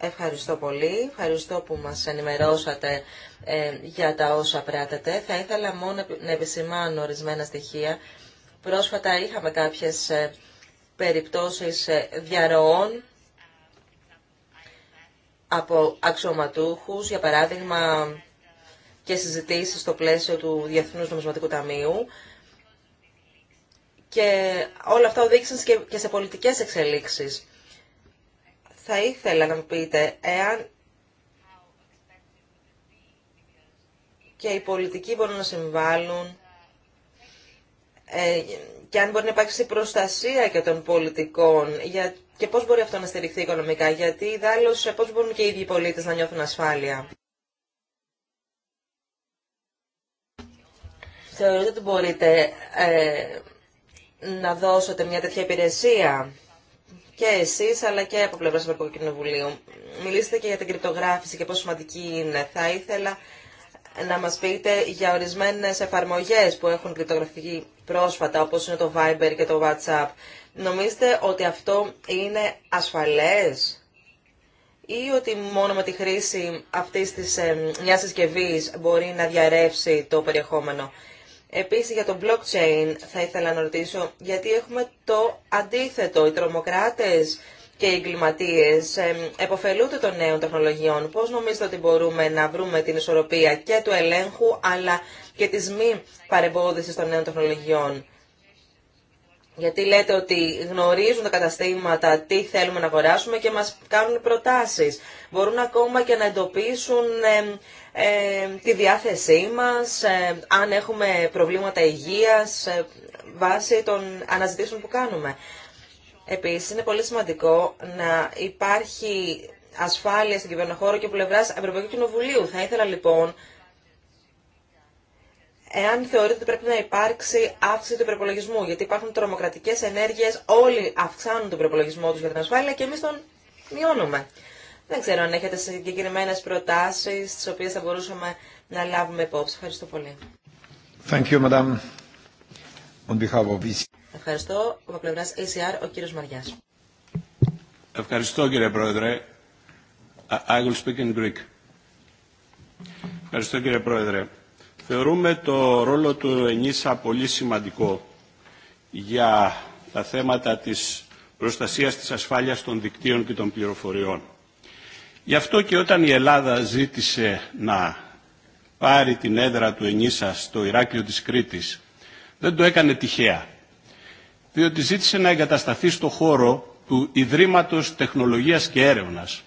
Ευχαριστώ πολύ. Ευχαριστώ που μας ενημερώσατε ε, για τα όσα πράτετε. Θα ήθελα μόνο να επισημάνω ορισμένα στοιχεία Πρόσφατα είχαμε κάποιες ε, περιπτώσεις ε, διαρροών από αξιωματούχους, για παράδειγμα και συζητήσεις στο πλαίσιο του Διεθνούς Νομισματικού Ταμείου και όλα αυτά οδήγησαν και σε πολιτικές εξελίξεις. Θα ήθελα να μου πείτε εάν και οι πολιτικοί μπορούν να συμβάλλουν ε, και αν μπορεί να υπάρξει προστασία και των πολιτικών για, και πώς μπορεί αυτό να στηριχθεί οικονομικά, γιατί δάλλως ε, πώς μπορούν και οι ίδιοι πολίτες να νιώθουν ασφάλεια. Θεωρείτε ότι μπορείτε ε, να δώσετε μια τέτοια υπηρεσία και εσείς αλλά και από πλευράς του Ευρωπαϊκού Κοινοβουλίου. Μιλήσετε και για την κρυπτογράφηση και πόσο σημαντική είναι. Θα ήθελα να μας πείτε για ορισμένες εφαρμογές που έχουν κρυπτογραφική πρόσφατα όπως είναι το Viber και το WhatsApp. Νομίζετε ότι αυτό είναι ασφαλές ή ότι μόνο με τη χρήση αυτής της ε, μιας συσκευή μπορεί να διαρρεύσει το περιεχόμενο. Επίσης για το blockchain θα ήθελα να ρωτήσω γιατί έχουμε το αντίθετο. Οι τρομοκράτες και οι εγκληματίε ε, εποφελούνται των νέων τεχνολογιών. Πώς νομίζετε ότι μπορούμε να βρούμε την ισορροπία και του ελέγχου αλλά και της μη παρεμπόδισης των νέων τεχνολογιών. Γιατί λέτε ότι γνωρίζουν τα καταστήματα τι θέλουμε να αγοράσουμε και μας κάνουν προτάσεις. Μπορούν ακόμα και να εντοπίσουν τη διάθεσή μας, αν έχουμε προβλήματα υγείας, βάσει των αναζητήσεων που κάνουμε. Επίσης, είναι πολύ σημαντικό να υπάρχει ασφάλεια στην κυβερνοχώρο και πλευρά Ευρωπαϊκού Κοινοβουλίου. Θα ήθελα λοιπόν εάν θεωρείτε ότι πρέπει να υπάρξει αύξηση του προπολογισμού, γιατί υπάρχουν τρομοκρατικέ ενέργειε, όλοι αυξάνουν τον προπολογισμό του για την ασφάλεια και εμεί τον μειώνουμε. Δεν ξέρω αν έχετε συγκεκριμένε προτάσει, τι οποίε θα μπορούσαμε να λάβουμε υπόψη. Ευχαριστώ πολύ. Thank you, e Ευχαριστώ. Από πλευρά e Ευχαριστώ, κύριε Πρόεδρε. Ευχαριστώ, κύριε Πρόεδρε. Θεωρούμε το ρόλο του ΕΝΙΣΑ πολύ σημαντικό για τα θέματα της προστασίας της ασφάλειας των δικτύων και των πληροφοριών. Γι' αυτό και όταν η Ελλάδα ζήτησε να πάρει την έδρα του ΕΝΙΣΑ στο Ηράκλειο της Κρήτης, δεν το έκανε τυχαία, διότι ζήτησε να εγκατασταθεί στο χώρο του Ιδρύματος Τεχνολογίας και Έρευνας,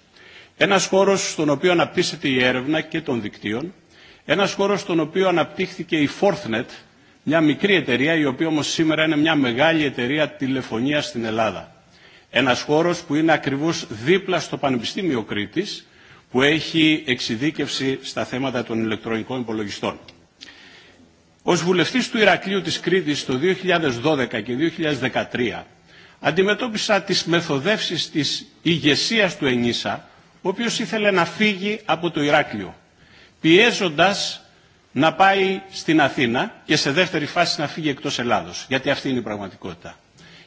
ένας χώρος στον οποίο αναπτύσσεται η έρευνα και των δικτύων, ένας χώρος στον οποίο αναπτύχθηκε η Forthnet, μια μικρή εταιρεία η οποία όμως σήμερα είναι μια μεγάλη εταιρεία τηλεφωνίας στην Ελλάδα. Ένας χώρος που είναι ακριβώς δίπλα στο Πανεπιστήμιο Κρήτης που έχει εξειδίκευση στα θέματα των ηλεκτρονικών υπολογιστών. Ως βουλευτής του Ηρακλείου της Κρήτης το 2012 και 2013 αντιμετώπισα τις μεθοδεύσεις της ηγεσία του ΕΝΙΣΑ ο οποίος ήθελε να φύγει από το Ηράκλειο πιέζοντας να πάει στην Αθήνα και σε δεύτερη φάση να φύγει εκτός Ελλάδος, γιατί αυτή είναι η πραγματικότητα.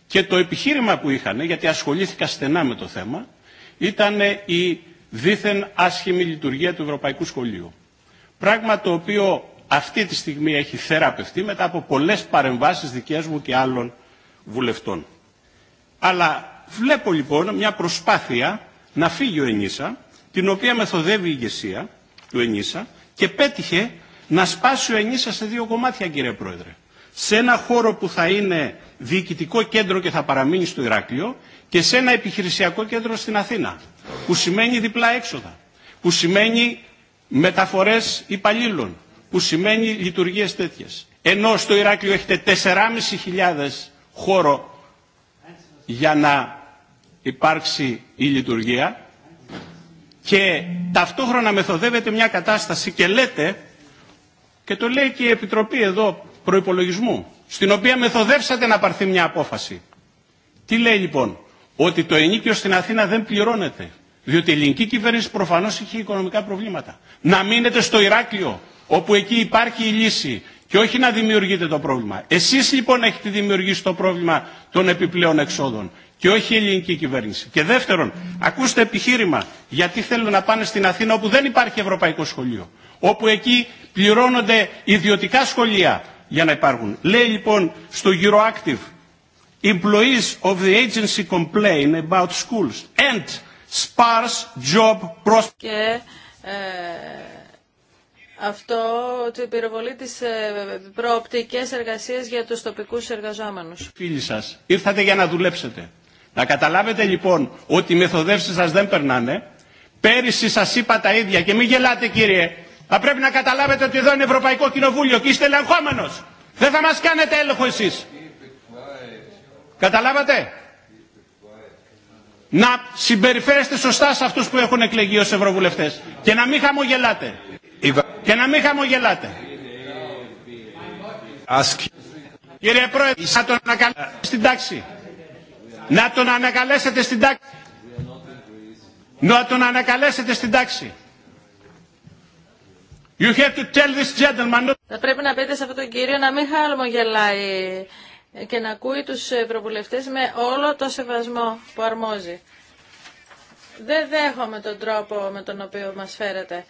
Και το επιχείρημα που είχαν, γιατί ασχολήθηκα στενά με το θέμα, ήταν η δίθεν άσχημη λειτουργία του Ευρωπαϊκού Σχολείου. Πράγμα το οποίο αυτή τη στιγμή έχει θεραπευτεί μετά από πολλές παρεμβάσεις δικές μου και άλλων βουλευτών. Αλλά βλέπω λοιπόν μια προσπάθεια να φύγει ο Ενίσα, την οποία μεθοδεύει η ηγεσία, του Ενίσα και πέτυχε να σπάσει ο Ενίσα σε δύο κομμάτια κύριε Πρόεδρε. Σε ένα χώρο που θα είναι διοικητικό κέντρο και θα παραμείνει στο Ηράκλειο και σε ένα επιχειρησιακό κέντρο στην Αθήνα που σημαίνει διπλά έξοδα, που σημαίνει μεταφορές υπαλλήλων, που σημαίνει λειτουργίες τέτοιες. Ενώ στο Ηράκλειο έχετε 4.500 χώρο για να υπάρξει η λειτουργία και ταυτόχρονα μεθοδεύεται μια κατάσταση και λέτε, και το λέει και η Επιτροπή εδώ προϋπολογισμού, στην οποία μεθοδεύσατε να πάρθει μια απόφαση. Τι λέει λοιπόν, ότι το ενίκιο στην Αθήνα δεν πληρώνεται, διότι η ελληνική κυβέρνηση προφανώς είχε οικονομικά προβλήματα. Να μείνετε στο Ηράκλειο, όπου εκεί υπάρχει η λύση και όχι να δημιουργείτε το πρόβλημα. Εσείς λοιπόν έχετε δημιουργήσει το πρόβλημα των επιπλέον εξόδων και όχι η ελληνική κυβέρνηση. Και δεύτερον, ακούστε επιχείρημα γιατί θέλουν να πάνε στην Αθήνα όπου δεν υπάρχει ευρωπαϊκό σχολείο. Όπου εκεί πληρώνονται ιδιωτικά σχολεία για να υπάρχουν. Λέει λοιπόν στο Euroactive Employees of the agency complain about schools and sparse job prospects. Και ε, αυτό την πυροβολή της ε, προοπτικές εργασίες για τους τοπικούς εργαζόμενους. Φίλοι σας, ήρθατε για να δουλέψετε. Να καταλάβετε λοιπόν ότι οι μεθοδεύσεις σας δεν περνάνε. Πέρυσι σας είπα τα ίδια και μην γελάτε κύριε. Θα πρέπει να καταλάβετε ότι εδώ είναι Ευρωπαϊκό Κοινοβούλιο και είστε ελεγχόμενος. Δεν θα μας κάνετε έλεγχο εσείς. Καταλάβατε. Να συμπεριφέρεστε σωστά σε αυτούς που έχουν εκλεγεί ως Ευρωβουλευτές και να μην χαμογελάτε. Και να μην χαμογελάτε. Κύριε Πρόεδρε, θα τον ανακαλύψετε στην τάξη. Να τον ανακαλέσετε στην τάξη. Να τον ανακαλέσετε στην τάξη. You have to tell this Θα πρέπει να πείτε σε αυτόν τον κύριο να μην χαλμογελάει και να ακούει τους ευρωβουλευτές με όλο το σεβασμό που αρμόζει. Δεν δέχομαι τον τρόπο με τον οποίο μας φέρετε.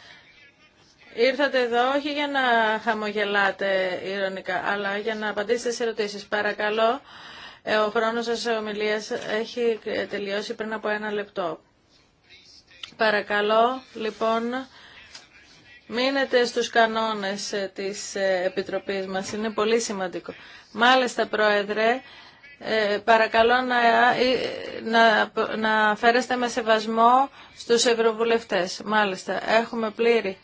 Ήρθατε εδώ όχι για να χαμογελάτε ηρωνικά, αλλά για να απαντήσετε σε ερωτήσεις. Παρακαλώ. Ε, ο χρόνος σας ομιλίας έχει τελειώσει πριν από ένα λεπτό. Παρακαλώ, λοιπόν, μείνετε στους κανόνες της Επιτροπής μας. Είναι πολύ σημαντικό. Μάλιστα, Πρόεδρε, ε, παρακαλώ να, ε, να, να φέρεστε με σεβασμό στους Ευρωβουλευτές. Μάλιστα, έχουμε πλήρη.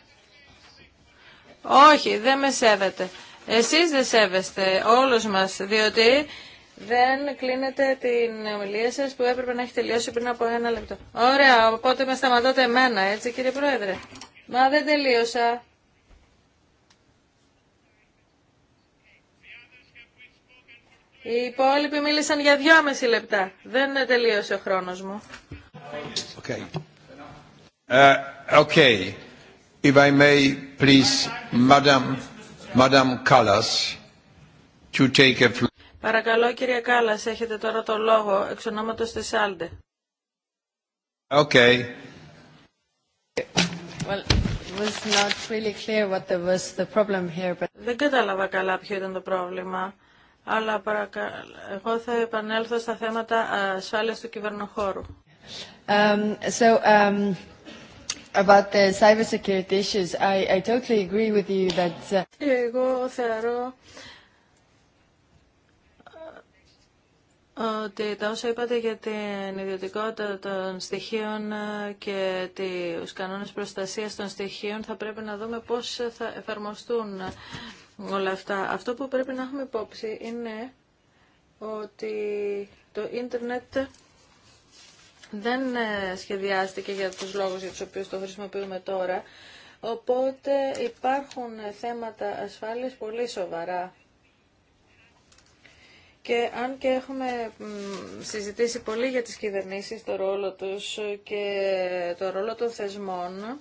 Όχι, δεν με σέβετε. Εσείς δεν σέβεστε όλους μας, διότι δεν κλείνετε την ομιλία σα που έπρεπε να έχει τελειώσει πριν από ένα λεπτό. Ωραία, οπότε με σταματάτε εμένα, έτσι κύριε Πρόεδρε. Μα δεν τελείωσα. Οι υπόλοιποι μίλησαν για δυόμιση λεπτά. Δεν τελείωσε ο χρόνος μου. Okay. Uh, If I may, please, Madam, Madam Callas, to take a Παρακαλώ κύριε Κάλλας, έχετε τώρα το λόγο εξ ονόματος της Άλντε. Okay. Well, it was not really clear what was the problem here, but... Δεν κατάλαβα καλά ποιο ήταν το πρόβλημα, αλλά παρακα... εγώ θα επανέλθω στα θέματα ασφάλειας του κυβερνοχώρου. Um, so, um, about the cybersecurity issues, I, I totally agree with you that... Uh, εγώ θεωρώ ότι τα όσα είπατε για την ιδιωτικότητα των στοιχείων ε, και τους κανόνες προστασία των στοιχείων θα πρέπει να δούμε πώς θα εφαρμοστούν όλα αυτά. Αυτό που πρέπει να έχουμε υπόψη είναι ότι το ίντερνετ δεν ε, σχεδιάστηκε για τους λόγους για τους οποίους το χρησιμοποιούμε τώρα, οπότε υπάρχουν θέματα ασφάλειας πολύ σοβαρά και αν και έχουμε συζητήσει πολύ για τις κυβερνήσεις, το ρόλο τους και το ρόλο των θεσμών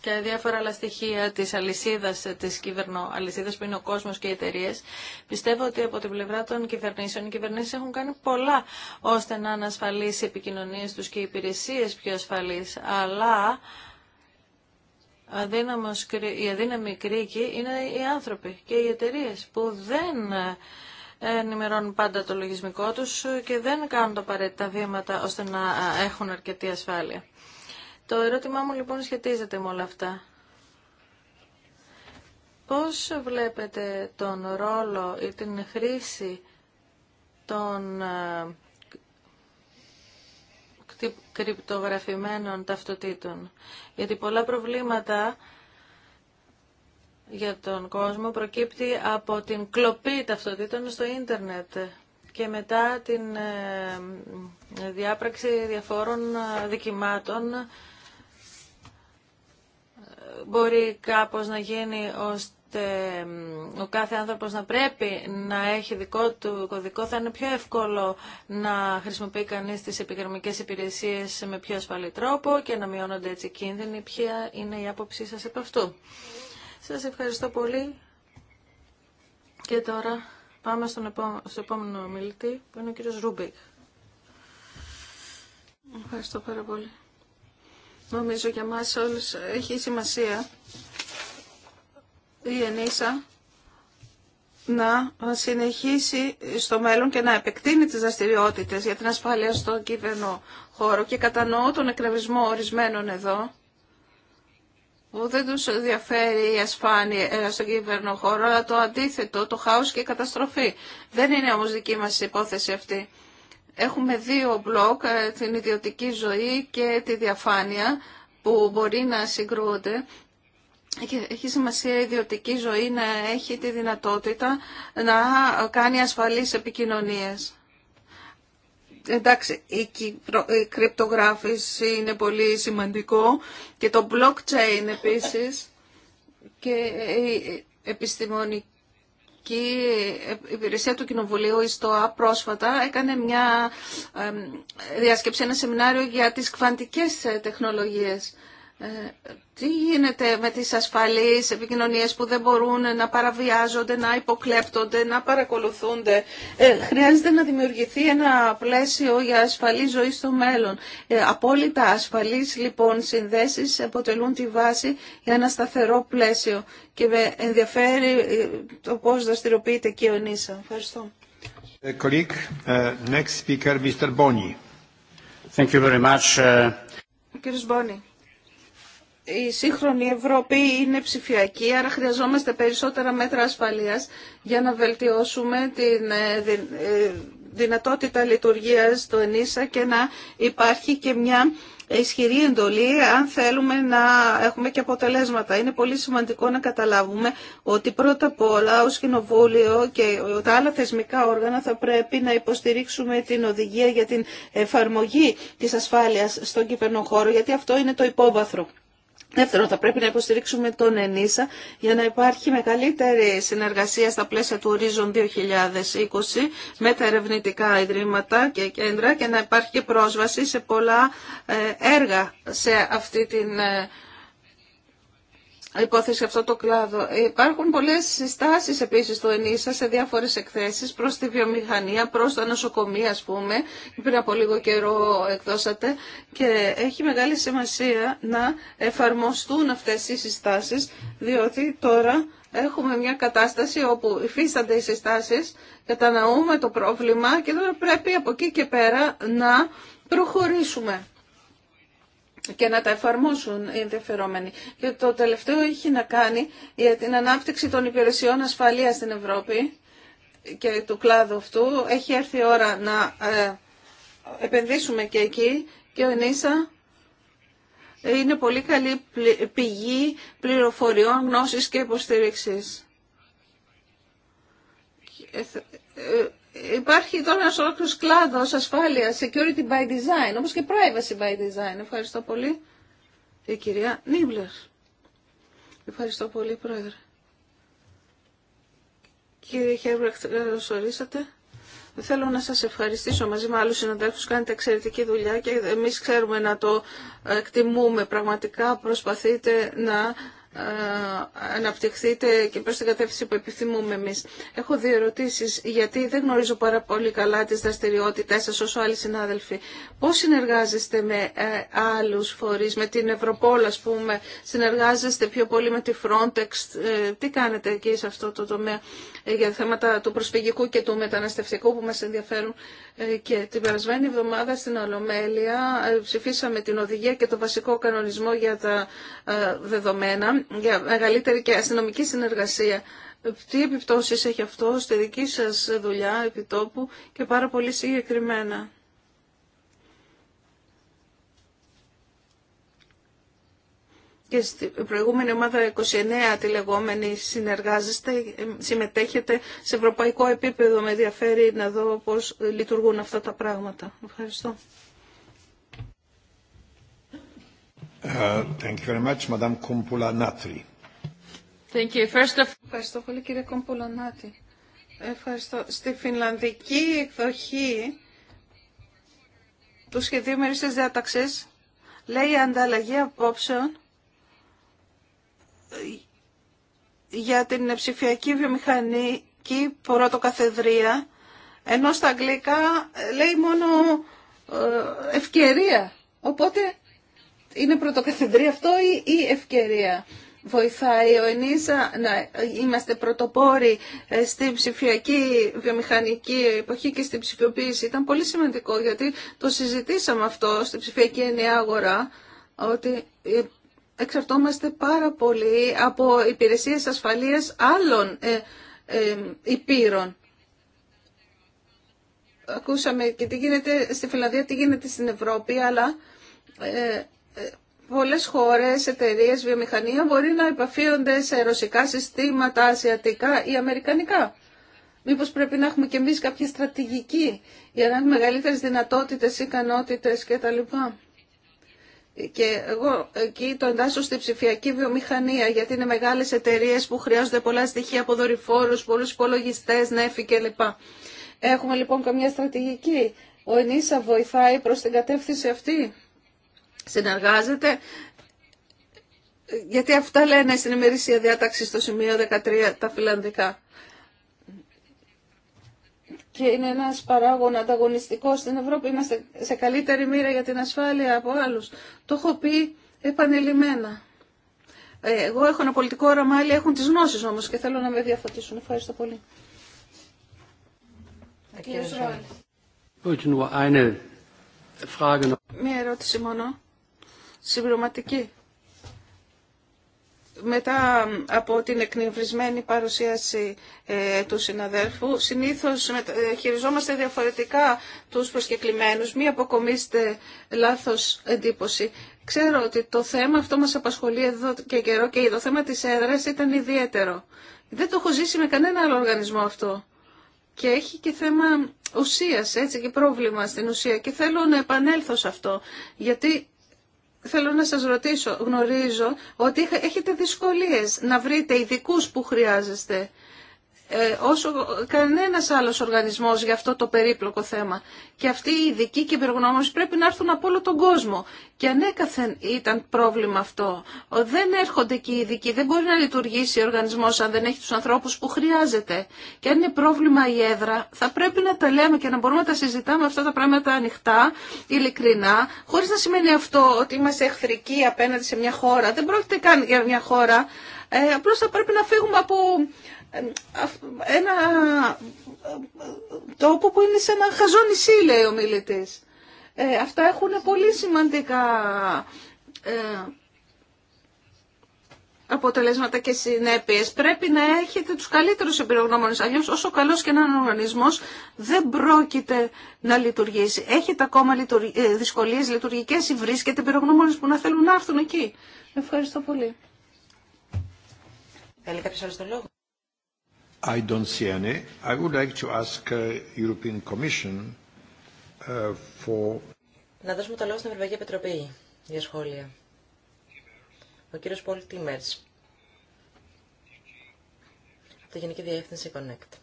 και διάφορα άλλα στοιχεία της αλυσίδας, της αλυσίδας που είναι ο κόσμος και οι εταιρείε. πιστεύω ότι από την πλευρά των κυβερνήσεων οι κυβερνήσεις έχουν κάνει πολλά ώστε να ανασφαλίσει οι επικοινωνίες τους και οι υπηρεσίες πιο ασφαλείς, αλλά αδύναμος, η αδύναμη κρίκη είναι οι άνθρωποι και οι εταιρείε που δεν ε, ενημερώνουν πάντα το λογισμικό τους και δεν κάνουν τα απαραίτητα βήματα ώστε να ε, έχουν αρκετή ασφάλεια. Το ερώτημά μου λοιπόν σχετίζεται με όλα αυτά. Πώς βλέπετε τον ρόλο ή την χρήση των ε, κρυπτογραφημένων ταυτοτήτων. Γιατί πολλά προβλήματα για τον κόσμο προκύπτει από την κλοπή ταυτοτήτων στο ίντερνετ και μετά την ε, διάπραξη διαφόρων ε, δικημάτων ε, μπορεί κάπως να γίνει ώστε ε, ο κάθε άνθρωπος να πρέπει να έχει δικό του κωδικό, θα είναι πιο εύκολο να χρησιμοποιεί κανείς τις επικοινωνικές υπηρεσίες με πιο ασφαλή τρόπο και να μειώνονται έτσι κίνδυνοι. Ποια είναι η άποψή σας επ' αυτού. Σας ευχαριστώ πολύ και τώρα πάμε στον επόμενο, στο επόμενο μιλητή που είναι ο κύριος Ρούμπικ. Ευχαριστώ πάρα πολύ. Νομίζω για μας όλους έχει σημασία η Ενίσσα να συνεχίσει στο μέλλον και να επεκτείνει τις δραστηριότητε για την ασφάλεια στον κυβερνό χώρο και κατανοώ τον εκνευρισμό ορισμένων εδώ που δεν τους ενδιαφέρει η ασφάλεια ε, στον κυβερνό χώρο αλλά το αντίθετο, το χάος και η καταστροφή. Δεν είναι όμως δική μας υπόθεση αυτή. Έχουμε δύο μπλοκ, ε, την ιδιωτική ζωή και τη διαφάνεια που μπορεί να συγκρούονται έχει σημασία η ιδιωτική ζωή να έχει τη δυνατότητα να κάνει ασφαλείς επικοινωνίες. Εντάξει, η κρυπτογράφηση είναι πολύ σημαντικό και το blockchain επίσης και η επιστημονική υπηρεσία του Κοινοβουλίου, η ΣΤΟΑ, πρόσφατα έκανε μια διάσκεψη, ένα σεμινάριο για τις κβαντικές τεχνολογίες. Ε, τι γίνεται με τις ασφαλείς επικοινωνίες που δεν μπορούν να παραβιάζονται, να υποκλέπτονται, να παρακολουθούνται. Ε, χρειάζεται να δημιουργηθεί ένα πλαίσιο για ασφαλή ζωή στο μέλλον. Ε, απόλυτα ασφαλείς λοιπόν συνδέσεις αποτελούν τη βάση για ένα σταθερό πλαίσιο και με ενδιαφέρει ε, το πώς δραστηριοποιείται και ο Νίσα. Ευχαριστώ. Next speaker, η σύγχρονη Ευρώπη είναι ψηφιακή, άρα χρειαζόμαστε περισσότερα μέτρα ασφαλείας για να βελτιώσουμε την ε, ε, δυνατότητα λειτουργίας του ΕΝΙΣΑ και να υπάρχει και μια ισχυρή εντολή αν θέλουμε να έχουμε και αποτελέσματα. Είναι πολύ σημαντικό να καταλάβουμε ότι πρώτα απ' όλα ως Κοινοβούλιο και τα άλλα θεσμικά όργανα θα πρέπει να υποστηρίξουμε την οδηγία για την εφαρμογή της ασφάλειας στον κυβερνοχώρο γιατί αυτό είναι το υπόβαθρο. Δεύτερον, θα πρέπει να υποστηρίξουμε τον ΕΝΙΣΑ για να υπάρχει μεγαλύτερη συνεργασία στα πλαίσια του Horizon 2020 με τα ερευνητικά ιδρύματα και κέντρα και να υπάρχει πρόσβαση σε πολλά ε, έργα σε αυτή την ε, υπόθεση αυτό το κλάδο. Υπάρχουν πολλές συστάσεις επίσης του ΕΝΗΣΑ σε διάφορες εκθέσεις προς τη βιομηχανία, προς τα νοσοκομεία ας πούμε. Πριν από λίγο καιρό εκδώσατε και έχει μεγάλη σημασία να εφαρμοστούν αυτές οι συστάσεις διότι τώρα έχουμε μια κατάσταση όπου υφίστανται οι συστάσεις, καταναούμε το πρόβλημα και τώρα πρέπει από εκεί και πέρα να προχωρήσουμε και να τα εφαρμόσουν οι ενδιαφερόμενοι. Και το τελευταίο έχει να κάνει για την ανάπτυξη των υπηρεσιών ασφαλείας στην Ευρώπη και του κλάδου αυτού. Έχει έρθει η ώρα να ε, επενδύσουμε και εκεί και ο Ενίσα είναι πολύ καλή πηγή πληροφοριών, γνώσης και υποστήριξης ε, Υπάρχει τώρα ένας ολόκληρος κλάδος ασφάλειας, security by design, όπως και privacy by design. Ευχαριστώ πολύ. Η κυρία Νίμπλερ. Ευχαριστώ πολύ, Πρόεδρε. Κύριε Χέρμπρεχτ, καλώ ορίσατε. Θέλω να σας ευχαριστήσω μαζί με άλλους συναδέλφους. Κάνετε εξαιρετική δουλειά και εμείς ξέρουμε να το εκτιμούμε. Πραγματικά προσπαθείτε να ε, αναπτυχθείτε και προς την κατεύθυνση που επιθυμούμε εμείς. Έχω δύο ερωτήσεις, γιατί δεν γνωρίζω πάρα πολύ καλά τις δραστηριότητες σας όσο άλλοι συνάδελφοι. Πώς συνεργάζεστε με ε, άλλους φορείς, με την Ευρωπόλα ας πούμε, συνεργάζεστε πιο πολύ με τη Frontex, ε, τι κάνετε εκεί σε αυτό το τομέα για θέματα του προσφυγικού και του μεταναστευτικού που μας ενδιαφέρουν ε, και την περασμένη εβδομάδα στην Ολομέλεια ε, ψηφίσαμε την οδηγία και το βασικό κανονισμό για τα ε, δεδομένα για μεγαλύτερη και αστυνομική συνεργασία. Τι επιπτώσεις έχει αυτό στη δική σας δουλειά επιτόπου και πάρα πολύ συγκεκριμένα. και στην προηγούμενη ομάδα 29 τη λεγόμενη συνεργάζεστε, συμμετέχετε σε ευρωπαϊκό επίπεδο. Με ενδιαφέρει να δω πώς λειτουργούν αυτά τα πράγματα. Ευχαριστώ. Uh, thank you very much, thank you. First of... Ευχαριστώ πολύ κύριε Νάτι. Ευχαριστώ. Στη φινλανδική εκδοχή του σχεδίου μερίσης διάταξης λέει ανταλλαγή απόψεων για την ψηφιακή βιομηχανική πρωτοκαθεδρία, ενώ στα αγγλικά λέει μόνο ε, ευκαιρία. Οπότε είναι πρωτοκαθεδρία αυτό ή, ευκαιρία. Βοηθάει ο Ενίζα να είμαστε πρωτοπόροι ε, στην ψηφιακή βιομηχανική εποχή και στην ψηφιοποίηση. Ήταν πολύ σημαντικό γιατί το συζητήσαμε αυτό στην ψηφιακή ενιαία αγορά ότι εξαρτώμαστε πάρα πολύ από υπηρεσίες ασφαλείας άλλων ε, ε, υπήρων. Ακούσαμε και τι γίνεται στη Φιλανδία, τι γίνεται στην Ευρώπη, αλλά ε, ε πολλές χώρες, εταιρείες, βιομηχανία μπορεί να επαφίονται σε ρωσικά συστήματα, ασιατικά ή αμερικανικά. Μήπως πρέπει να έχουμε και εμείς κάποια στρατηγική για να έχουμε μεγαλύτερες δυνατότητες, ικανότητες κτλ και εγώ εκεί το εντάσσω στη ψηφιακή βιομηχανία γιατί είναι μεγάλες εταιρείες που χρειάζονται πολλά στοιχεία από δορυφόρους, πολλούς υπολογιστέ, νέφη κλπ. Έχουμε λοιπόν καμιά στρατηγική. Ο Ενίσσα βοηθάει προς την κατεύθυνση αυτή. Συνεργάζεται. Γιατί αυτά λένε στην ημερήσια διάταξη στο σημείο 13 τα φιλανδικά και είναι ένας παράγων ανταγωνιστικός στην Ευρώπη. Είμαστε σε καλύτερη μοίρα για την ασφάλεια από άλλους. Το έχω πει επανειλημμένα. Ε, εγώ έχω ένα πολιτικό όραμα, άλλοι έχουν τις γνώσεις όμως και θέλω να με διαφωτίσουν. Ευχαριστώ πολύ. Μία ερώτηση μόνο, συμπληρωματική μετά από την εκνευρισμένη παρουσίαση ε, του συναδέλφου, συνήθως ε, χειριζόμαστε διαφορετικά τους προσκεκλημένους. Μη αποκομίστε λάθος εντύπωση. Ξέρω ότι το θέμα αυτό μας απασχολεί εδώ και καιρό και το θέμα της έδρας ήταν ιδιαίτερο. Δεν το έχω ζήσει με κανένα άλλο οργανισμό αυτό. Και έχει και θέμα ουσίας, έτσι, και πρόβλημα στην ουσία. Και θέλω να επανέλθω σε αυτό, γιατί Θέλω να σας ρωτήσω, γνωρίζω ότι έχετε δυσκολίες να βρείτε ειδικού που χρειάζεστε ε, όσο κανένας άλλος οργανισμός για αυτό το περίπλοκο θέμα. Και αυτοί οι ειδικοί και κυβερνόμονες πρέπει να έρθουν από όλο τον κόσμο. Και ανέκαθεν ήταν πρόβλημα αυτό. Δεν έρχονται και οι ειδικοί. Δεν μπορεί να λειτουργήσει ο οργανισμός αν δεν έχει τους ανθρώπους που χρειάζεται. Και αν είναι πρόβλημα η έδρα, θα πρέπει να τα λέμε και να μπορούμε να τα συζητάμε αυτά τα πράγματα ανοιχτά, ειλικρινά, χωρίς να σημαίνει αυτό ότι είμαστε εχθρικοί απέναντι σε μια χώρα. Δεν πρόκειται καν για μια χώρα. Ε, απλώς θα πρέπει να φύγουμε από ε, ένα ε, τόπο που είναι σε ένα χαζό νησί, λέει ο μιλητής. Ε, αυτά έχουν πολύ σημαντικά αποτελέσματα και συνέπειες. Πρέπει να έχετε τους καλύτερους εμπειρογνώμονες. Αλλιώς όσο καλός και έναν οργανισμός δεν πρόκειται να λειτουργήσει. Έχετε ακόμα δυσκολίες λειτουργικές ή βρίσκετε εμπειρογνώμονες που να θέλουν να έρθουν εκεί. Ευχαριστώ πολύ. Θέλει κάποιος άλλος τον λόγο. I don't see any. I would like to ask uh, European Commission uh, for... Να δώσουμε το λόγο στην Ευρωπαϊκή Επιτροπή για σχόλια. Ο κύριος Πολ Τιμέρς. Από τη Γενική Διεύθυνση Connect.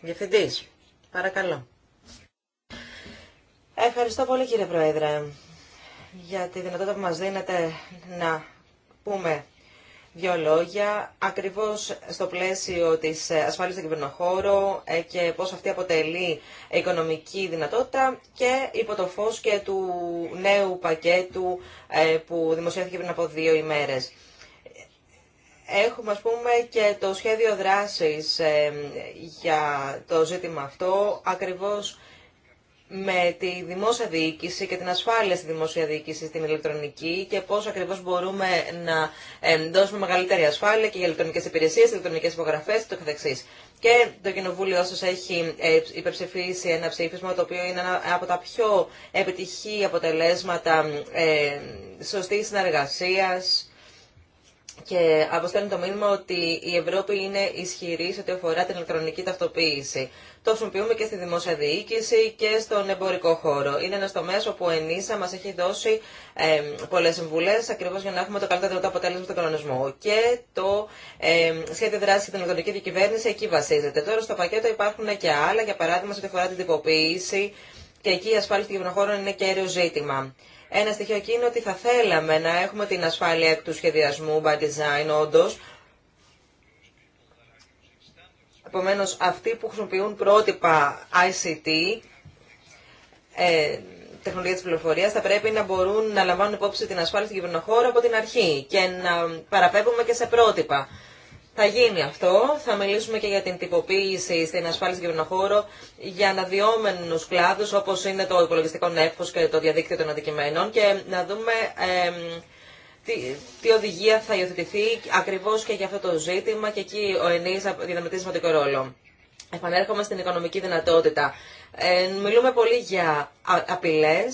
Διευθυντής, παρακαλώ. Ευχαριστώ πολύ κύριε Πρόεδρε για τη δυνατότητα που μας δίνετε να πούμε δύο λόγια, ακριβώς στο πλαίσιο της ε, ασφάλειας στον κυβερνοχώρο ε, και πώς αυτή αποτελεί οικονομική δυνατότητα και υπό το φως και του νέου πακέτου ε, που δημοσιεύθηκε πριν από δύο ημέρες. Έχουμε, ας πούμε, και το σχέδιο δράσης για το ζήτημα αυτό, ακριβώς με τη δημόσια διοίκηση και την ασφάλεια στη δημόσια διοίκηση στην ηλεκτρονική και πώς ακριβώς μπορούμε να δώσουμε μεγαλύτερη ασφάλεια και για ηλεκτρονικές υπηρεσίες, ηλεκτρονικές υπογραφές και το καθεξής. Και το Κοινοβούλιο όσο έχει ε, υπερψηφίσει ένα ψήφισμα το οποίο είναι ένα από τα πιο επιτυχή αποτελέσματα ε, σωστής συνεργασίας και αποστέλνει το μήνυμα ότι η Ευρώπη είναι ισχυρή σε ό,τι αφορά την ηλεκτρονική ταυτοποίηση το χρησιμοποιούμε και στη δημόσια διοίκηση και στον εμπορικό χώρο. Είναι ένα τομέα όπου η ΕΝΙΣΑ μα έχει δώσει ε, πολλέ συμβουλέ ακριβώ για να έχουμε το καλύτερο αποτέλεσμα στον κανονισμό. Και το ε, σχέδιο δράση για την ελληνική Διακυβέρνηση εκεί βασίζεται. Τώρα στο πακέτο υπάρχουν και άλλα, για παράδειγμα σε ό,τι αφορά την τυποποίηση και εκεί η ασφάλεια των γυμνοχώρων είναι κέριο ζήτημα. Ένα στοιχείο εκεί είναι ότι θα θέλαμε να έχουμε την ασφάλεια του σχεδιασμού by design, όντω, Επομένω, αυτοί που χρησιμοποιούν πρότυπα ICT, ε, τεχνολογία τη πληροφορία, θα πρέπει να μπορούν να λαμβάνουν υπόψη την ασφάλεια του κυβερνοχώρα από την αρχή και να παραπέμπουμε και σε πρότυπα. Θα γίνει αυτό. Θα μιλήσουμε και για την τυποποίηση στην ασφάλεια του κυβερνοχώρο για αναδυόμενου κλάδου όπω είναι το υπολογιστικό νεύχο και το διαδίκτυο των αντικειμένων και να δούμε ε, τι, τι οδηγία θα υιοθετηθεί ακριβώς και για αυτό το ζήτημα και εκεί ο ΕΝΗΣ διαδραματίζει σημαντικό ρόλο. Επανέρχομαι στην οικονομική δυνατότητα. Ε, μιλούμε πολύ για απειλέ.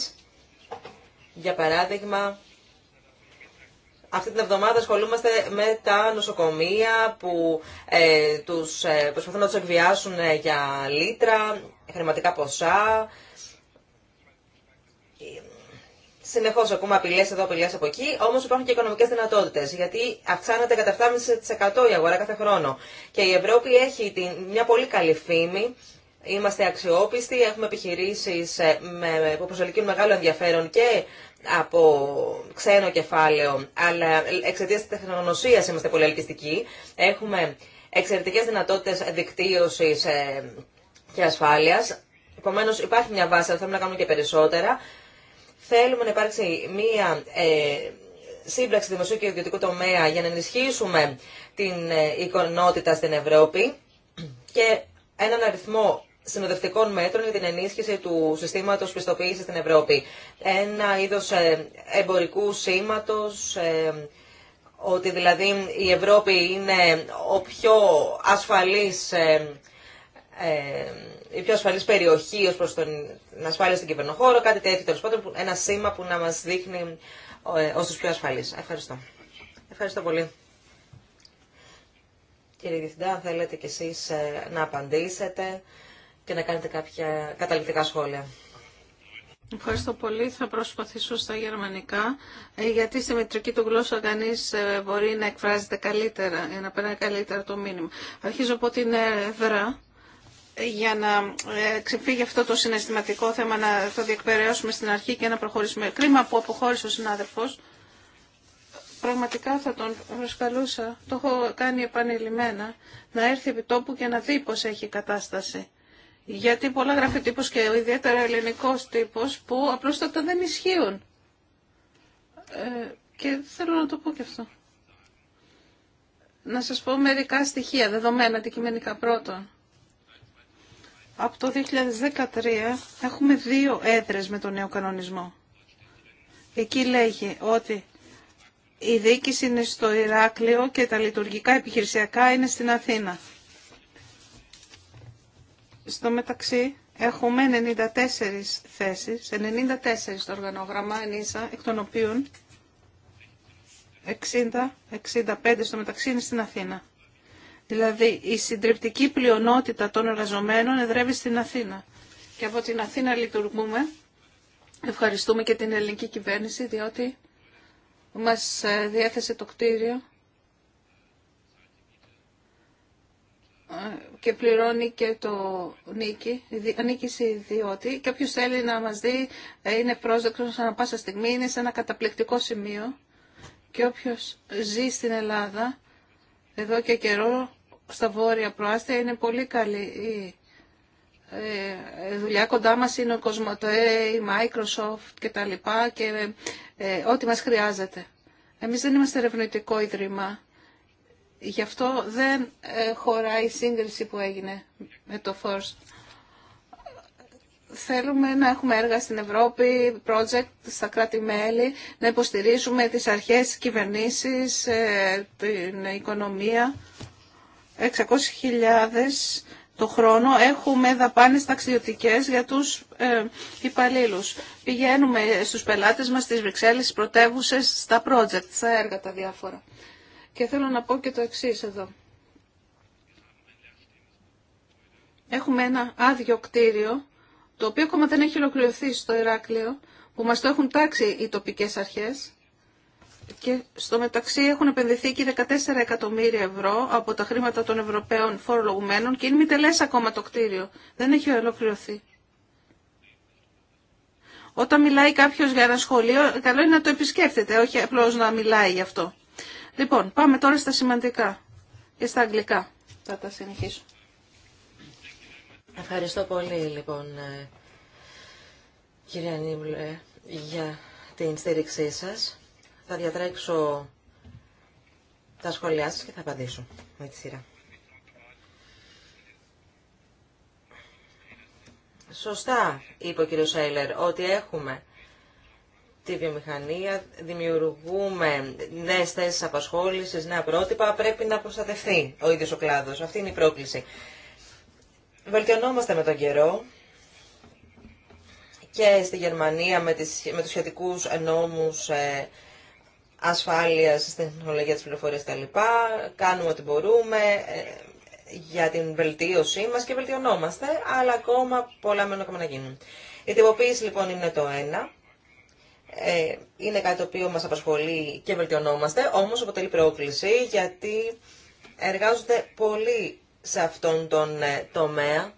Για παράδειγμα, αυτή την εβδομάδα ασχολούμαστε με τα νοσοκομεία που ε, τους, ε, προσπαθούν να τους εκβιάσουν ε, για λίτρα, χρηματικά ποσά. Συνεχώ ακούμε απειλέ εδώ, απειλέ από εκεί. Όμω υπάρχουν και οικονομικέ δυνατότητε. Γιατί αυξάνεται κατά 7,5% η αγορά κάθε χρόνο. Και η Ευρώπη έχει μια πολύ καλή φήμη. Είμαστε αξιόπιστοι, έχουμε επιχειρήσει ε, που προσελκύουν μεγάλο ενδιαφέρον και από ξένο κεφάλαιο, αλλά εξαιτία τη τεχνογνωσία είμαστε πολύ ελκυστικοί. Έχουμε εξαιρετικέ δυνατότητε δικτύωση ε, και ασφάλεια. Επομένω, υπάρχει μια βάση, αλλά θέλουμε να κάνουμε και περισσότερα. Θέλουμε να υπάρξει μία ε, σύμπραξη δημοσίου και ιδιωτικού τομέα για να ενισχύσουμε την ε, εικονότητα στην Ευρώπη και έναν αριθμό συνοδευτικών μέτρων για την ενίσχυση του συστήματος πιστοποίησης στην Ευρώπη. Ένα είδος ε, εμπορικού σήματος, ε, ότι δηλαδή η Ευρώπη είναι ο πιο ασφαλής η πιο ασφαλή περιοχή ω προ την ασφάλεια στον κυβερνοχώρο, κάτι τέτοιο τέλο πάντων, ένα σήμα που να μα δείχνει ε, ω του πιο ασφαλεί. Ευχαριστώ. Ευχαριστώ πολύ. Κύριε Διευθυντά, αν θέλετε κι εσείς ε, να απαντήσετε και να κάνετε κάποια καταληκτικά σχόλια. Ευχαριστώ πολύ. Θα προσπαθήσω στα γερμανικά, ε, γιατί στη μετρική του γλώσσα κανεί μπορεί να εκφράζεται καλύτερα, να παίρνει καλύτερα το μήνυμα. Αρχίζω από την έδρα για να ε, ξεφύγει αυτό το συναισθηματικό θέμα, να το διεκπαιρεώσουμε στην αρχή και να προχωρήσουμε. Κρίμα που αποχώρησε ο συνάδελφος. Πραγματικά θα τον προσκαλούσα, το έχω κάνει επανειλημμένα, να έρθει επί τόπου και να δει πώς έχει κατάσταση. Γιατί πολλά γράφει και ιδιαίτερα ελληνικός τύπος που τότε δεν ισχύουν. Ε, και θέλω να το πω και αυτό. Να σας πω μερικά στοιχεία, δεδομένα αντικειμενικά πρώτον. Από το 2013 έχουμε δύο έδρες με τον νέο κανονισμό. Εκεί λέγει ότι η διοίκηση είναι στο Ηράκλειο και τα λειτουργικά επιχειρησιακά είναι στην Αθήνα. Στο μεταξύ έχουμε 94 θέσεις, 94 στο οργανόγραμμα ενίσα, εκ των οποίων 60-65 στο μεταξύ είναι στην Αθήνα. Δηλαδή η συντριπτική πλειονότητα των εργαζομένων εδρεύει στην Αθήνα. Και από την Αθήνα λειτουργούμε. Ευχαριστούμε και την ελληνική κυβέρνηση διότι μας ε, διέθεσε το κτίριο ε, και πληρώνει και το νίκη, νίκηση διότι και όποιος θέλει να μας δει ε, είναι πρόσδεκτος ανά πάσα στιγμή, είναι σε ένα καταπληκτικό σημείο και όποιος ζει στην Ελλάδα εδώ και καιρό στα βόρεια προάστια είναι πολύ καλή η ε, ε, δουλειά κοντά μας είναι ο Κοσμοτέ, η Microsoft και τα λοιπά και ε, ό,τι μας χρειάζεται. Εμείς δεν είμαστε ερευνητικό ίδρυμα. Γι' αυτό δεν χωράει η σύγκριση που έγινε με το Force θέλουμε να έχουμε έργα στην Ευρώπη, project στα κράτη-μέλη, να υποστηρίζουμε τις αρχές, τις κυβερνήσεις, ε, την οικονομία. 600.000 το χρόνο έχουμε δαπάνες ταξιδιωτικές για τους ε, υπαλλήλους. Πηγαίνουμε στους πελάτες μας, στις Βρυξέλλες, στις πρωτεύουσες, στα project, στα έργα τα διάφορα. Και θέλω να πω και το εξής εδώ. Έχουμε ένα άδειο κτίριο το οποίο ακόμα δεν έχει ολοκληρωθεί στο Ηράκλειο, που μας το έχουν τάξει οι τοπικές αρχές. Και στο μεταξύ έχουν επενδυθεί και 14 εκατομμύρια ευρώ από τα χρήματα των Ευρωπαίων φορολογουμένων και είναι μη τελές ακόμα το κτίριο. Δεν έχει ολοκληρωθεί. Όταν μιλάει κάποιος για ένα σχολείο, καλό είναι να το επισκέφτεται, όχι απλώς να μιλάει γι' αυτό. Λοιπόν, πάμε τώρα στα σημαντικά και στα αγγλικά. Θα τα συνεχίσω. Ευχαριστώ πολύ, λοιπόν, ε, κυρία Νίμπλε, για την στήριξή σας. Θα διατρέξω τα σχόλιά σας και θα απαντήσω με τη σειρά. Σωστά είπε ο κύριος Σέιλερ ότι έχουμε τη βιομηχανία, δημιουργούμε νέες θέσεις απασχόλησης, νέα πρότυπα, πρέπει να προστατευτεί ο ίδιος ο κλάδος. Αυτή είναι η πρόκληση. Βελτιωνόμαστε με τον καιρό και στη Γερμανία με, τις, με τους σχετικούς νόμους ε, ασφάλειας στην τεχνολογία της πληροφορίας κλπ. Κάνουμε ό,τι μπορούμε ε, για την βελτίωσή μας και βελτιωνόμαστε, αλλά ακόμα πολλά μένουν ακόμα να γίνουν. Η τυποποίηση λοιπόν είναι το ένα. Ε, είναι κάτι το οποίο μας απασχολεί και βελτιωνόμαστε, όμως αποτελεί πρόκληση γιατί εργάζονται πολλοί σε αυτόν τον ε, τομέα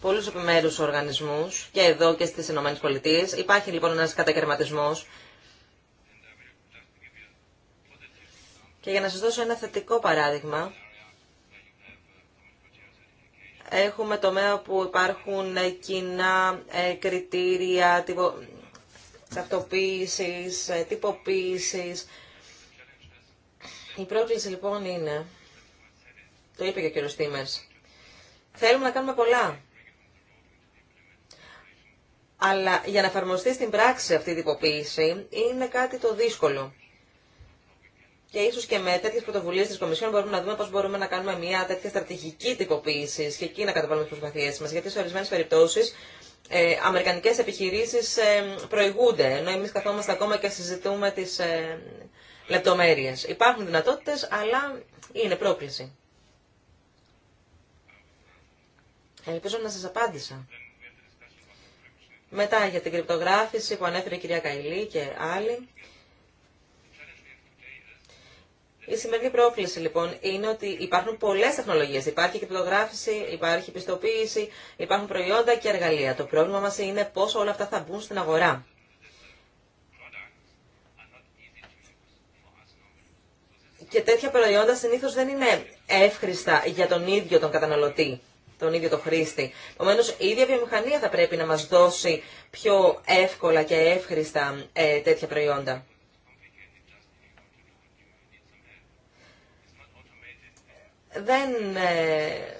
πολλούς επιμέρους οργανισμούς και εδώ και στις ΗΠΑ Υπάρχει λοιπόν ένας κατακαιρματισμός. Και για να σας δώσω ένα θετικό παράδειγμα, έχουμε τομέα που υπάρχουν ε, κοινά ε, κριτήρια τυπο... αυτοπίσεις τυποποίησης. Η πρόκληση λοιπόν είναι το είπε και ο κύριος Τίμες. Θέλουμε να κάνουμε πολλά. Αλλά για να εφαρμοστεί στην πράξη αυτή η τυποποίηση είναι κάτι το δύσκολο. Και ίσως και με τέτοιες πρωτοβουλίες της Κομισιόν μπορούμε να δούμε πώς μπορούμε να κάνουμε μια τέτοια στρατηγική τυποποίηση και εκεί να καταβάλουμε τις προσπαθίες μας. Γιατί σε ορισμένες περιπτώσεις ε, αμερικανικές επιχειρήσεις ε, προηγούνται, ενώ εμείς καθόμαστε ακόμα και συζητούμε τις ε, λεπτομέρειες. Υπάρχουν δυνατότητες, αλλά είναι πρόκληση. Ε, ελπίζω να σας απάντησα. Μετά για την κρυπτογράφηση που ανέφερε η κυρία Καηλή και άλλοι. Η σημερινή πρόκληση λοιπόν είναι ότι υπάρχουν πολλές τεχνολογίες. Υπάρχει κρυπτογράφηση, υπάρχει πιστοποίηση, υπάρχουν προϊόντα και εργαλεία. Το πρόβλημα μας είναι πώς όλα αυτά θα μπουν στην αγορά. Και τέτοια προϊόντα συνήθως δεν είναι εύχριστα για τον ίδιο τον καταναλωτή τον ίδιο το χρήστη. Επομένω, η ίδια βιομηχανία θα πρέπει να μας δώσει πιο εύκολα και εύχρηστα ε, τέτοια προϊόντα. Δεν... Ε,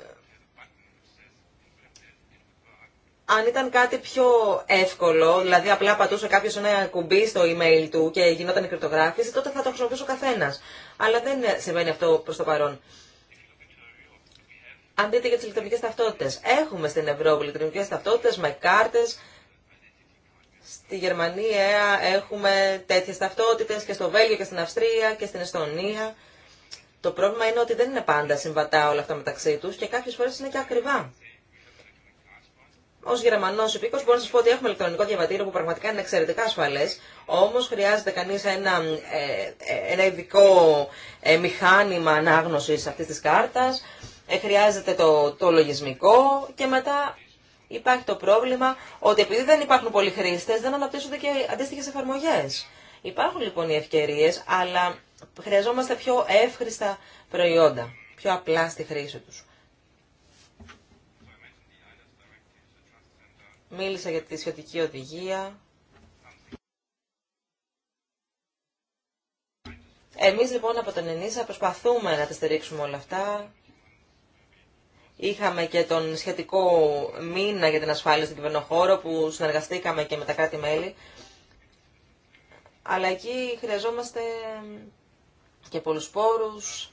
αν ήταν κάτι πιο εύκολο, δηλαδή απλά πατούσε κάποιο ένα κουμπί στο email του και γινόταν η κρυπτογράφηση, τότε θα το χρησιμοποιούσε ο καθένα. Αλλά δεν ε, συμβαίνει αυτό προ το παρόν. Αν δείτε για τι ηλεκτρονικέ ταυτότητε. Έχουμε στην Ευρώπη ηλεκτρονικέ ταυτότητε με κάρτε. Στη Γερμανία έχουμε τέτοιε ταυτότητε και στο Βέλγιο και στην Αυστρία και στην Εστονία. Το πρόβλημα είναι ότι δεν είναι πάντα συμβατά όλα αυτά μεταξύ του και κάποιε φορέ είναι και ακριβά. Ω Γερμανό υπήκο μπορώ να σα πω ότι έχουμε ηλεκτρονικό διαβατήριο που πραγματικά είναι εξαιρετικά ασφαλέ, όμω χρειάζεται κανεί ένα, ε, ε, ένα ειδικό ε, μηχάνημα ανάγνωση αυτή τη κάρτα ε, χρειάζεται το, το λογισμικό και μετά υπάρχει το πρόβλημα ότι επειδή δεν υπάρχουν πολλοί χρήστε, δεν αναπτύσσονται και αντίστοιχε εφαρμογέ. Υπάρχουν λοιπόν οι ευκαιρίε, αλλά χρειαζόμαστε πιο εύχρηστα προϊόντα, πιο απλά στη χρήση του. Μίλησα για τη σχετική οδηγία. Εμείς λοιπόν από τον ΕΝΙΣΑ προσπαθούμε να τα στηρίξουμε όλα αυτά. Είχαμε και τον σχετικό μήνα για την ασφάλεια στην κυβερνοχώρο που συνεργαστήκαμε και με τα κράτη-μέλη. Αλλά εκεί χρειαζόμαστε και πολλούς πόρους.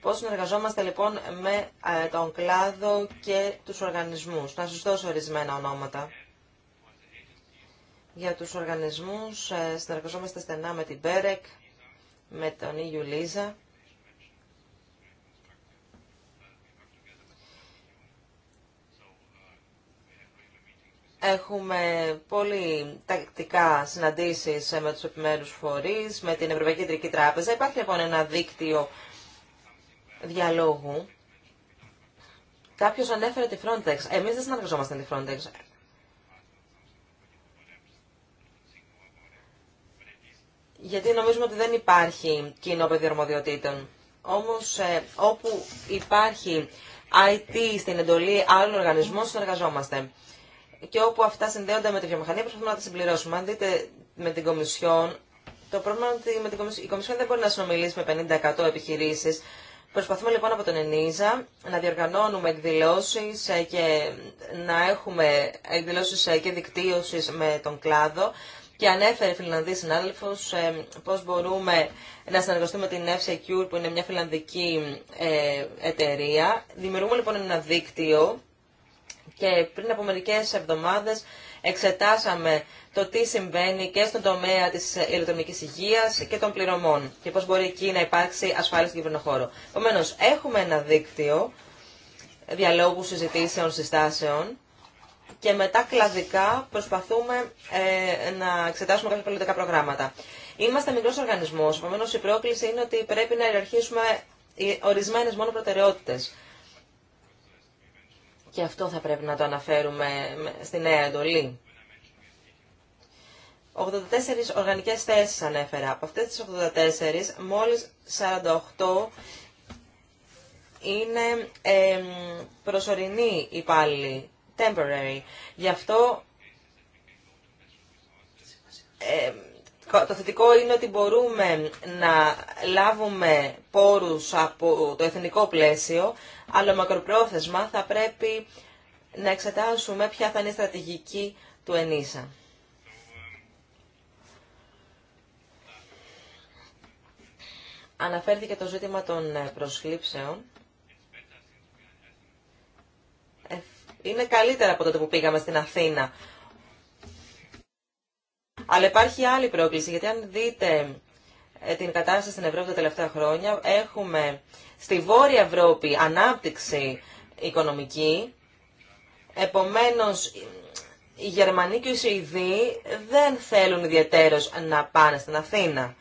Πώς συνεργαζόμαστε λοιπόν με ε, τον κλάδο και τους οργανισμούς. Να σας δώσω ορισμένα ονόματα. Για τους οργανισμούς ε, συνεργαζόμαστε στενά με την Μπέρεκ, με τον Ιουλίζα. Λίζα. Έχουμε πολύ τακτικά συναντήσεις με τους επιμέρους φορείς, με την Ευρωπαϊκή Κεντρική Τράπεζα. Υπάρχει λοιπόν ένα δίκτυο διαλόγου. Κάποιος ανέφερε τη Frontex. Εμείς δεν συνεργαζόμαστε με τη Frontex. Γιατί νομίζουμε ότι δεν υπάρχει κοινό πεδίο αρμοδιοτήτων. Όμως ε, όπου υπάρχει IT στην εντολή άλλων οργανισμών συνεργαζόμαστε και όπου αυτά συνδέονται με τη βιομηχανία προσπαθούμε να τα συμπληρώσουμε. Αν δείτε με την Κομισιόν, το πρόβλημα είναι ότι με την Κομισιόν, η Κομισιόν δεν μπορεί να συνομιλήσει με 50% επιχειρήσει. Προσπαθούμε λοιπόν από τον ΕΝΙΖΑ να διοργανώνουμε εκδηλώσεις ε, και να έχουμε εκδηλώσεις ε, και δικτύωσης με τον κλάδο και ανέφερε Φιλανδή συνάδελφο ε, πώ μπορούμε να συνεργαστούμε με την f που είναι μια φιλανδική ε, εταιρεία. Δημιουργούμε λοιπόν ένα δίκτυο και πριν από μερικές εβδομάδες εξετάσαμε το τι συμβαίνει και στον τομέα της ηλεκτρονικής υγείας και των πληρωμών και πώς μπορεί εκεί να υπάρξει ασφάλεια στον κυβερνοχώρο. Επομένω, έχουμε ένα δίκτυο διαλόγου συζητήσεων, συστάσεων και μετά κλαδικά προσπαθούμε ε, να εξετάσουμε κάποια πολιτικά προγράμματα. Είμαστε μικρός οργανισμός, επομένω η πρόκληση είναι ότι πρέπει να ιεραρχήσουμε ορισμένες μόνο προτεραιότητες και αυτό θα πρέπει να το αναφέρουμε στη νέα εντολή. 84 οργανικές θέσεις ανέφερα. Από αυτές τις 84, μόλις 48 είναι ε, προσωρινή υπάλληλη, temporary. Γι' αυτό το θετικό είναι ότι μπορούμε να λάβουμε πόρους από το εθνικό πλαίσιο, αλλά μακροπρόθεσμα θα πρέπει να εξετάσουμε ποια θα είναι η στρατηγική του ΕΝΙΣΑ. Αναφέρθηκε το ζήτημα των ε, προσλήψεων. Ε, είναι καλύτερα από τότε που πήγαμε στην Αθήνα αλλά υπάρχει άλλη πρόκληση, γιατί αν δείτε ε, την κατάσταση στην Ευρώπη τα τελευταία χρόνια, έχουμε στη Βόρεια Ευρώπη ανάπτυξη οικονομική, επομένως οι Γερμανοί και οι Σουηδοί δεν θέλουν ιδιαίτερως να πάνε στην Αθήνα.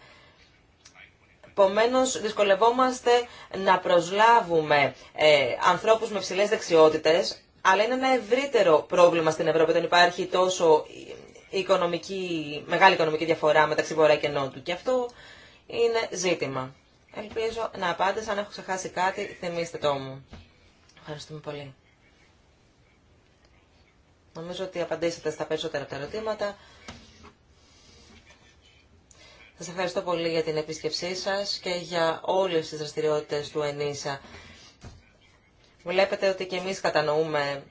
Επομένω, δυσκολευόμαστε να προσλάβουμε ε, ανθρώπους με ψηλές δεξιότητες, αλλά είναι ένα ευρύτερο πρόβλημα στην Ευρώπη, δεν υπάρχει τόσο οικονομική, μεγάλη οικονομική διαφορά μεταξύ Βορρά και Νότου. Και αυτό είναι ζήτημα. Ελπίζω να απάντησα. Αν έχω ξεχάσει κάτι, θυμίστε το μου. Ευχαριστούμε πολύ. Νομίζω ότι απαντήσατε στα περισσότερα από τα ερωτήματα. Σα ευχαριστώ πολύ για την επίσκεψή σας και για όλε τις δραστηριότητε του ΕΝΙΣΑ. Βλέπετε ότι και εμεί κατανοούμε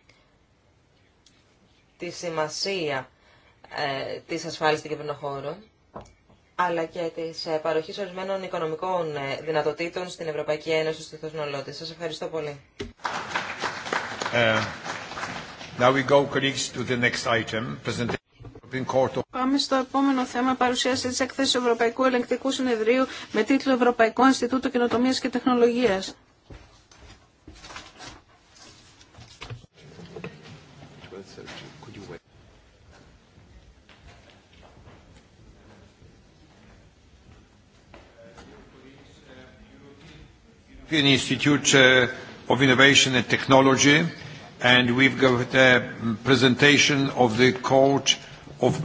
τη σημασία ε, της ασφάλειας στην κυβερνοχώρο, αλλά και της ε, παροχής ορισμένων οικονομικών ε, δυνατοτήτων στην Ευρωπαϊκή Ένωση στο θεσμολό Σας ευχαριστώ πολύ. Πάμε στο επόμενο θέμα παρουσίαση της εκθέσης Ευρωπαϊκού Ελεγκτικού Συνεδρίου με τίτλο Ευρωπαϊκό Ινστιτούτο Κοινοτομίας και Τεχνολογίας. European Institute uh, Innovation and Technology, and we've got a presentation of the of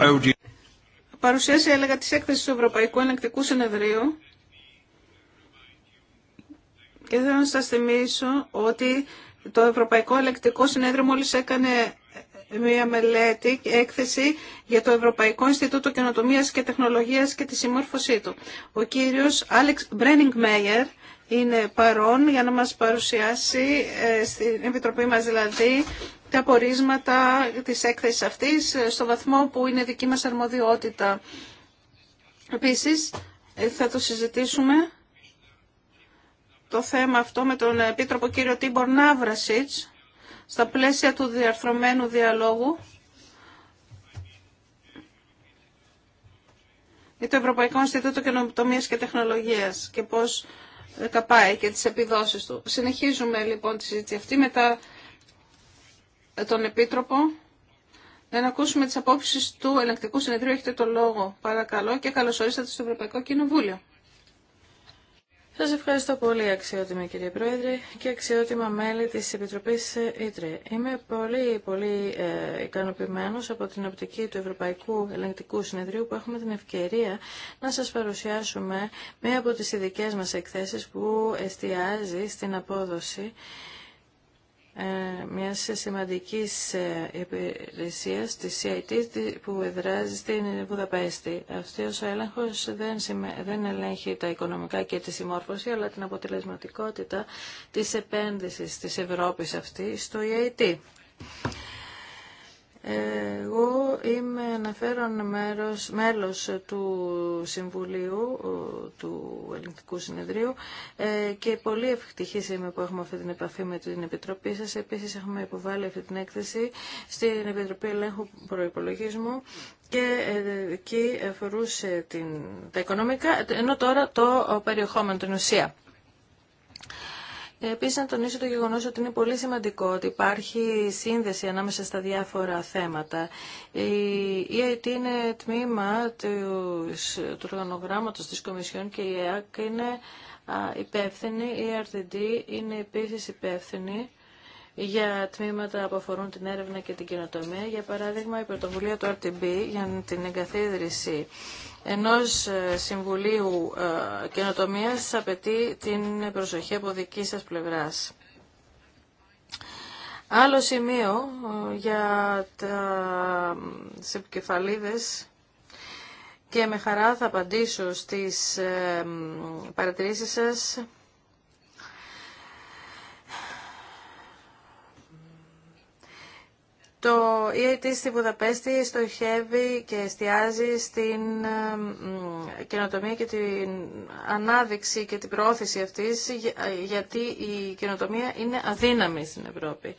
Παρουσίαση έλεγα της έκθεσης του Ευρωπαϊκού Ενεκτικού Συνεδρίου και θέλω να σας θυμίσω ότι το Ευρωπαϊκό Ελεκτικό Συνέδριο μόλις έκανε μια μελέτη και έκθεση για το Ευρωπαϊκό Ινστιτούτο Καινοτομίας και Τεχνολογίας και τη συμμόρφωσή του. Ο κύριος Άλεξ Μπρένιγκ Μέιερ είναι παρόν για να μας παρουσιάσει ε, στην Επιτροπή μας δηλαδή τα πορίσματα της έκθεσης αυτής ε, στο βαθμό που είναι δική μας αρμοδιότητα. Επίσης ε, θα το συζητήσουμε το θέμα αυτό με τον Επίτροπο κύριο Τίμπορ Ναύρασιτς στα πλαίσια του διαρθρωμένου διαλόγου για το Ευρωπαϊκό Ινστιτούτο Καινοτομίας και Τεχνολογίας και πώς Καπάει και τις επιδόσεις του. Συνεχίζουμε λοιπόν τη συζήτηση αυτή μετά τον Επίτροπο. Να ακούσουμε τις απόψεις του Ελεκτικού Συνεδρίου. Έχετε το λόγο, παρακαλώ, και καλώς ορίσατε στο Ευρωπαϊκό Κοινοβούλιο. Σας ευχαριστώ πολύ αξιότιμη κύριε Πρόεδρε και αξιότιμα μέλη της Επιτροπής Ήτρε. Είμαι πολύ πολύ ε, ικανοποιημένος από την οπτική του Ευρωπαϊκού Ελεγκτικού Συνεδρίου που έχουμε την ευκαιρία να σας παρουσιάσουμε μία από τις ειδικέ μας εκθέσεις που εστιάζει στην απόδοση ε, μιας σημαντικής ε, υπηρεσίας της CIT που εδράζει στην Βουδαπέστη. Αυτός ο έλεγχος δεν, δεν ελέγχει τα οικονομικά και τη συμμόρφωση, αλλά την αποτελεσματικότητα της επένδυσης της Ευρώπης αυτή στο EIT. Εγώ είμαι αναφέρον μέρος, μέλος του Συμβουλίου του Ελληνικού Συνεδρίου ε, και πολύ ευτυχής είμαι που έχουμε αυτή την επαφή με την Επιτροπή σας. Επίσης έχουμε υποβάλει αυτή την έκθεση στην Επιτροπή Ελέγχου Προϋπολογισμού και ε, εκεί αφορούσε την, τα οικονομικά, ενώ τώρα το περιεχόμενο, την ουσία. Επίσης να τονίσω το γεγονός ότι είναι πολύ σημαντικό ότι υπάρχει σύνδεση ανάμεσα στα διάφορα θέματα. Η EIT είναι τμήμα του, του οργανογράμματος της Κομισιόν και η ΕΑΚ e είναι υπεύθυνη, η e RTD είναι επίσης υπεύθυνη για τμήματα που αφορούν την έρευνα και την κοινοτομία. Για παράδειγμα, η πρωτοβουλία του RTB για την εγκαθίδρυση ενός ε, Συμβουλίου ε, καινοτομία απαιτεί την προσοχή από δική σας πλευράς. Άλλο σημείο ε, για τα επικεφαλίδες και με χαρά θα απαντήσω στις παρατηρήσεις σας Το EIT στη Βουδαπέστη στοχεύει και εστιάζει στην καινοτομία και την ανάδειξη και την προώθηση αυτής γιατί η καινοτομία είναι αδύναμη στην Ευρώπη.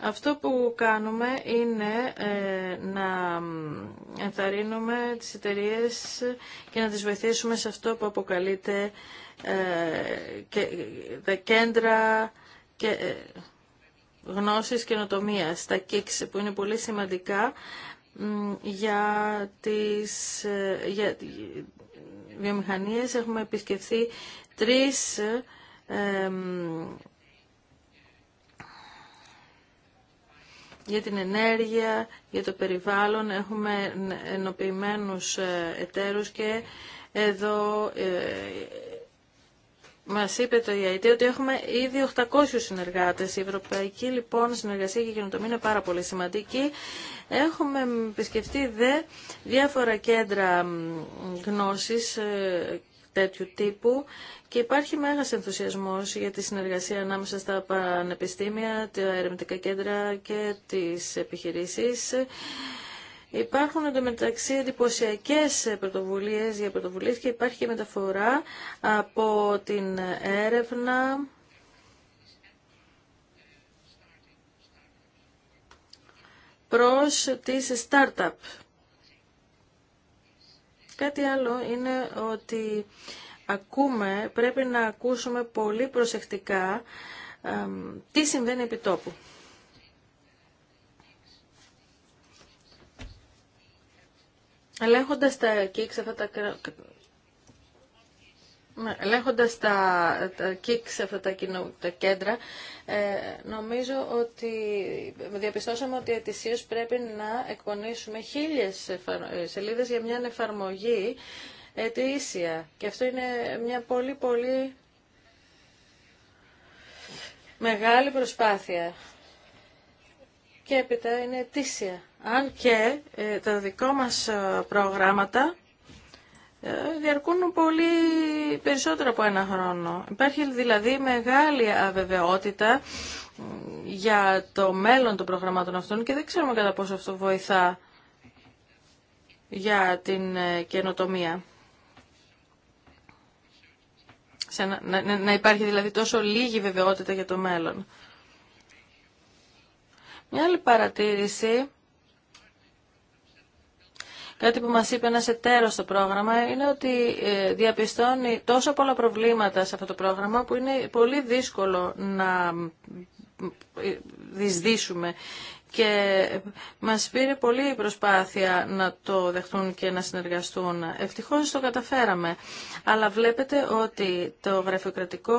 Αυτό που κάνουμε είναι ε, να ενθαρρύνουμε τις εταιρείες και να τις βοηθήσουμε σε αυτό που αποκαλείται τα ε, κέντρα και ε, γνώσης καινοτομία, τα KICS, που είναι πολύ σημαντικά για τις ε, για βιομηχανίες. Έχουμε επισκεφθεί τρεις για την ενέργεια, για το περιβάλλον. Έχουμε ενοποιημένους ε, εταίρους και εδώ ε, μας είπε το ΙΑΙΤ e ότι έχουμε ήδη 800 συνεργάτες. Η ευρωπαϊκή λοιπόν συνεργασία και καινοτομία είναι πάρα πολύ σημαντική. Έχουμε επισκεφτεί δε διάφορα κέντρα γνώσης ε, τέτοιου τύπου και υπάρχει μεγάλος ενθουσιασμός για τη συνεργασία ανάμεσα στα πανεπιστήμια, τα ερευνητικά κέντρα και τις επιχειρήσεις. Υπάρχουν εντωμεταξύ εντυπωσιακέ πρωτοβουλίε για πρωτοβουλίε και υπάρχει και μεταφορά από την έρευνα. προς τις startup. Κάτι άλλο είναι ότι ακούμε, πρέπει να ακούσουμε πολύ προσεκτικά τι συμβαίνει επί τόπου. Ελέγχοντας τα κίξ αυτά τα ναι, τα, τα αυτά τα, κέντρα, ε, νομίζω ότι διαπιστώσαμε ότι ετησίω πρέπει να εκπονήσουμε χίλιε σελίδε για μια εφαρμογή ετήσια. Και αυτό είναι μια πολύ πολύ μεγάλη προσπάθεια. Και έπειτα είναι ετήσια αν και ε, τα δικό μας ε, προγράμματα ε, διαρκούν πολύ περισσότερο από ένα χρόνο. Υπάρχει δηλαδή μεγάλη αβεβαιότητα για το μέλλον των προγραμμάτων αυτών και δεν ξέρουμε κατά πόσο αυτό βοηθά για την καινοτομία. Να υπάρχει δηλαδή τόσο λίγη βεβαιότητα για το μέλλον. Μια άλλη παρατήρηση Κάτι που μας είπε ένας εταίρος στο πρόγραμμα είναι ότι ε, διαπιστώνει τόσο πολλά προβλήματα σε αυτό το πρόγραμμα που είναι πολύ δύσκολο να ε, δυσδύσουμε και μας πήρε πολύ η προσπάθεια να το δεχτούν και να συνεργαστούν. Ευτυχώς το καταφέραμε. Αλλά βλέπετε ότι το γραφειοκρατικό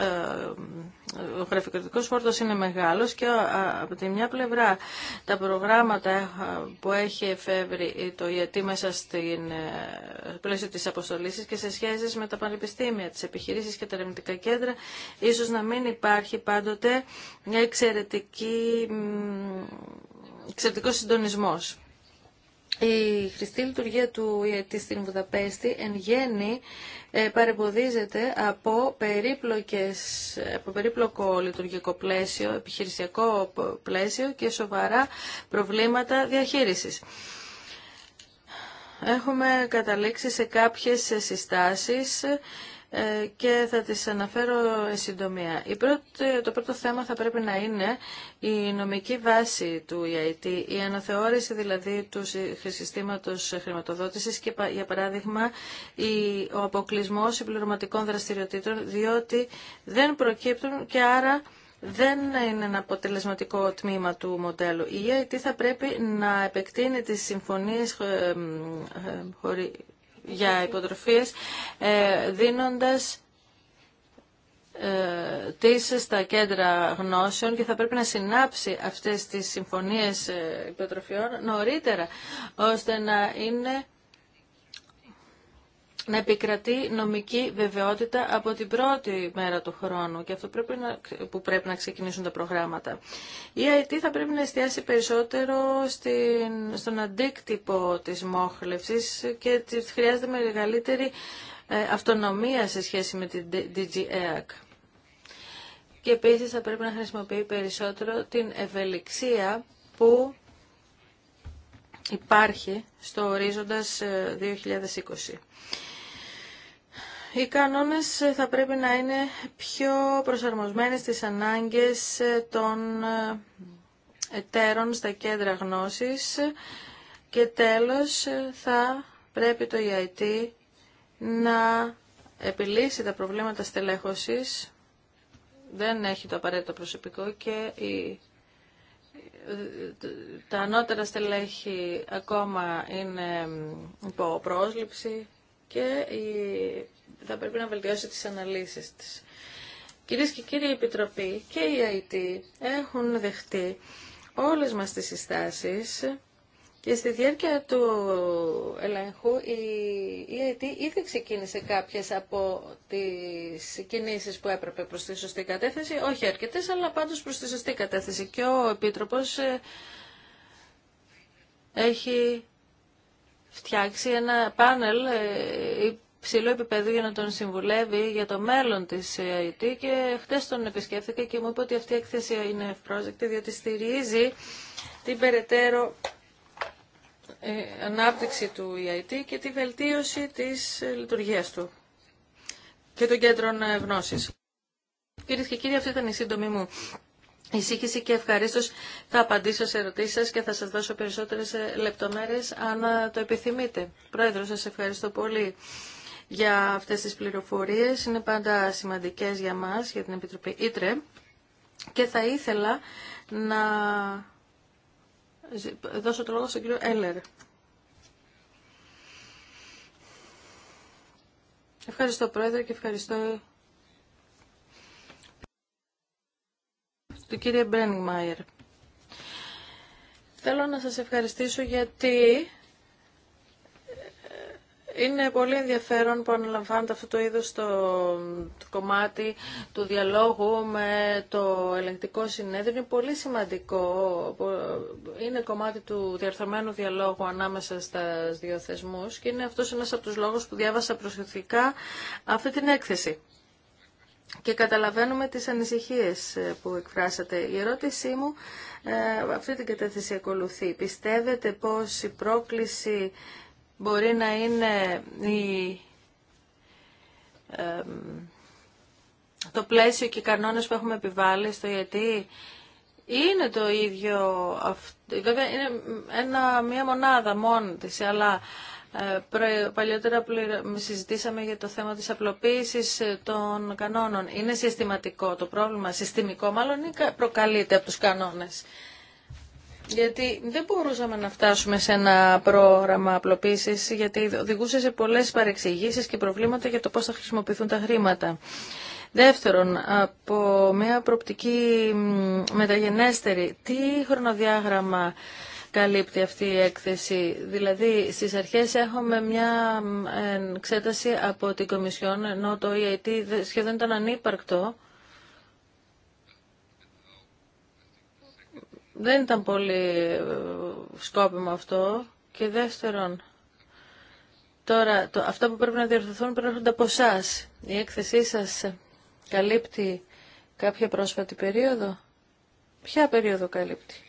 ε, ο γραφειοκρατικός φόρτος είναι μεγάλος και από τη μια πλευρά τα προγράμματα ε, που έχει εφεύρει το ΙΕΤΗ μέσα στην ε, πλαίσιο της αποστολής και σε σχέση με τα πανεπιστήμια, τις επιχειρήσεις και τα ερευνητικά κέντρα ίσως να μην υπάρχει πάντοτε μια εξαιρετική, εξαιρετικός συντονισμός η χρηστή λειτουργία του ΙΕΤΗ στην Βουδαπέστη εν γέννη ε, παρεμποδίζεται από, από περίπλοκο λειτουργικό πλαίσιο, επιχειρησιακό πλαίσιο και σοβαρά προβλήματα διαχείρισης. Έχουμε καταλήξει σε κάποιες συστάσεις ε, και θα τις αναφέρω συντομία. Η πρώτη, το πρώτο θέμα θα πρέπει να είναι η νομική βάση του EIT, η αναθεώρηση δηλαδή του συστήματος χρηματοδότησης και για παράδειγμα ο αποκλεισμό συμπληρωματικών δραστηριοτήτων διότι δεν προκύπτουν και άρα δεν είναι ένα αποτελεσματικό τμήμα του μοντέλου. Η EIT θα πρέπει να επεκτείνει τις συμφωνίες ε, ε, χωρί για υποτροφίες ε, δίνοντας ε, τις στα κέντρα γνώσεων και θα πρέπει να συνάψει αυτές τις συμφωνίες ε, υποτροφιών νωρίτερα ώστε να είναι να επικρατεί νομική βεβαιότητα από την πρώτη μέρα του χρόνου και αυτό πρέπει να, που πρέπει να ξεκινήσουν τα προγράμματα. Η ΑΕΤ θα πρέπει να εστιάσει περισσότερο στον αντίκτυπο της μόχλευσης και χρειάζεται μεγαλύτερη ε, αυτονομία σε σχέση με την DGEAC. Και επίσης θα πρέπει να χρησιμοποιεί περισσότερο την ευελιξία που υπάρχει στο ορίζοντας 2020. Ε, οι κανόνες ε, θα πρέπει να είναι πιο προσαρμοσμένοι στις ανάγκες ε, των ε, εταίρων στα κέντρα γνώσης και τέλος θα πρέπει το EIT να επιλύσει τα προβλήματα στελέχωσης δεν έχει το απαραίτητο προσωπικό και η... τα ανώτερα στελέχη ακόμα είναι υπό πρόσληψη και θα πρέπει να βελτιώσει τις αναλύσεις της. Κυρίες και κύριοι, η Επιτροπή και η ΑΕΤ έχουν δεχτεί όλες μας τις συστάσεις και στη διάρκεια του ελέγχου η ΑΕΤ ήδη ξεκίνησε κάποιες από τις κινήσεις που έπρεπε προς τη σωστή κατεύθυνση, όχι αρκετές, αλλά πάντως προς τη σωστή κατεύθυνση. Και ο Επίτροπος ε, έχει φτιάξει ένα πάνελ ε, υψηλό επίπεδου για να τον συμβουλεύει για το μέλλον της ΑΕΤ και χτες τον επισκέφθηκα και μου είπε ότι αυτή η έκθεση είναι ευπρόσδεκτη διότι στηρίζει την περαιτέρω ε, ανάπτυξη του ε ΙΑΙΤ και τη βελτίωση της λειτουργίας του και των κέντρων γνώσης. Κυρίε και κύριοι, αυτή ήταν η σύντομη μου εισήγηση και ευχαρίστως θα απαντήσω σε ερωτήσεις σας και θα σας δώσω περισσότερες ε, λεπτομέρειες αν ε, το επιθυμείτε. Πρόεδρο, σας ευχαριστώ πολύ για αυτές τις πληροφορίες. Είναι πάντα σημαντικές για μας, για την Επιτροπή Ήτρε. Και θα ήθελα να δώσω το λόγο στον κύριο Έλερ. Ευχαριστώ Πρόεδρε και ευχαριστώ του κύριε Μπένιγμαϊρ. Θέλω να σας ευχαριστήσω γιατί ε, είναι πολύ ενδιαφέρον που αναλαμβάνεται αυτό το είδος το, κομμάτι του διαλόγου με το ελεγκτικό συνέδριο. Είναι πολύ σημαντικό. Είναι κομμάτι του διαρθρωμένου διαλόγου ανάμεσα στα δύο θεσμούς και είναι αυτός ένας από τους λόγους που διάβασα προσεκτικά αυτή την έκθεση και καταλαβαίνουμε τις ανησυχίες ε, που εκφράσατε. Η ερώτησή μου ε, αυτή την κατεύθυνση ακολουθεί. Πιστεύετε πως η πρόκληση μπορεί να είναι η, το πλαίσιο και οι κανόνες που έχουμε επιβάλει στο γιατί είναι το ίδιο, βέβαια είναι ένα, μια μονάδα μόνη της, αλλά ε, παλιότερα συζητήσαμε για το θέμα της απλοποίησης ε, των κανόνων. Είναι συστηματικό το πρόβλημα, συστημικό μάλλον ή προκαλείται από τους κανόνες. Γιατί δεν μπορούσαμε να φτάσουμε σε ένα πρόγραμμα απλοποίησης γιατί οδηγούσε σε πολλές παρεξηγήσεις και προβλήματα για το πώς θα χρησιμοποιηθούν τα χρήματα. Δεύτερον, από μια προπτική μεταγενέστερη, τι χρονοδιάγραμμα καλύπτει αυτή η έκθεση. Δηλαδή, στις αρχές έχουμε μια εξέταση από την Κομισιόν, ενώ το EIT σχεδόν ήταν ανύπαρκτο. Δεν ήταν πολύ ε, σκόπιμο αυτό. Και δεύτερον, τώρα το, αυτά που πρέπει να διορθωθούν έρχονται από εσά. Η έκθεσή σας καλύπτει κάποια πρόσφατη περίοδο. Ποια περίοδο καλύπτει.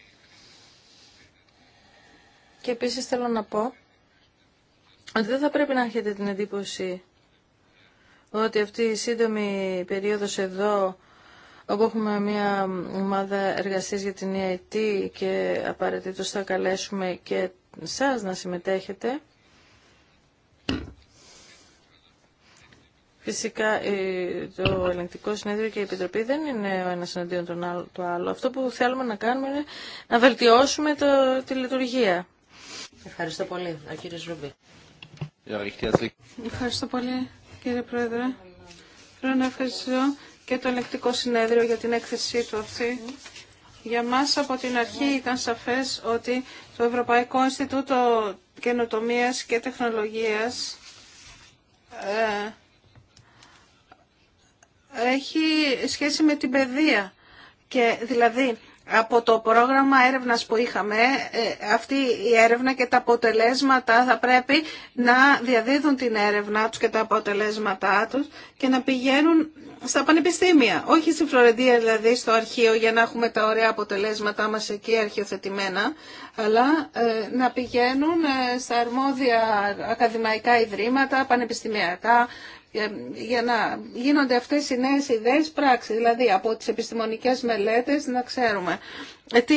Και επίσης θέλω να πω ότι δεν θα πρέπει να έχετε την εντύπωση ότι αυτή η σύντομη περίοδος εδώ όπου έχουμε μια ομάδα εργασίας για την EIT και απαραίτητο θα καλέσουμε και σας να συμμετέχετε. Φυσικά το ελεγκτικό συνέδριο και η Επιτροπή δεν είναι ο ένας εναντίον του άλλου. Αυτό που θέλουμε να κάνουμε είναι να βελτιώσουμε τη λειτουργία Ευχαριστώ πολύ. Ο κύριος Ευχαριστώ πολύ κύριε Πρόεδρε. Θέλω να ευχαριστώ και το ελεκτικό συνέδριο για την έκθεσή του αυτή. Για μας από την αρχή ήταν σαφές ότι το Ευρωπαϊκό Ινστιτούτο Καινοτομίας και Τεχνολογίας ε, έχει σχέση με την παιδεία. Και δηλαδή από το πρόγραμμα έρευνας που είχαμε, ε, αυτή η έρευνα και τα αποτελέσματα θα πρέπει να διαδίδουν την έρευνά τους και τα αποτελέσματά τους και να πηγαίνουν στα πανεπιστήμια. Όχι στη Φλωρεντία δηλαδή στο αρχείο για να έχουμε τα ωραία αποτελέσματά μας εκεί αρχιοθετημένα, αλλά ε, να πηγαίνουν ε, στα αρμόδια ακαδημαϊκά ιδρύματα, πανεπιστημιακά ε, για να γίνονται αυτές οι νέες ιδέες πράξη, δηλαδή από τις επιστημονικές μελέτες να ξέρουμε ε, τι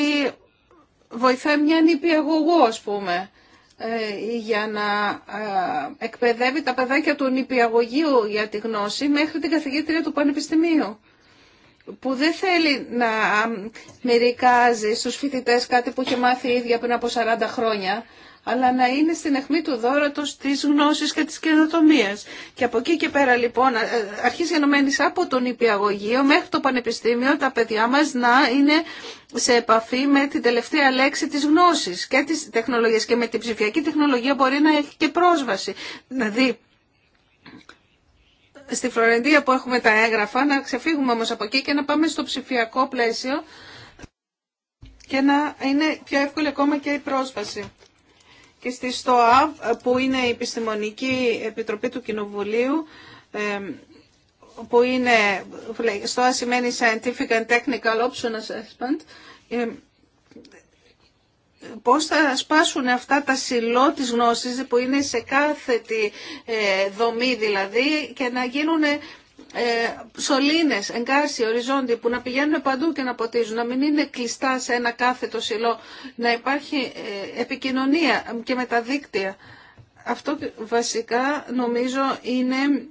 βοηθάει μια νηπιαγωγό ας πούμε ε, για να εκπαιδεύει τα παιδάκια του νηπιαγωγείου για τη γνώση μέχρι την καθηγήτρια του Πανεπιστημίου που δεν θέλει να μερικάζει στους φοιτητές κάτι που είχε μάθει η ίδια πριν από 40 χρόνια αλλά να είναι στην αιχμή του δόρατος της γνώσης και της καινοτομίας. Και από εκεί και πέρα λοιπόν, ε, αρχίζει ενωμένης από τον υπηαγωγείο μέχρι το πανεπιστήμιο, τα παιδιά μας να είναι σε επαφή με την τελευταία λέξη της γνώσης και της τεχνολογίας και με την ψηφιακή τεχνολογία μπορεί να έχει και πρόσβαση. Δηλαδή, στη Φλωρεντία που έχουμε τα έγγραφα, να ξεφύγουμε όμως από εκεί και να πάμε στο ψηφιακό πλαίσιο και να είναι πιο εύκολη ακόμα και η πρόσβαση και στη ΣΤΟΑ που είναι η Επιστημονική Επιτροπή του Κοινοβουλίου που είναι, ΣΤΟΑ σημαίνει Scientific and Technical Option Assessment πώς θα σπάσουν αυτά τα σιλό της γνώσης που είναι σε κάθετη ε, δομή δηλαδή και να γίνουν ε, σωλήνες, εγκάρσιοι, οριζόντιοι που να πηγαίνουν παντού και να ποτίζουν, να μην είναι κλειστά σε ένα κάθετο σιλό, να υπάρχει ε, επικοινωνία και με τα Αυτό βασικά νομίζω είναι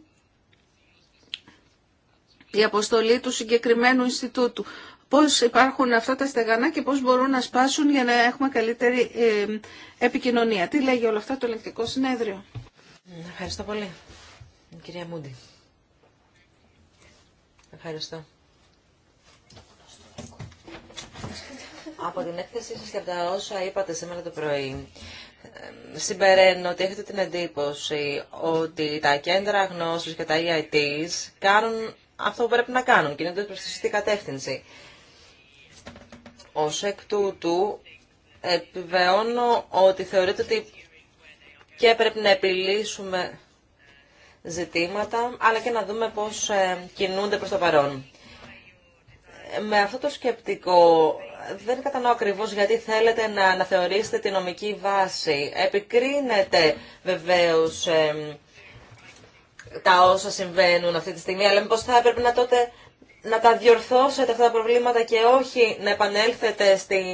η αποστολή του συγκεκριμένου Ινστιτούτου. Πώς υπάρχουν αυτά τα στεγανά και πώς μπορούν να σπάσουν για να έχουμε καλύτερη ε, επικοινωνία. Τι λέγει όλα αυτά το ελεκτικό συνέδριο. Ευχαριστώ πολύ. Κυρία Μούντι. Ευχαριστώ. Από την έκθεσή σας και από τα όσα είπατε σήμερα το πρωί, συμπεραίνω ότι έχετε την εντύπωση ότι τα κέντρα γνώσης και τα EITs κάνουν αυτό που πρέπει να κάνουν, κινούνται προς τη σωστή κατεύθυνση. Ως εκ τούτου, επιβεώνω ότι θεωρείτε ότι και πρέπει να επιλύσουμε ζητήματα, αλλά και να δούμε πώς ε, κινούνται προς το παρόν. Με αυτό το σκεπτικό δεν κατανοώ ακριβώς γιατί θέλετε να αναθεωρήσετε τη νομική βάση. Επικρίνετε βεβαίως ε, τα όσα συμβαίνουν αυτή τη στιγμή, αλλά πώς θα έπρεπε να τότε να τα διορθώσετε αυτά τα προβλήματα και όχι να επανέλθετε στην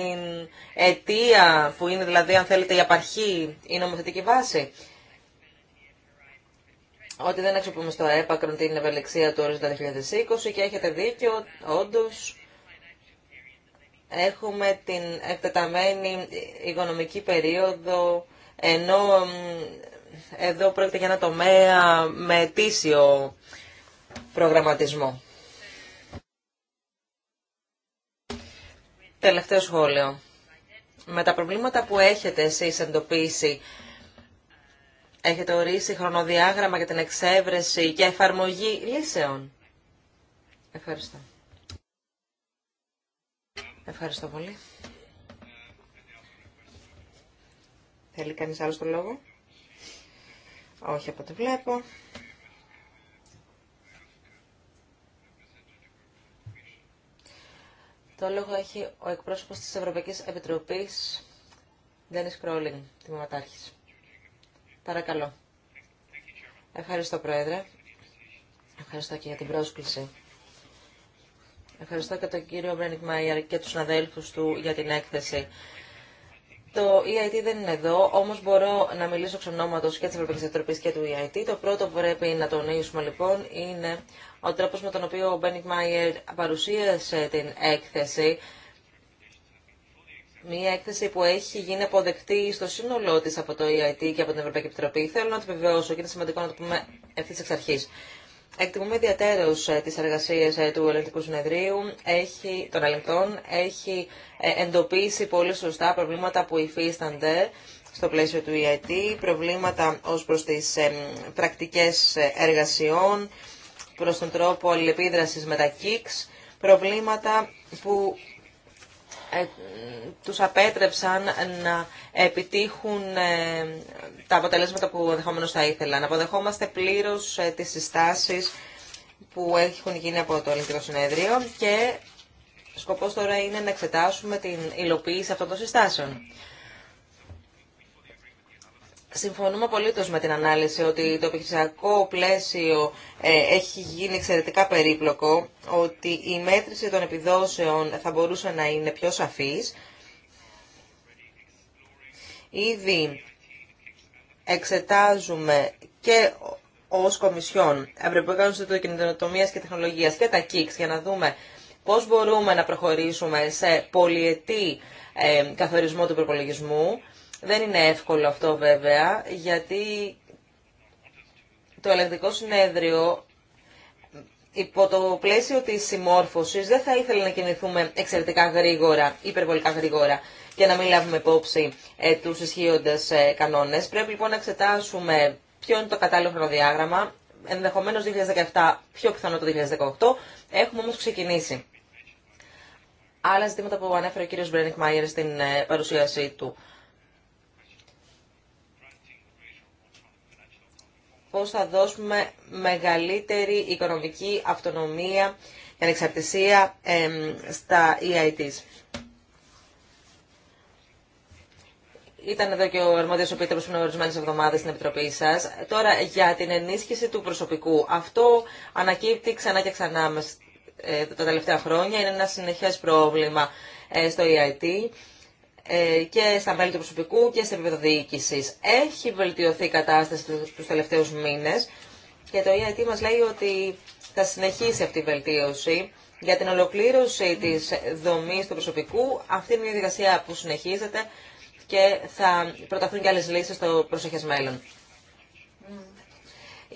αιτία που είναι δηλαδή αν θέλετε η απαρχή, η νομοθετική βάση ότι δεν αξιοποιούμε στο έπακρον την ευελιξία του 2020 και έχετε δίκιο, όντω έχουμε την εκτεταμένη οικονομική περίοδο, ενώ εδώ πρόκειται για ένα τομέα με αιτήσιο προγραμματισμό. Τελευταίο σχόλιο. Με τα προβλήματα που έχετε εσείς εντοπίσει Έχετε ορίσει χρονοδιάγραμμα για την εξέβρεση και εφαρμογή λύσεων. Ευχαριστώ. Ευχαριστώ πολύ. Θέλει κανείς άλλο το λόγο. Όχι από ό,τι βλέπω. Το λόγο έχει ο εκπρόσωπος της Ευρωπαϊκής Επιτροπής, Ντένις Κρόλιν, τιμωματάρχης. Παρακαλώ. Ευχαριστώ, Πρόεδρε. Ευχαριστώ και για την πρόσκληση. Ευχαριστώ και τον κύριο Μπρένικ Μάιερ και τους αδέλφους του για την έκθεση. Το EIT δεν είναι εδώ, όμως μπορώ να μιλήσω εξ και της Ευρωπαϊκή Επιτροπή και του EIT. Το πρώτο που πρέπει να τονίσουμε λοιπόν είναι ο τρόπος με τον οποίο ο Μπένικ Μάιερ παρουσίασε την έκθεση Μία έκθεση που έχει γίνει αποδεκτή στο σύνολό τη από το EIT και από την Ευρωπαϊκή Επιτροπή. Θέλω να το επιβεβαιώσω και είναι σημαντικό να το πούμε ευθύ εξ αρχή. Εκτιμούμε ιδιαίτερω ε, τι εργασίε ε, του Ελληνικού Συνεδρίου έχει, των Ελληνικών. Έχει ε, εντοπίσει πολύ σωστά προβλήματα που υφίστανται στο πλαίσιο του EIT, προβλήματα ω προ τι πρακτικέ εργασιών, προ τον τρόπο αλληλεπίδραση με τα KICS, προβλήματα που ε, τους απέτρεψαν να επιτύχουν ε, τα αποτελέσματα που δεχόμενος θα ήθελαν. Αποδεχόμαστε πλήρως ε, τις συστάσεις που έχουν γίνει από το Ελληνικό Συνέδριο και σκοπός τώρα είναι να εξετάσουμε την υλοποίηση αυτών των συστάσεων. Συμφωνούμε απολύτω με την ανάλυση ότι το επιχειρησιακό πλαίσιο ε, έχει γίνει εξαιρετικά περίπλοκο, ότι η μέτρηση των επιδόσεων θα μπορούσε να είναι πιο σαφής. Ήδη εξετάζουμε και ως Κομισιόν, Ευρωπαϊκό Ινστιτούτο Κινητοτομίας και Τεχνολογίας και τα ΚΙΚΣ για να δούμε πώς μπορούμε να προχωρήσουμε σε πολυετή ε, καθορισμό του προπολογισμού δεν είναι εύκολο αυτό βέβαια, γιατί το ελεγκτικό συνέδριο υπό το πλαίσιο της συμμόρφωσης δεν θα ήθελε να κινηθούμε εξαιρετικά γρήγορα, υπερβολικά γρήγορα και να μην λάβουμε υπόψη ε, τους ισχύοντες ε, κανόνες. Πρέπει λοιπόν να εξετάσουμε ποιο είναι το κατάλληλο χρονοδιάγραμμα, ενδεχομένως 2017, πιο πιθανό το 2018. Έχουμε όμως ξεκινήσει. Άλλα ζητήματα που ανέφερε ο κύριος Μπρένικ Μάιερ στην ε, παρουσίασή του. πώς θα δώσουμε μεγαλύτερη οικονομική αυτονομία και ανεξαρτησία στα EITs. Ήταν εδώ και ο Ερμόδιος Επίτροπος είναι ορισμένες εβδομάδες στην Επιτροπή σας. Τώρα για την ενίσχυση του προσωπικού. Αυτό ανακύπτει ξανά και ξανά ε, τα τελευταία χρόνια. Είναι ένα συνεχές πρόβλημα ε, στο EIT. Ε, και στα μέλη του προσωπικού και σε επίπεδο διοίκηση. Έχει βελτιωθεί η κατάσταση του τελευταίου μήνε και το EIT μα λέει ότι θα συνεχίσει αυτή η βελτίωση. Για την ολοκλήρωση τη δομή του προσωπικού, αυτή είναι μια διαδικασία που συνεχίζεται και θα προταθούν και άλλε λύσει στο προσεχέ μέλλον.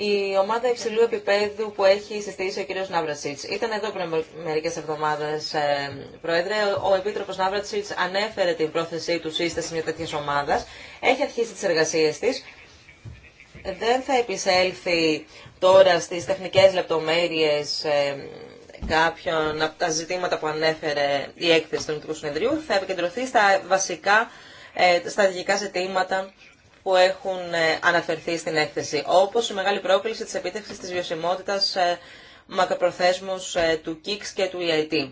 Η ομάδα υψηλού επίπεδου που έχει συστήσει ο κ. Ναύρατσιτ ήταν εδώ πριν μερικέ εβδομάδε, ε, Πρόεδρε. Ο Επίτροπο Ναύρατσιτ ανέφερε την πρόθεσή του σύσταση μια τέτοια ομάδα. Έχει αρχίσει τι εργασίε τη. Δεν θα επισέλθει τώρα στι τεχνικέ λεπτομέρειε ε, κάποιον από τα ζητήματα που ανέφερε η έκθεση του Ελληνικού Συνεδρίου. Θα επικεντρωθεί στα βασικά ε, στρατηγικά ζητήματα που έχουν ε, αναφερθεί στην έκθεση, όπως η μεγάλη πρόκληση της επίτευξης της βιωσιμότητας ε, μακροπροθέσμους ε, του ΚΙΚΣ και του EIT,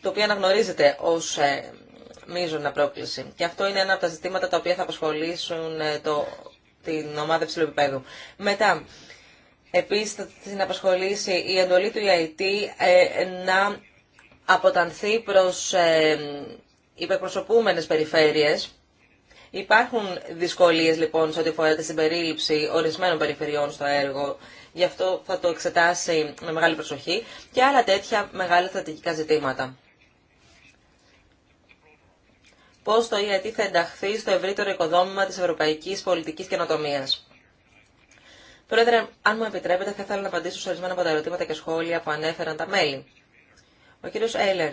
το οποίο αναγνωρίζεται ως μείζωνα πρόκληση. Και αυτό είναι ένα από τα ζητήματα τα οποία θα απασχολήσουν την ομάδα υψηλού επίπεδου. Μετά, επίσης θα την απασχολήσει η εντολή του EIT να αποτανθεί προς ε, υπερπροσωπούμενες περιφέρειες Υπάρχουν δυσκολίες λοιπόν σε ό,τι αφορά τη συμπερίληψη ορισμένων περιφερειών στο έργο. Γι' αυτό θα το εξετάσει με μεγάλη προσοχή και άλλα τέτοια μεγάλα στρατηγικά ζητήματα. Πώ το ΙΑΤ θα ενταχθεί στο ευρύτερο οικοδόμημα τη Ευρωπαϊκή Πολιτική καινοτομία. Πρόεδρε, αν μου επιτρέπετε, θα ήθελα να απαντήσω σε ορισμένα από τα ερωτήματα και σχόλια που ανέφεραν τα μέλη. Ο κύριος Έλλερ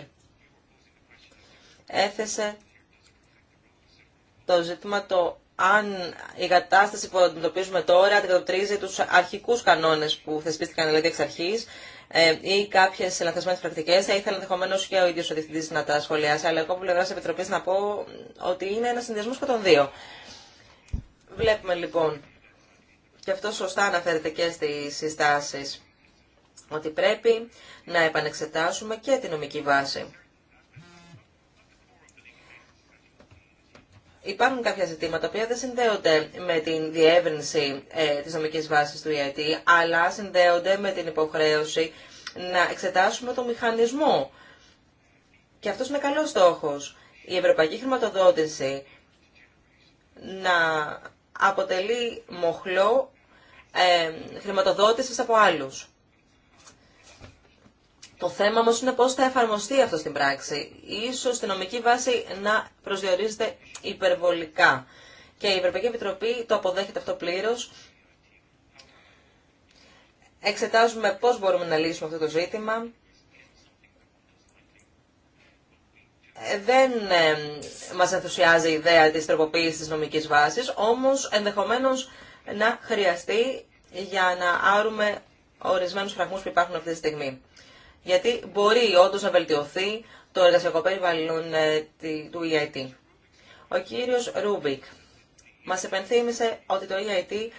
έθεσε το ζήτημα το αν η κατάσταση που αντιμετωπίζουμε τώρα αντικατοπτρίζει τους αρχικούς κανόνες που θεσπίστηκαν δηλαδή εξ αρχής ε, ή κάποιε λανθασμένε πρακτικέ. Θα ήθελα ενδεχομένω και ο ίδιο ο διευθυντή να τα σχολιάσει, αλλά εγώ από πλευρά τη Επιτροπή να πω ότι είναι ένα συνδυασμό και των δύο. Βλέπουμε λοιπόν, και αυτό σωστά αναφέρεται και στι συστάσει, ότι πρέπει να επανεξετάσουμε και τη νομική βάση. Υπάρχουν κάποια ζητήματα που δεν συνδέονται με την διεύρυνση ε, της νομικής βάσης του ΙΑΤ, e αλλά συνδέονται με την υποχρέωση να εξετάσουμε το μηχανισμό. Και αυτός είναι καλός στόχος. Η ευρωπαϊκή χρηματοδότηση να αποτελεί μοχλό ε, χρηματοδότησης από άλλους. Το θέμα όμω είναι πώς θα εφαρμοστεί αυτό στην πράξη. Ίσως στη νομική βάση να προσδιορίζεται υπερβολικά. Και η Ευρωπαϊκή Επιτροπή το αποδέχεται αυτό πλήρω. Εξετάζουμε πώς μπορούμε να λύσουμε αυτό το ζήτημα. Ε, δεν ε, μας ενθουσιάζει η ιδέα της τροποποίησης της νομικής βάσης, όμως ενδεχομένως να χρειαστεί για να άρουμε ορισμένους φραγμούς που υπάρχουν αυτή τη στιγμή γιατί μπορεί όντω να βελτιωθεί το εργασιακό περιβάλλον ε, του EIT. Ο κύριος Ρούμπικ μας επενθύμησε ότι το EIT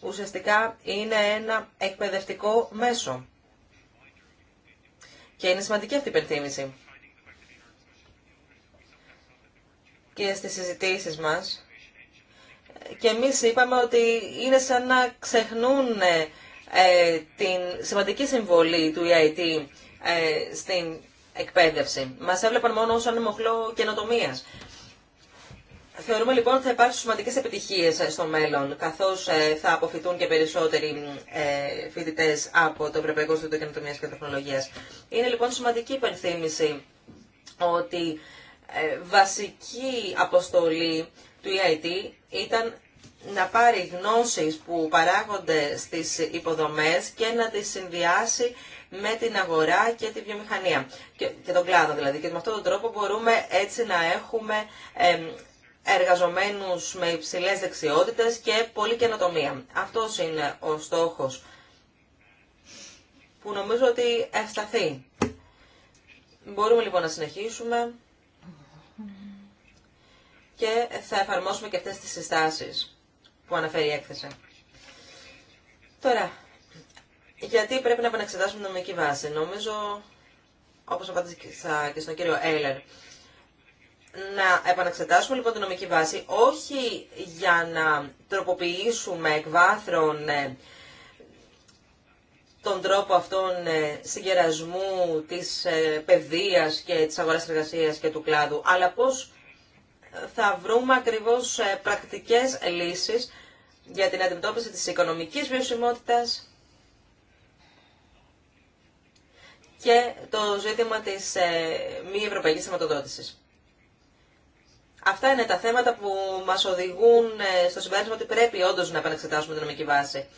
ουσιαστικά είναι ένα εκπαιδευτικό μέσο. Και είναι σημαντική αυτή η υπενθύμηση. Και στις συζητήσεις μας, ε, και εμείς είπαμε ότι είναι σαν να ξεχνούν ε, ε, την σημαντική συμβολή του EIT ε, στην εκπαίδευση. Μας έβλεπαν μόνο ως μοχλό καινοτομία. Θεωρούμε λοιπόν ότι θα υπάρξουν σημαντικέ επιτυχίε ε, στο μέλλον, καθώ θα αποφυτούν και περισσότεροι φοιτητέ από το Ευρωπαϊκό Ινστιτούτο Καινοτομία και Τεχνολογία. Είναι λοιπόν σημαντική υπενθύμηση ότι βασική αποστολή του EIT ήταν να πάρει γνώσεις που παράγονται στις υποδομές και να τις συνδυάσει με την αγορά και τη βιομηχανία και, και τον κλάδο δηλαδή. Και με αυτόν τον τρόπο μπορούμε έτσι να έχουμε ε, εργαζομένους με υψηλές δεξιότητες και πολλή καινοτομία. Αυτός είναι ο στόχος που νομίζω ότι ευσταθεί. Μπορούμε λοιπόν να συνεχίσουμε και θα εφαρμόσουμε και αυτές τις συστάσεις που αναφέρει η έκθεση. Τώρα, γιατί πρέπει να επαναξετάσουμε την νομική βάση. Νομίζω, όπως απάντησα και στον κύριο Έιλερ, να επαναξετάσουμε λοιπόν την νομική βάση, όχι για να τροποποιήσουμε εκ βάθρων ε, τον τρόπο αυτόν ε, συγκερασμού της ε, παιδείας και της αγοράς εργασίας και του κλάδου, αλλά πώς θα βρούμε ακριβώς ε, πρακτικές λύσεις για την αντιμετώπιση της οικονομικής βιωσιμότητας και το ζήτημα της ε, μη ευρωπαϊκής θεματοδότησης. Αυτά είναι τα θέματα που μας οδηγούν ε, στο συμπέρασμα ότι πρέπει όντως να επανεξετάσουμε την νομική βάση.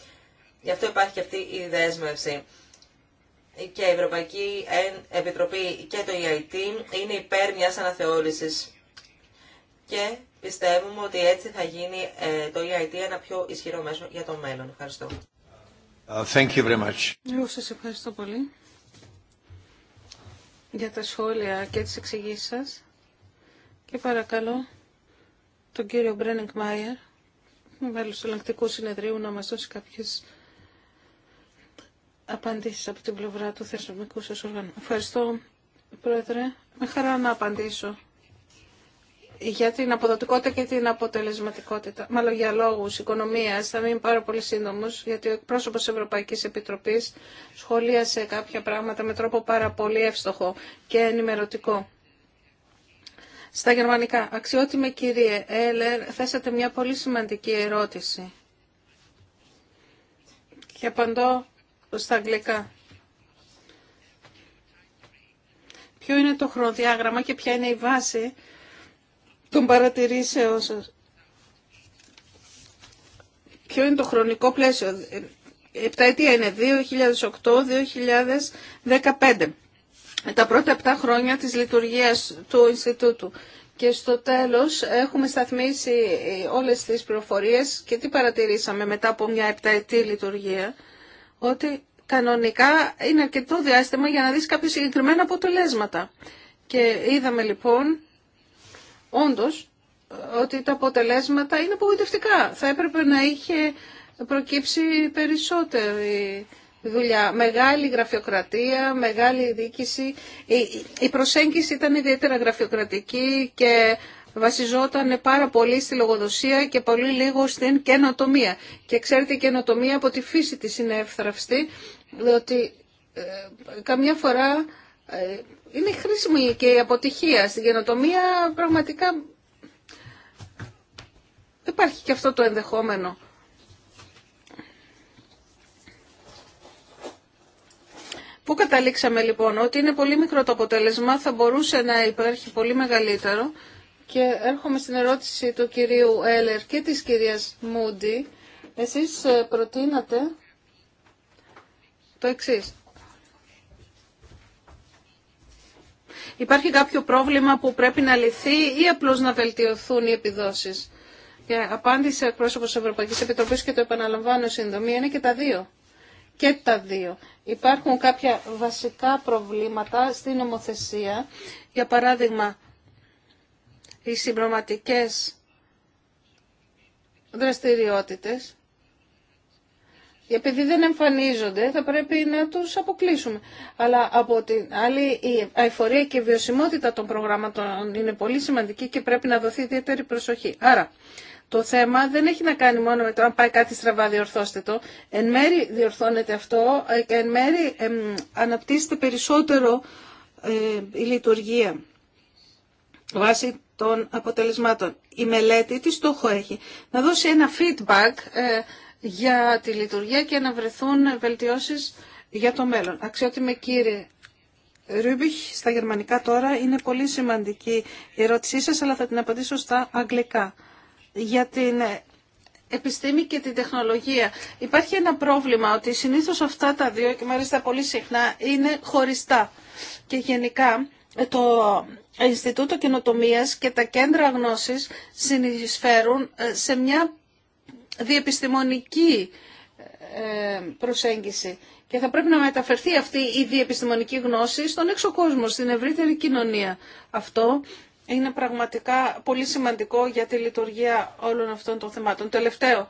Γι' αυτό υπάρχει και αυτή η δέσμευση. Και η Ευρωπαϊκή Επιτροπή και το EIT είναι υπέρ μιας αναθεώρησης και πιστεύουμε ότι έτσι θα γίνει ε, το EIT ένα πιο ισχυρό μέσο για το μέλλον. Ευχαριστώ. Uh, thank you very much. Εγώ σας ευχαριστώ πολύ για τα σχόλια και τις εξηγήσεις σας και παρακαλώ τον κύριο Μπρένιγκ Μάιερ, μέλος του Ελεγκτικού Συνεδρίου, να μας δώσει κάποιες απαντήσεις από την πλευρά του θεσμικού σας οργάνου. Ευχαριστώ, Πρόεδρε. Με χαρά να απαντήσω για την αποδοτικότητα και την αποτελεσματικότητα. Μάλλον για λόγου οικονομία, θα μην πάρα πολύ σύντομο, γιατί ο εκπρόσωπο Ευρωπαϊκή Επιτροπή σχολίασε κάποια πράγματα με τρόπο πάρα πολύ εύστοχο και ενημερωτικό. Στα γερμανικά, αξιότιμε κύριε Έλερ, θέσατε μια πολύ σημαντική ερώτηση. Και απαντώ στα αγγλικά. Ποιο είναι το χρονοδιάγραμμα και ποια είναι η βάση τον παρατηρήσεών σας. Ποιο είναι το χρονικό πλαίσιο. αιτία είναι 2008-2015. Τα πρώτα επτά χρόνια της λειτουργίας του Ινστιτούτου. Και στο τέλος έχουμε σταθμίσει όλες τις πληροφορίες και τι παρατηρήσαμε μετά από μια επταετή λειτουργία. Ότι κανονικά είναι αρκετό διάστημα για να δεις κάποια συγκεκριμένα αποτελέσματα. Και είδαμε λοιπόν όντως ότι τα αποτελέσματα είναι απογοητευτικά. Θα έπρεπε να είχε προκύψει περισσότερη δουλειά. Μεγάλη γραφειοκρατία, μεγάλη δίκηση. Η προσέγγιση ήταν ιδιαίτερα γραφειοκρατική και βασιζόταν πάρα πολύ στη λογοδοσία και πολύ λίγο στην καινοτομία. Και ξέρετε, η καινοτομία από τη φύση της είναι εύθραυστη, διότι ε, καμιά φορά ε, είναι χρήσιμη και η αποτυχία. Στην καινοτομία πραγματικά υπάρχει και αυτό το ενδεχόμενο. Πού καταλήξαμε λοιπόν, ότι είναι πολύ μικρό το αποτέλεσμα, θα μπορούσε να υπάρχει πολύ μεγαλύτερο και έρχομαι στην ερώτηση του κυρίου Έλερ και της κυρίας Μούντι. Εσείς ε, προτείνατε το εξής. Υπάρχει κάποιο πρόβλημα που πρέπει να λυθεί ή απλώς να βελτιωθούν οι επιδόσεις. Και απάντησε πρόσωπος της Ευρωπαϊκή Επιτροπής και το επαναλαμβάνω σύντομη, είναι και τα δύο. Και τα δύο. Υπάρχουν κάποια βασικά προβλήματα στην νομοθεσία. Για παράδειγμα, οι συμπροματικές δραστηριότητες επειδή δεν εμφανίζονται θα πρέπει να τους αποκλείσουμε. Αλλά από την άλλη η αηφορία και η βιωσιμότητα των προγράμματων είναι πολύ σημαντική και πρέπει να δοθεί ιδιαίτερη προσοχή. Άρα το θέμα δεν έχει να κάνει μόνο με το αν πάει κάτι στραβά διορθώστε το. Εν μέρη διορθώνεται αυτό και εν μέρη αναπτύσσεται περισσότερο ε, η λειτουργία βάσει των αποτελεσμάτων. Η μελέτη τι στόχο έχει. Να δώσει ένα feedback ε, για τη λειτουργία και να βρεθούν βελτιώσεις για το μέλλον. Αξιότιμε κύριε Ρούμπιχ, στα γερμανικά τώρα είναι πολύ σημαντική η ερώτησή σας, αλλά θα την απαντήσω στα αγγλικά. Για την επιστήμη και την τεχνολογία. Υπάρχει ένα πρόβλημα ότι συνήθως αυτά τα δύο και μάλιστα πολύ συχνά είναι χωριστά. Και γενικά το Ινστιτούτο καινοτομία και τα κέντρα γνώσης συνεισφέρουν ε, σε μια διεπιστημονική ε, προσέγγιση και θα πρέπει να μεταφερθεί αυτή η διεπιστημονική γνώση στον έξω κόσμο, στην ευρύτερη κοινωνία. Αυτό είναι πραγματικά πολύ σημαντικό για τη λειτουργία όλων αυτών των θεμάτων. Τελευταίο,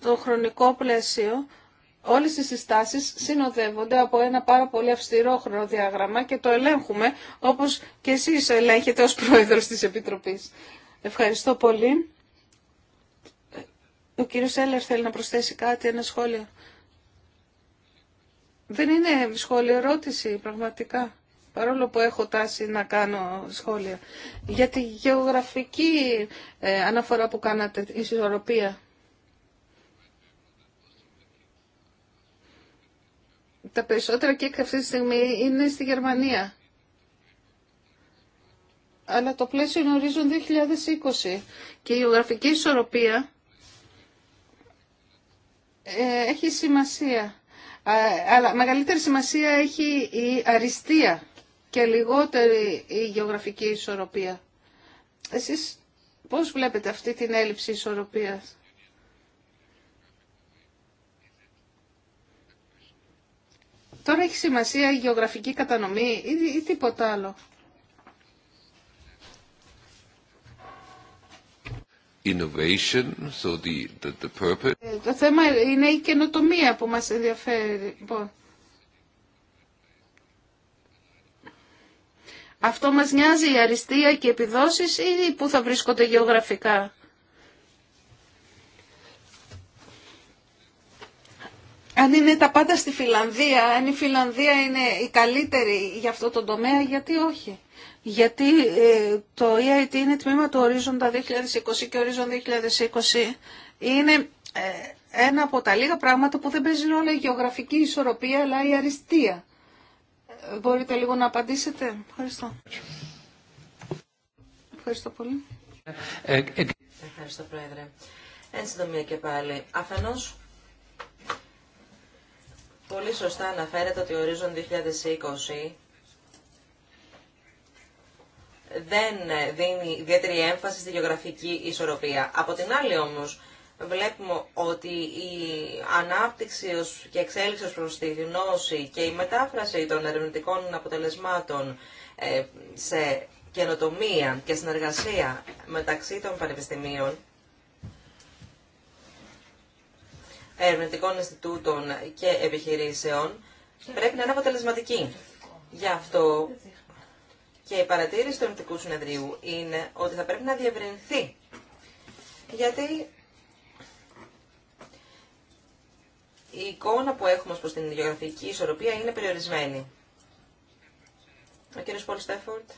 το, χρονικό πλαίσιο, όλες οι συστάσεις συνοδεύονται από ένα πάρα πολύ αυστηρό χρονοδιάγραμμα και το ελέγχουμε όπως και εσείς ελέγχετε ως πρόεδρος της Επιτροπής. Ευχαριστώ πολύ. Ο κύριο Έλλερ θέλει να προσθέσει κάτι, ένα σχόλιο. Δεν είναι σχόλιο ερώτηση πραγματικά, παρόλο που έχω τάση να κάνω σχόλια. Για τη γεωγραφική ε, αναφορά που κάνατε, η ισορροπία. Τα περισσότερα και αυτή τη στιγμή είναι στη Γερμανία. Αλλά το πλαίσιο είναι ορίζον 2020 και η γεωγραφική ισορροπία ε, έχει σημασία. Αλλά μεγαλύτερη σημασία έχει η αριστεία και λιγότερη η γεωγραφική ισορροπία. Εσείς πώς βλέπετε αυτή την έλλειψη ισορροπίας. Τώρα έχει σημασία η γεωγραφική κατανομή ή, ή τίποτα άλλο. innovation, so the, the, the purpose. Ε, το θέμα είναι η καινοτομία που μας ενδιαφέρει. Λοιπόν. Αυτό μας νοιάζει η αριστεία και οι επιδόσεις ή που θα βρίσκονται γεωγραφικά. Αν είναι τα πάντα στη Φιλανδία, αν η Φιλανδία είναι η καλύτερη για αυτό το τομέα, γιατί όχι γιατί ε, το EIT είναι τμήμα του ορίζοντα 2020 και ορίζοντα 2020 είναι ε, ένα από τα λίγα πράγματα που δεν παίζει ρόλο η γεωγραφική ισορροπία αλλά η αριστεία. Ε, μπορείτε λίγο να απαντήσετε. Ευχαριστώ. Ευχαριστώ πολύ. Ευχαριστώ Πρόεδρε. Εν συντομία και πάλι. Αφενός, πολύ σωστά αναφέρεται ότι ο ορίζον 2020 δεν δίνει ιδιαίτερη έμφαση στη γεωγραφική ισορροπία. Από την άλλη όμως, βλέπουμε ότι η ανάπτυξη και εξέλιξη προς τη γνώση και η μετάφραση των ερευνητικών αποτελεσμάτων ε, σε καινοτομία και συνεργασία μεταξύ των πανεπιστημίων, ερευνητικών Ινστιτούτων και επιχειρήσεων πρέπει να είναι αποτελεσματική. Γι' αυτό και η παρατήρηση του Ελληνικού Συνεδρίου είναι ότι θα πρέπει να διευρυνθεί. Γιατί η εικόνα που έχουμε προς την γεωγραφική ισορροπία είναι περιορισμένη. Ο κ. Πολ Στέφορτ,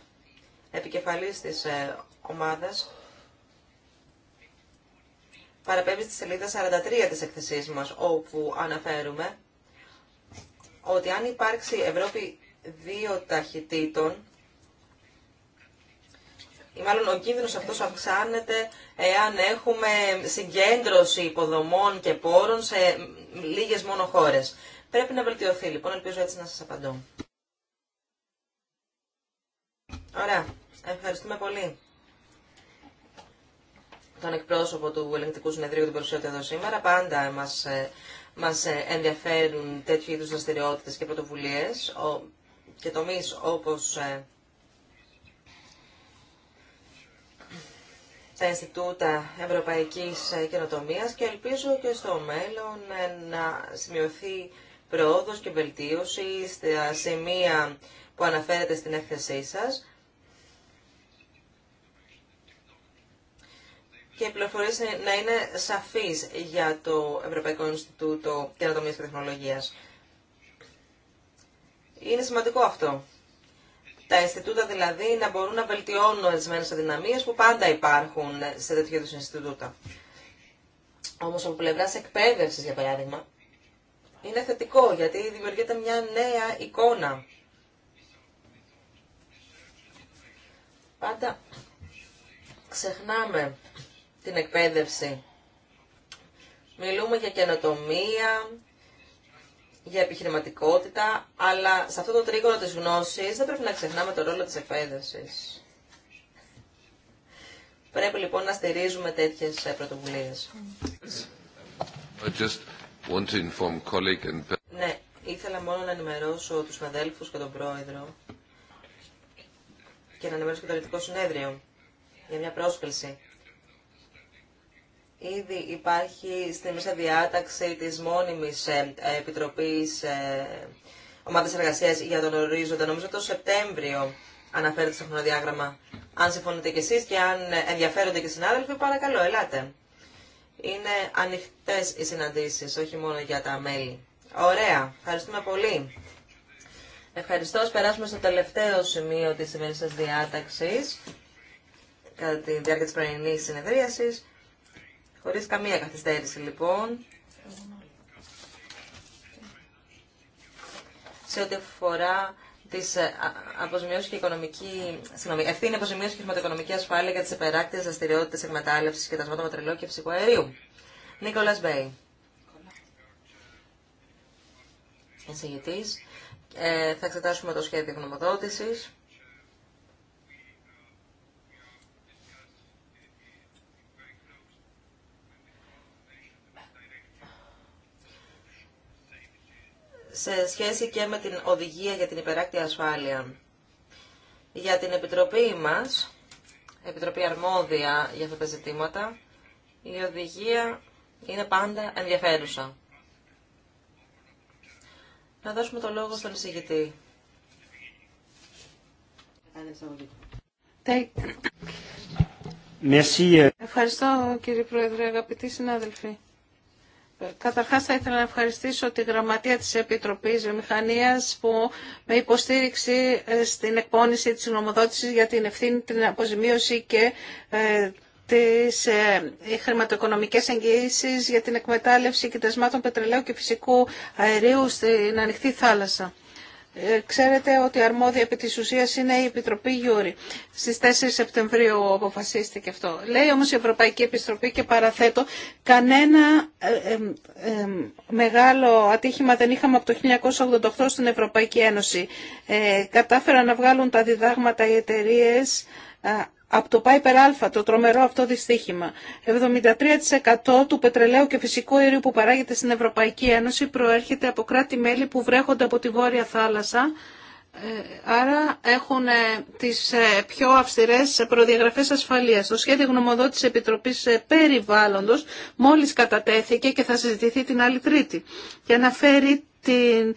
επικεφαλής της ε, ομάδας, παραπέμπει στη σελίδα 43 της εκθεσής μας, όπου αναφέρουμε ότι αν υπάρξει Ευρώπη δύο ταχυτήτων, ή μάλλον ο κίνδυνος αυτός αυξάνεται εάν έχουμε συγκέντρωση υποδομών και πόρων σε λίγες μόνο χώρες. Πρέπει να βελτιωθεί λοιπόν, ελπίζω έτσι να σας απαντώ. Ωραία, ευχαριστούμε πολύ τον εκπρόσωπο του Ελεγκτικού Συνεδρίου του Περισσότερου εδώ σήμερα. Πάντα μας, ε, μας ε, ενδιαφέρουν τέτοιου είδους δραστηριότητε και πρωτοβουλίες και τομείς όπως ε, στα Ινστιτούτα Ευρωπαϊκής ε, Καινοτομίας και ελπίζω και στο μέλλον ε, να σημειωθεί πρόοδος και βελτίωση στα σημεία που αναφέρετε στην έκθεσή σας. Και οι να είναι σαφείς για το Ευρωπαϊκό Ινστιτούτο Καινοτομίας και Τεχνολογίας. Είναι σημαντικό αυτό τα Ινστιτούτα δηλαδή να μπορούν να βελτιώνουν ορισμένε αδυναμίε που πάντα υπάρχουν σε τέτοιου είδου Ινστιτούτα. Όμω από πλευρά εκπαίδευση, για παράδειγμα, είναι θετικό γιατί δημιουργείται μια νέα εικόνα. Πάντα ξεχνάμε την εκπαίδευση. Μιλούμε για καινοτομία, για επιχειρηματικότητα, αλλά σε αυτό το τρίγωνο της γνώσης δεν πρέπει να ξεχνάμε το ρόλο της εκπαίδευσης. Πρέπει λοιπόν να στηρίζουμε τέτοιες ε, πρωτοβουλίες. Ναι, ήθελα μόνο να ενημερώσω τους αδέλφους και τον πρόεδρο και να ενημερώσω και το ελληνικό συνέδριο για μια πρόσκληση Ήδη υπάρχει στη μέσα διάταξη της μόνιμης ε, Επιτροπής ε, Ομάδας Εργασίας για τον Ορίζοντα. Νομίζω το Σεπτέμβριο αναφέρεται στο χρονοδιάγραμμα. Αν συμφωνείτε κι εσείς και αν ενδιαφέρονται και οι συνάδελφοι, παρακαλώ, ελάτε. Είναι ανοιχτές οι συναντήσεις, όχι μόνο για τα μέλη. Ωραία, ευχαριστούμε πολύ. Ευχαριστώ, Ας περάσουμε στο τελευταίο σημείο της σημερινής διάταξης κατά τη διάρκεια της πρωινή συνεδρίασης Χωρίς καμία καθυστέρηση λοιπόν. Σε ό,τι αφορά τι ε, αποζημιώσεις και οικονομική. Συγγνώμη, ευθύνη αποζημιώσεις και χρηματοοικονομική ασφάλεια για τις επεράκτητε δραστηριότητες εκμετάλλευσης και τα σβάτα μετρελαίου και φυσικού αερίου. Νίκολα Μπέι. Εισηγητή. Ε, θα εξετάσουμε το σχέδιο γνωμοδότησης. σε σχέση και με την οδηγία για την υπεράκτη ασφάλεια. Για την Επιτροπή μας, Επιτροπή Αρμόδια για αυτά τα ζητήματα, η οδηγία είναι πάντα ενδιαφέρουσα. Να δώσουμε το λόγο στον εισηγητή. Ευχαριστώ κύριε Πρόεδρε, αγαπητοί συνάδελφοι. Καταρχάς θα ήθελα να ευχαριστήσω τη Γραμματεία της Επιτροπής Βιομηχανίας που με υποστήριξη ε, στην εκπόνηση της νομοδότησης για την ευθύνη, την αποζημίωση και ε, τις ε, χρηματοοικονομικές εγγυήσεις για την εκμετάλλευση κοιτασμάτων πετρελαίου και φυσικού αερίου στην ανοιχτή θάλασσα. Ε, ξέρετε ότι αρμόδια επί της ουσίας είναι η Επιτροπή Γιούρι. Στις 4 Σεπτεμβρίου αποφασίστηκε αυτό. Λέει όμως η Ευρωπαϊκή Επιστροπή και παραθέτω, κανένα ε, ε, μεγάλο ατύχημα δεν είχαμε από το 1988 στην Ευρωπαϊκή Ένωση. Ε, κατάφεραν να βγάλουν τα διδάγματα οι εταιρείε από το Piper Alpha, το τρομερό αυτό δυστύχημα. 73% του πετρελαίου και φυσικού αερίου που παράγεται στην Ευρωπαϊκή Ένωση προέρχεται από κράτη-μέλη που βρέχονται από τη Βόρεια Θάλασσα, ε, άρα έχουν ε, τις ε, πιο αυστηρές προδιαγραφές ασφαλείας. Το σχέδιο γνωμοδότης Επιτροπής Περιβάλλοντος μόλις κατατέθηκε και θα συζητηθεί την άλλη Τρίτη και αναφέρει την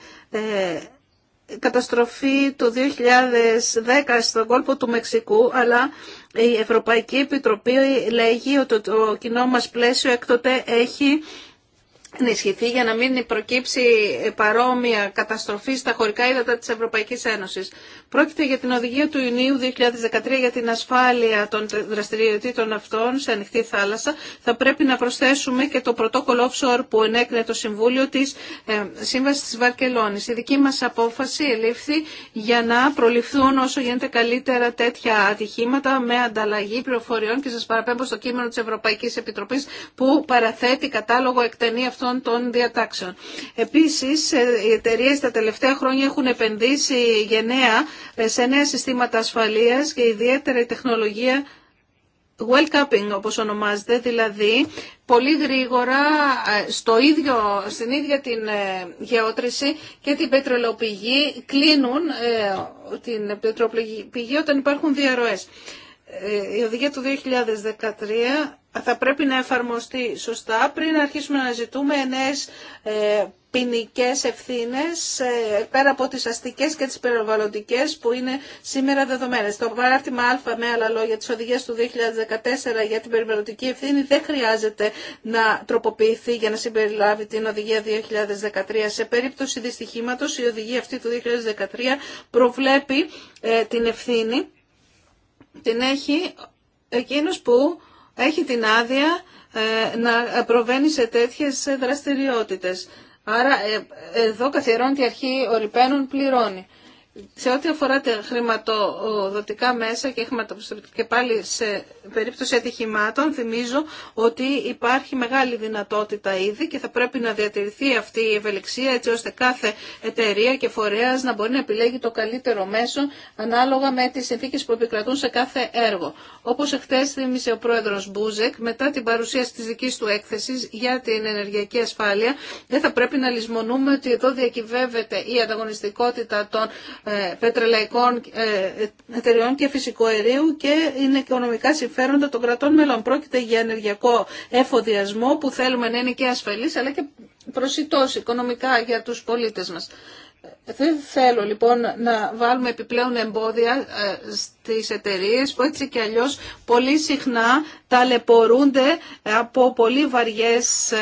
καταστροφή του 2010 στον κόλπο του Μεξικού, αλλά η Ευρωπαϊκή Επιτροπή λέγει ότι το κοινό μας πλαίσιο έκτοτε έχει ενισχυθεί για να μην προκύψει παρόμοια καταστροφή στα χωρικά ύδατα της Ευρωπαϊκής Ένωσης. Πρόκειται για την οδηγία του Ιουνίου 2013 για την ασφάλεια των δραστηριοτήτων αυτών σε ανοιχτή θάλασσα. Θα πρέπει να προσθέσουμε και το πρωτόκολλο offshore που ενέκρινε το Συμβούλιο της ε, Σύμβασης της Βαρκελόνης. Η δική μας απόφαση ελήφθη για να προληφθούν όσο γίνεται καλύτερα τέτοια ατυχήματα με ανταλλαγή πληροφοριών και σα παραπέμπω στο κείμενο της Ευρωπαϊκής Επιτροπής που παραθέτει κατάλογο εκτενή αυτών αυτών των διατάξεων. Επίσης, ε, οι εταιρείε τα τελευταία χρόνια έχουν επενδύσει γενναία ε, σε νέα συστήματα ασφαλείας και ιδιαίτερα η τεχνολογία well well-capping, όπως ονομάζεται, δηλαδή πολύ γρήγορα ε, στο ίδιο, στην ίδια την γεώτρηση και την πετρελοπηγή κλείνουν την πετρελοπηγή όταν υπάρχουν διαρροές. Η οδηγία του 2013 θα πρέπει να εφαρμοστεί σωστά πριν να αρχίσουμε να ζητούμε νέες ε, ποινικέ ευθύνε ε, πέρα από τι αστικέ και τι περιβαλλοντικέ που είναι σήμερα δεδομένε. Το παράρτημα Α, με άλλα λόγια, τη οδηγία του 2014 για την περιβαλλοντική ευθύνη δεν χρειάζεται να τροποποιηθεί για να συμπεριλάβει την οδηγία 2013. Σε περίπτωση δυστυχήματο, η οδηγία αυτή του 2013 προβλέπει ε, την ευθύνη. Την έχει εκείνος που έχει την άδεια ε, να προβαίνει σε τέτοιες δραστηριότητες. Άρα ε, εδώ καθιερώνει τη αρχή ο πληρώνει. Σε ό,τι αφορά τα χρηματοδοτικά μέσα και, και πάλι σε περίπτωση ατυχημάτων, θυμίζω ότι υπάρχει μεγάλη δυνατότητα ήδη και θα πρέπει να διατηρηθεί αυτή η ευελιξία έτσι ώστε κάθε εταιρεία και φορέας να μπορεί να επιλέγει το καλύτερο μέσο ανάλογα με τι συνθήκε που επικρατούν σε κάθε έργο. Όπω εχθέ θύμισε ο πρόεδρο Μπούζεκ, μετά την παρουσίαση τη δική του έκθεση για την ενεργειακή ασφάλεια, δεν θα πρέπει να λησμονούμε ότι εδώ διακυβεύεται η ανταγωνιστικότητα των ε, πετρελαϊκών ε, εταιριών και φυσικού αερίου και είναι οικονομικά συμφέροντα των κρατών μελών. Πρόκειται για ενεργειακό εφοδιασμό που θέλουμε να είναι και ασφαλής αλλά και προσιτός οικονομικά για τους πολίτες μας. Δεν θέλω λοιπόν να βάλουμε επιπλέον εμπόδια ε, στις εταιρείες που έτσι και αλλιώς πολύ συχνά ταλαιπωρούνται από πολύ βαριές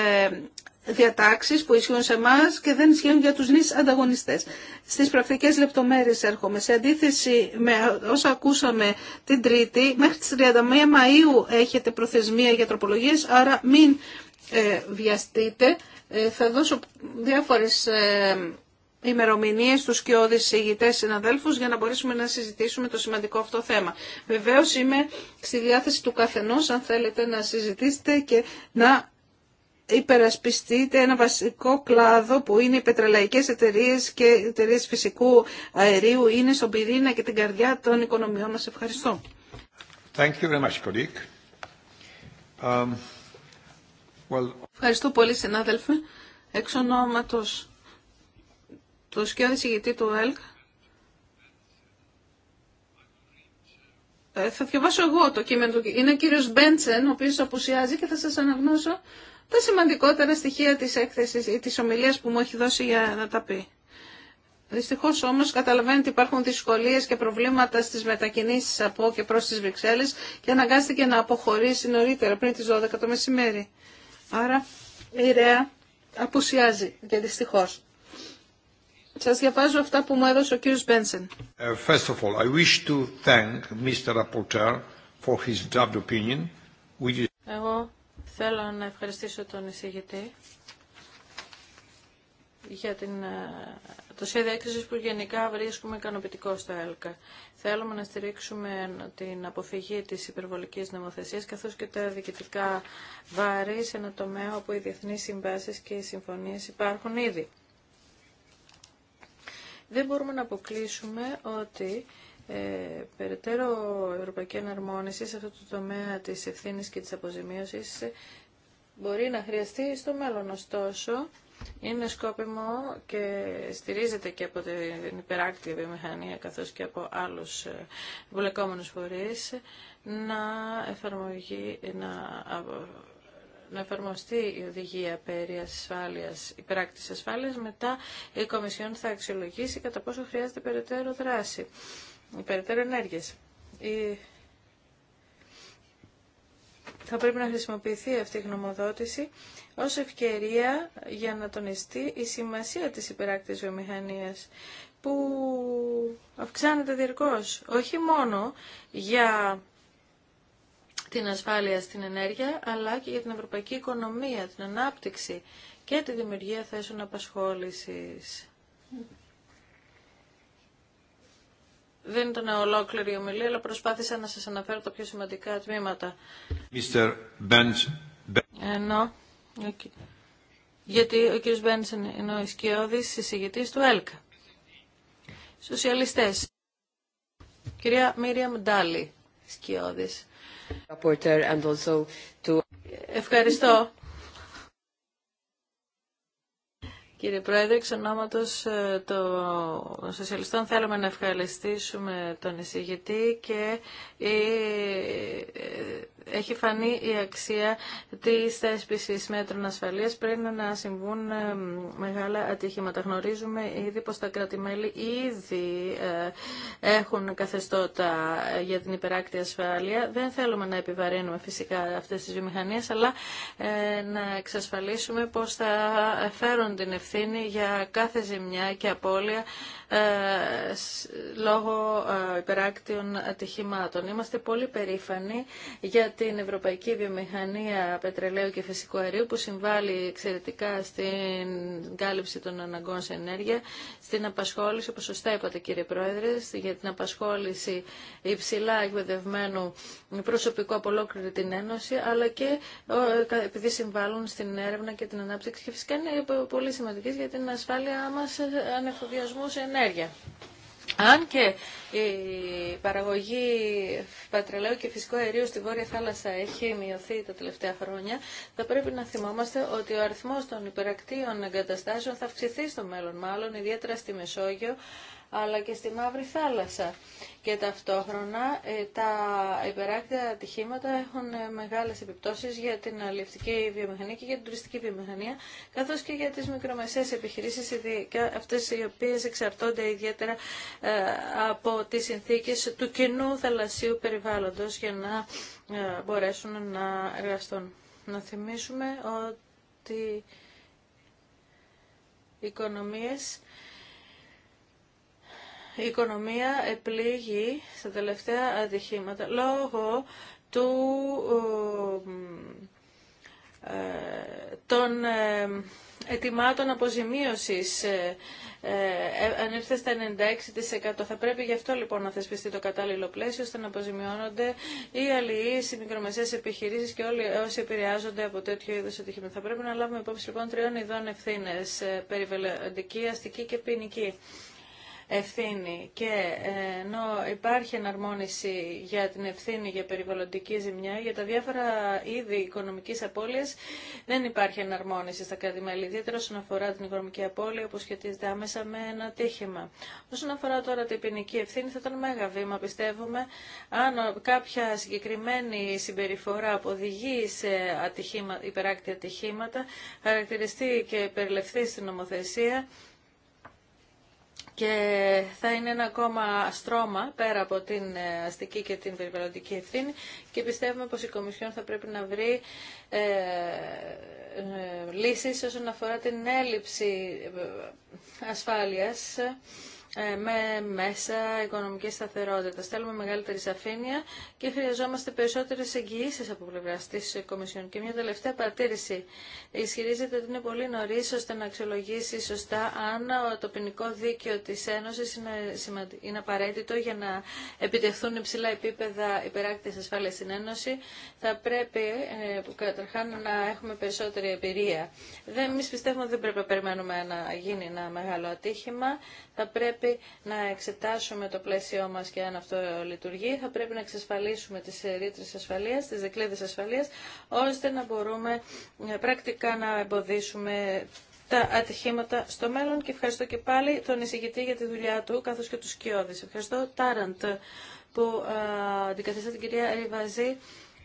διατάξεις που ισχύουν σε εμά και δεν ισχύουν για τους νης ανταγωνιστές. Στις πρακτικές λεπτομέρειες έρχομαι. Σε αντίθεση με όσα ακούσαμε την Τρίτη, μέχρι τις 31 Μαΐου έχετε προθεσμία για τροπολογίες, άρα μην ε, βιαστείτε. Ε, θα δώσω διάφορες ε, ημερομηνίες στους και ηγητές συναδέλφους για να μπορέσουμε να συζητήσουμε το σημαντικό αυτό θέμα. Βεβαίως είμαι στη διάθεση του καθενός αν θέλετε να συζητήσετε και να υπερασπιστείτε ένα βασικό κλάδο που είναι οι πετρελαϊκές εταιρείες και εταιρείε φυσικού αερίου είναι στον πυρήνα και την καρδιά των οικονομιών μας. Ευχαριστώ. Thank you very much, um, Ευχαριστώ πολύ συνάδελφε. Εξ ονόματος του σκιώδη ηγητή του ΕΛΚ ε, θα διαβάσω εγώ το κείμενο Είναι ο κύριος Μπέντσεν, ο οποίος απουσιάζει και θα σας αναγνώσω τα σημαντικότερα στοιχεία της έκθεσης ή της ομιλίας που μου έχει δώσει για να τα πει. Δυστυχώ όμω καταλαβαίνω ότι υπάρχουν δυσκολίε και προβλήματα στι μετακινήσει από και προ τι Βρυξέλλε και αναγκάστηκε να αποχωρήσει νωρίτερα πριν τι 12 το μεσημέρι. Άρα η ΡΕΑ απουσιάζει και δυστυχώ. Σα διαβάζω αυτά που μου έδωσε ο κ. Μπένσεν. Ε, Θέλω να ευχαριστήσω τον εισηγητή για την, ε, το σχέδιο έκθεση που γενικά βρίσκουμε ικανοποιητικό στο ΕΛΚΑ. Θέλουμε να στηρίξουμε την αποφυγή της υπερβολικής νομοθεσίας καθώς και τα διοικητικά βάρη σε ένα τομέα όπου οι διεθνείς συμβάσεις και οι συμφωνίες υπάρχουν ήδη. Δεν μπορούμε να αποκλείσουμε ότι ε, περαιτέρω ευρωπαϊκή εναρμόνιση σε αυτό το τομέα της ευθύνης και της αποζημίωσης μπορεί να χρειαστεί στο μέλλον. Ωστόσο, είναι σκόπιμο και στηρίζεται και από την υπεράκτη βιομηχανία καθώς και από άλλους βουλεκόμενους ε, φορείς να, να, να εφαρμοστεί η οδηγία περί ασφάλειας, υπεράκτης ασφάλειας. Μετά η Κομισιόν θα αξιολογήσει κατά πόσο χρειάζεται περαιτέρω δράση περαιτέρω ενέργειε. Η... Θα πρέπει να χρησιμοποιηθεί αυτή η γνωμοδότηση ως ευκαιρία για να τονιστεί η σημασία της υπεράκτης βιομηχανίας που αυξάνεται διαρκώς, όχι μόνο για την ασφάλεια στην ενέργεια, αλλά και για την ευρωπαϊκή οικονομία, την ανάπτυξη και τη δημιουργία θέσεων απασχόλησης. Δεν ήταν ολόκληρη η ομιλία, αλλά προσπάθησα να σας αναφέρω τα πιο σημαντικά τμήματα. Mr. Ενώ, γιατί ο κύριος Μπέντς είναι ο ισκιώδης συζητητής του ΕΛΚΑ. Σοσιαλιστές. Κυρία Μίρια Μντάλη, σκιώδης. Ευχαριστώ. Κύριε Πρόεδρε, εξ ονόματος ε, των Σοσιαλιστών θέλουμε να ευχαριστήσουμε τον εισηγητή και ε, έχει φανεί η αξία της θέσπισης μέτρων ασφαλείας πριν να συμβούν ε, μεγάλα ατυχήματα. Γνωρίζουμε ήδη πως τα κρατημέλη ήδη ε, έχουν καθεστώτα ε, για την υπεράκτη ασφάλεια. Δεν θέλουμε να επιβαρύνουμε φυσικά αυτές τις βιομηχανίες, αλλά να εξασφαλίσουμε πως θα φέρουν την ευθύνη για κάθε ζημιά και απώλεια ε, λόγω ε, υπεράκτιων ατυχημάτων. Είμαστε πολύ περήφανοι για την Ευρωπαϊκή Βιομηχανία Πετρελαίου και Φυσικού Αερίου που συμβάλλει εξαιρετικά στην κάλυψη των αναγκών σε ενέργεια, στην απασχόληση, όπως σωστά είπατε κύριε Πρόεδρε, για την απασχόληση υψηλά εκπαιδευμένου προσωπικού από ολόκληρη την Ένωση, αλλά και επειδή συμβάλλουν στην έρευνα και την ανάπτυξη και φυσικά είναι πολύ σημαντικές για την ασφάλειά μας ε, ανεφοδιασμού ενέργεια. Αν και η παραγωγή πατρελαίου και φυσικού αερίου στη Βόρεια Θάλασσα έχει μειωθεί τα τελευταία χρόνια, θα πρέπει να θυμόμαστε ότι ο αριθμός των υπερακτίων εγκαταστάσεων θα αυξηθεί στο μέλλον, μάλλον ιδιαίτερα στη Μεσόγειο, αλλά και στη Μαύρη Θάλασσα. Και ταυτόχρονα ε, τα υπεράκτητα ατυχήματα έχουν ε, μεγάλες επιπτώσεις για την αλληλευτική βιομηχανία και για την τουριστική βιομηχανία, καθώς και για τις μικρομεσαίες επιχειρήσεις, ειδικά αυτές οι οποίες εξαρτώνται ιδιαίτερα ε, από τις συνθήκες του κοινού θαλασσίου περιβάλλοντος για να μπορέσουν να εργαστούν. Να θυμίσουμε ότι οι οικονομίες η οικονομία επλήγει στα τελευταία ατυχήματα λόγω του ε, των ε, ετοιμάτων αποζημίωσης ε, ε, αν ήρθε στα 96% θα πρέπει γι' αυτό λοιπόν να θεσπιστεί το κατάλληλο πλαίσιο ώστε να αποζημιώνονται οι αλληλείς, οι μικρομεσαίες επιχειρήσεις και όλοι όσοι επηρεάζονται από τέτοιο είδους ατυχήματα. Θα πρέπει να λάβουμε υπόψη λοιπόν τριών ειδών ευθύνες, περιβαλλοντική, αστική και ποινική ευθύνη και ε, ενώ υπάρχει εναρμόνιση για την ευθύνη για περιβαλλοντική ζημιά, για τα διάφορα είδη οικονομικής απώλειας δεν υπάρχει εναρμόνιση στα κράτη-μέλη, ιδιαίτερα όσον αφορά την οικονομική απώλεια που σχετίζεται άμεσα με ένα τύχημα. Όσον αφορά τώρα την ποινική ευθύνη θα ήταν μέγα βήμα, πιστεύουμε, αν κάποια συγκεκριμένη συμπεριφορά που οδηγεί σε ατυχήμα, υπεράκτη ατυχήματα χαρακτηριστεί και περιλευθεί στην νομοθεσία, και θα είναι ένα ακόμα στρώμα πέρα από την ε, αστική και την περιβαλλοντική ευθύνη και πιστεύουμε πως η Κομισιόν θα πρέπει να βρει ε, ε λύσεις όσον αφορά την έλλειψη ε, ασφάλειας ε, με μέσα οικονομική σταθερότητα. Θέλουμε μεγαλύτερη σαφήνεια και χρειαζόμαστε περισσότερε εγγυήσεις από πλευρά τη Κομισιόν. Και μια τελευταία παρατήρηση. Ισχυρίζεται ότι είναι πολύ νωρί ώστε να αξιολογήσει σωστά αν το ποινικό δίκαιο τη Ένωση είναι, είναι απαραίτητο για να επιτευχθούν υψηλά επίπεδα υπεράκτη ασφάλεια στην Ένωση. Θα πρέπει ε, καταρχά να έχουμε περισσότερη εμπειρία. Εμεί πιστεύουμε ότι δεν πρέπει να περιμένουμε να γίνει ένα μεγάλο ατύχημα. Θα πρέπει να εξετάσουμε το πλαίσιό μας και αν αυτό λειτουργεί. Θα πρέπει να εξασφαλίσουμε τις ρήτρε ασφαλείας, τις δεκλίδες ασφαλείας, ώστε να μπορούμε ε, πρακτικά να εμποδίσουμε τα ατυχήματα στο μέλλον και ευχαριστώ και πάλι τον εισηγητή για τη δουλειά του καθώς και του σκιώδες. Ευχαριστώ Τάραντ που ε, αντικαθιστά την κυρία Ριβαζή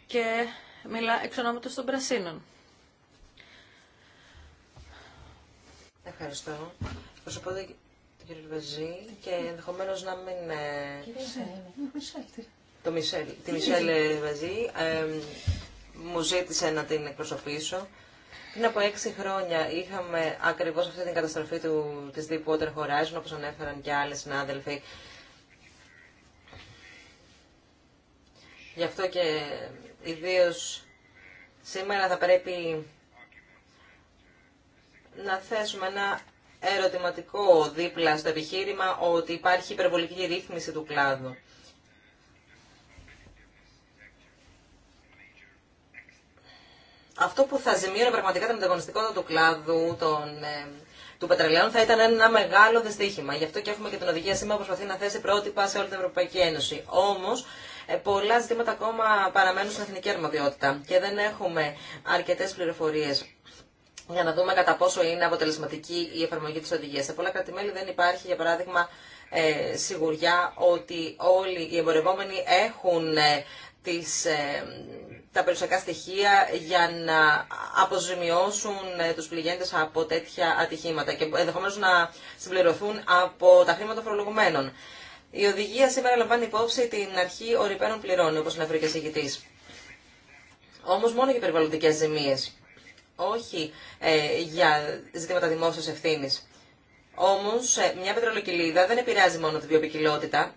και μιλά εξ ονόματος των Πρασίνων. Ευχαριστώ. Κύριε Βεζή και ενδεχομένω να μην. Ε, το Μισελ. Τη Μισελ Βεζή μου ζήτησε να την εκπροσωπήσω. Πριν από έξι χρόνια είχαμε ακριβώς αυτή την καταστροφή του, της Deepwater Horizon, όπως ανέφεραν και άλλοι συνάδελφοι. Γι' αυτό και ιδίω σήμερα θα πρέπει να θέσουμε ένα ερωτηματικό δίπλα στο επιχείρημα ότι υπάρχει υπερβολική ρύθμιση του κλάδου. Αυτό που θα ζημίωνε πραγματικά την ανταγωνιστικότητα του κλάδου των, ε, του πετρελαίου θα ήταν ένα μεγάλο δυστύχημα. Γι' αυτό και έχουμε και την οδηγία σήμερα που προσπαθεί να θέσει πρότυπα σε όλη την Ευρωπαϊκή Ένωση. Όμω, ε, πολλά ζητήματα ακόμα παραμένουν στην εθνική αρμοδιότητα και δεν έχουμε αρκετέ πληροφορίε για να δούμε κατά πόσο είναι αποτελεσματική η εφαρμογή της οδηγίας. Σε πολλά κρατημέλη δεν υπάρχει, για παράδειγμα, ε, σιγουριά ότι όλοι οι εμπορευόμενοι έχουν ε, τις, ε, τα περιουσιακά στοιχεία για να αποζημιώσουν ε, τους πληγέντες από τέτοια ατυχήματα και ενδεχομένως να συμπληρωθούν από τα χρήματα φορολογουμένων. Η οδηγία σήμερα λαμβάνει υπόψη την αρχή ορυπαίνων πληρών, όπως αναφέρει και ο Όμω μόνο για περιβαλλοντικέ ζημίε όχι ε, για ζητήματα δημόσιας ευθύνης. Όμως, ε, μια πετρολοκυλίδα δεν επηρεάζει μόνο την βιοπικιλότητα,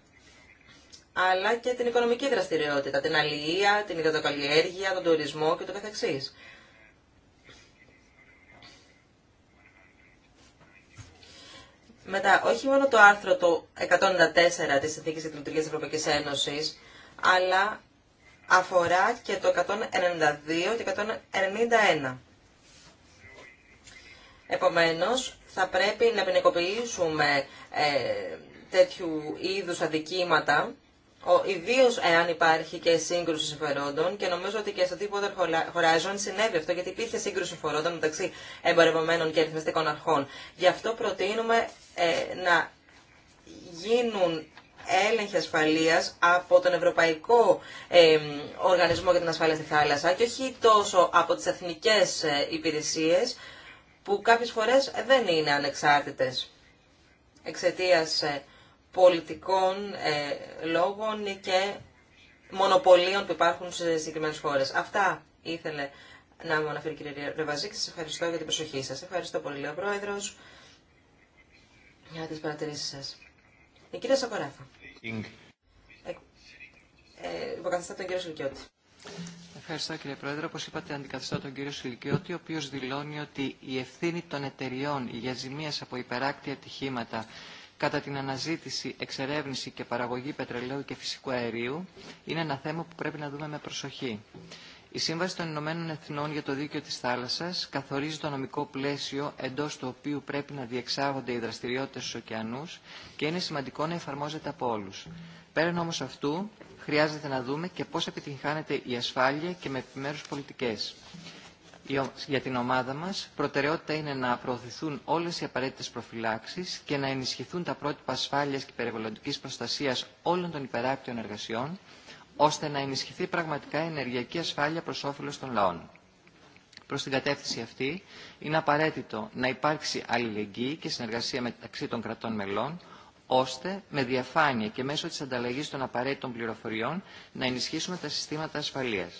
αλλά και την οικονομική δραστηριότητα, την αλληλεία, την υδατοκαλλιέργεια, τον τουρισμό και το καθεξής. Μετά, όχι μόνο το άρθρο το 194 της Συνθήκης για της Ευρωπαϊκής Ένωσης, αλλά αφορά και το 192 και 191. Επομένως, θα πρέπει να ποινικοποιήσουμε ε, τέτοιου είδους αδικήματα, ο, ιδίως εάν υπάρχει και σύγκρουση συμφερόντων και νομίζω ότι και στο τίποτα χωράζον συνέβη αυτό γιατί υπήρχε σύγκρουση συμφερόντων μεταξύ εμπορευμένων και αριθμιστικών αρχών. Γι' αυτό προτείνουμε ε, να γίνουν έλεγχοι ασφαλείας από τον Ευρωπαϊκό ε, Οργανισμό για την Ασφάλεια στη Θάλασσα και όχι τόσο από τις εθνικές ε, υπηρεσίες που κάποιες φορές δεν είναι ανεξάρτητες εξαιτίας ε, πολιτικών ε, λόγων και μονοπωλίων που υπάρχουν σε συγκεκριμένες χώρες. Αυτά ήθελε να μου αναφέρει η κυρία Ρεβαζή και σας ευχαριστώ για την προσοχή σας. Ευχαριστώ πολύ, ο Πρόεδρος, για τις παρατηρήσεις σας. Η κυρία Σακοράφα. Ε, ε, υποκαθιστά τον κύριο Σουλκιώτη. Ευχαριστώ κύριε Πρόεδρε. Όπως είπατε αντικαθιστώ τον κύριο Σιλικιώτη, ο οποίος δηλώνει ότι η ευθύνη των εταιριών για ζημίες από υπεράκτια ατυχήματα κατά την αναζήτηση, εξερεύνηση και παραγωγή πετρελαίου και φυσικού αερίου είναι ένα θέμα που πρέπει να δούμε με προσοχή. Η Σύμβαση των Ηνωμένων Εθνών για το Δίκαιο της Θάλασσας καθορίζει το νομικό πλαίσιο εντός του οποίου πρέπει να διεξάγονται οι δραστηριότητες στους ωκεανούς και είναι σημαντικό να εφαρμόζεται από όλους. Πέραν όμως αυτού, χρειάζεται να δούμε και πώς επιτυγχάνεται η ασφάλεια και με επιμέρους πολιτικές. Για την ομάδα μας, προτεραιότητα είναι να προωθηθούν όλες οι απαραίτητες προφυλάξεις και να ενισχυθούν τα πρότυπα ασφάλειας και περιβαλλοντικής προστασίας όλων των υπεράκτιων εργασιών, ώστε να ενισχυθεί πραγματικά η ενεργειακή ασφάλεια προς όφελος των λαών. Προς την κατεύθυνση αυτή, είναι απαραίτητο να υπάρξει αλληλεγγύη και συνεργασία μεταξύ των κρατών μελών, ώστε με διαφάνεια και μέσω της ανταλλαγής των απαραίτητων πληροφοριών να ενισχύσουμε τα συστήματα ασφαλείας.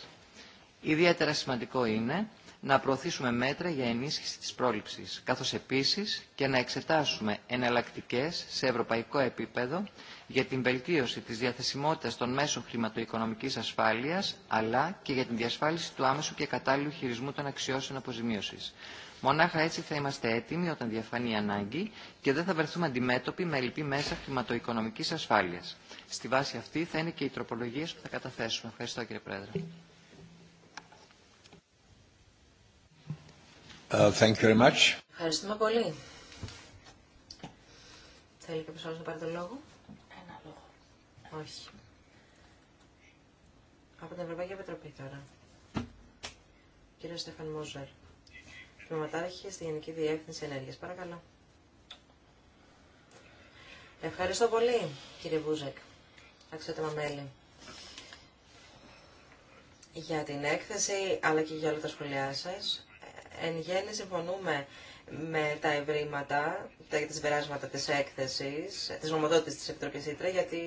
Ιδιαίτερα σημαντικό είναι να προωθήσουμε μέτρα για ενίσχυση της πρόληψης, καθώς επίσης και να εξετάσουμε εναλλακτικές σε ευρωπαϊκό επίπεδο για την βελτίωση της διαθεσιμότητας των μέσων χρηματοοικονομικής ασφάλειας, αλλά και για την διασφάλιση του άμεσου και κατάλληλου χειρισμού των αξιώσεων αποζημίωσης. Μονάχα έτσι θα είμαστε έτοιμοι όταν διαφανεί η ανάγκη και δεν θα βρεθούμε αντιμέτωποι με ελλειπή μέσα χρηματοοικονομική ασφάλειας. Στη βάση αυτή θα είναι και οι τροπολογίε που θα καταθέσουμε. Ευχαριστώ κύριε Πρόεδρε. Ε, thank you very much. Ευχαριστούμε πολύ. Θέλει κάποιος άλλο να πάρει τον λόγο. Ένα λόγο. Όχι. Από την Ευρωπαϊκή Επιτροπή τώρα. Κύριε Στέφαν Μόζερ. Πνευματάρχη στη Γενική Διεύθυνση Ενέργειας. Παρακαλώ. Ευχαριστώ πολύ, κύριε Βούζεκ, αξιότιμα μέλη, για την έκθεση, αλλά και για όλα τα σχολιά σας. Ε, εν γέννη συμφωνούμε με τα ευρήματα τα, και τις της έκθεσης, της νομοδότησης της Επιτροπής Ήτρα, γιατί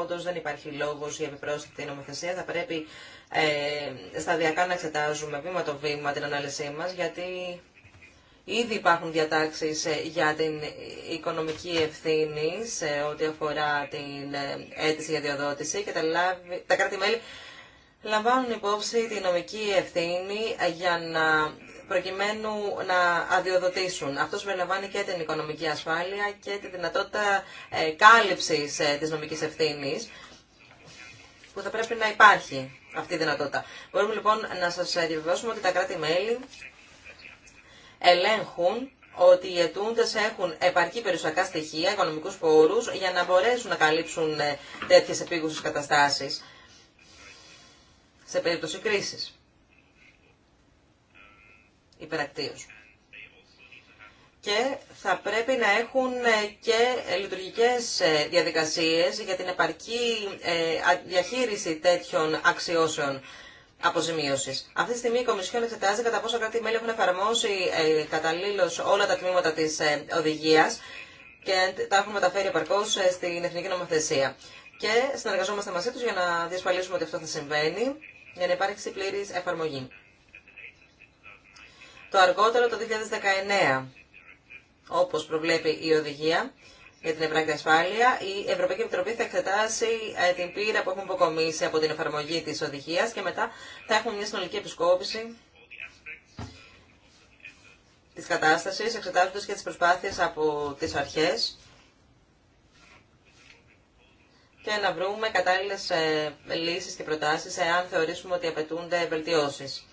όντως δεν υπάρχει λόγος για επιπρόσθετη νομοθεσία. Θα πρέπει ε, σταδιακά να εξετάζουμε βήμα το βήμα την ανάλυση μας, γιατί ήδη υπάρχουν διατάξεις ε, για την οικονομική ευθύνη σε ό,τι αφορά την ε, αίτηση για διοδότηση και τα, τα κράτη-μέλη λαμβάνουν υπόψη τη νομική ευθύνη για να προκειμένου να αδειοδοτήσουν. Αυτό συμπεριλαμβάνει και την οικονομική ασφάλεια και τη δυνατότητα ε, κάλυψης ε, της νομικής ευθύνη που θα πρέπει να υπάρχει αυτή η δυνατότητα. Μπορούμε λοιπόν να σας ε, διαβεβαιώσουμε ότι τα κράτη-μέλη ελέγχουν ότι οι αιτούντε έχουν επαρκή περιουσιακά στοιχεία, οικονομικού πόρου, για να μπορέσουν να καλύψουν τέτοιε επίγουσε καταστάσει σε περίπτωση κρίσης. Και θα πρέπει να έχουν ε, και λειτουργικές ε, διαδικασίες για την επαρκή ε, διαχείριση τέτοιων αξιώσεων αποζημίωσης. Αυτή τη στιγμή η Κομισιόν εξετάζει κατά πόσο κράτη-μέλη έχουν εφαρμόσει καταλήλως όλα τα τμήματα της οδηγίας και τα έχουν μεταφέρει επαρκώς στην Εθνική Νομοθεσία. Και συνεργαζόμαστε μαζί τους για να διασφαλίσουμε ότι αυτό θα συμβαίνει, για να υπάρξει πλήρης εφαρμογή το αργότερο το 2019, όπως προβλέπει η οδηγία για την Ευρωπαϊκή Ασφάλεια. Η Ευρωπαϊκή Επιτροπή θα εξετάσει ε, την πείρα που έχουν αποκομίσει από την εφαρμογή της οδηγίας και μετά θα έχουμε μια συνολική επισκόπηση της κατάστασης, εξετάζοντας και τις προσπάθειες από τις αρχές και να βρούμε κατάλληλες ε, λύσεις και προτάσεις εάν θεωρήσουμε ότι απαιτούνται βελτιώσεις.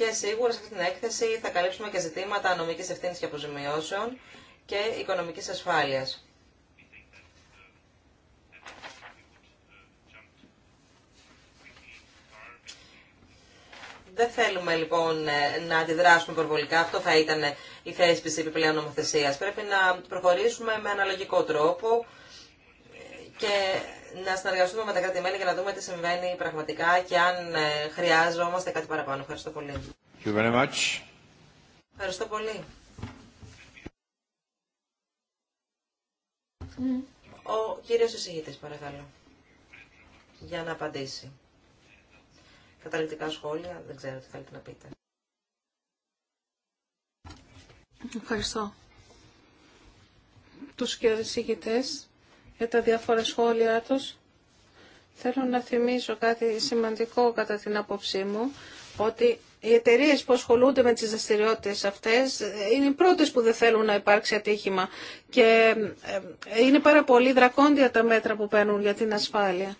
Και σίγουρα σε αυτή την έκθεση θα καλύψουμε και ζητήματα νομικής ευθύνης και αποζημιώσεων και οικονομικής ασφάλειας. Δεν θέλουμε λοιπόν ε, να αντιδράσουμε προβολικά. Αυτό θα ήταν η θέσπιση επιπλέον νομοθεσία. Πρέπει να προχωρήσουμε με αναλογικό τρόπο και να συνεργαστούμε με τα κράτη-μέλη για να δούμε τι συμβαίνει πραγματικά και αν ε, χρειάζομαστε κάτι παραπάνω. Ευχαριστώ πολύ. very much. Ευχαριστώ πολύ. Ο κύριος εισηγητής, παρακαλώ, για να απαντήσει. Καταληκτικά σχόλια, δεν ξέρω τι θέλετε να πείτε. Ευχαριστώ. Τους κύριους εισηγητές για τα διάφορα σχόλιά τους. Θέλω να θυμίσω κάτι σημαντικό κατά την άποψή μου, ότι οι εταιρείε που ασχολούνται με τις δραστηριότητε αυτές είναι οι πρώτες που δεν θέλουν να υπάρξει ατύχημα και ε, είναι πάρα πολύ δρακόντια τα μέτρα που παίρνουν για την ασφάλεια.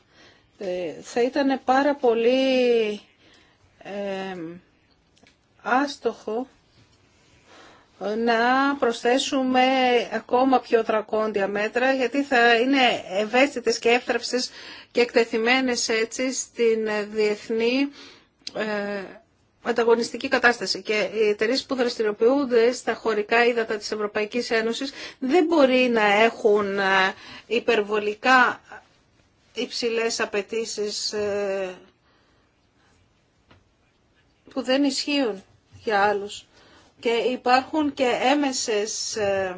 Ε, θα ήταν πάρα πολύ ε, άστοχο να προσθέσουμε ακόμα πιο τρακόντια μέτρα γιατί θα είναι ευαίσθητες και έφτραυσες και εκτεθειμένες έτσι στην διεθνή ε, ανταγωνιστική κατάσταση και οι εταιρείε που δραστηριοποιούνται στα χωρικά ύδατα της Ευρωπαϊκής Ένωσης δεν μπορεί να έχουν ε, υπερβολικά υψηλές απαιτήσει ε, που δεν ισχύουν για άλλους και υπάρχουν και έμεσες ε,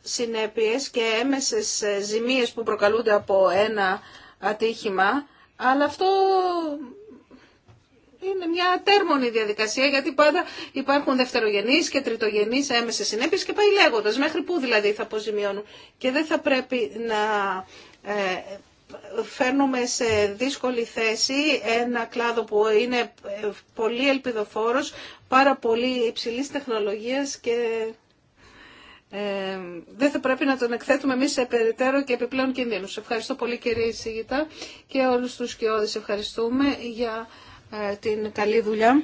συνέπειες και έμεσες ε, ζημίες που προκαλούνται από ένα ατύχημα, αλλά αυτό είναι μια τέρμονη διαδικασία γιατί πάντα υπάρχουν δευτερογενείς και τριτογενείς έμεσες συνέπειες και πάει λέγοντας μέχρι πού δηλαδή θα αποζημιώνουν και δεν θα πρέπει να ε, φέρνουμε σε δύσκολη θέση ένα κλάδο που είναι πολύ ελπιδοφόρος πάρα πολύ υψηλής τεχνολογίας και ε, δεν θα πρέπει να τον εκθέτουμε εμείς σε περαιτέρω και επιπλέον κινδύνου. Ευχαριστώ πολύ κύριε Σίγητα και όλους τους κοιόδης ευχαριστούμε για ε, την καλή δουλειά.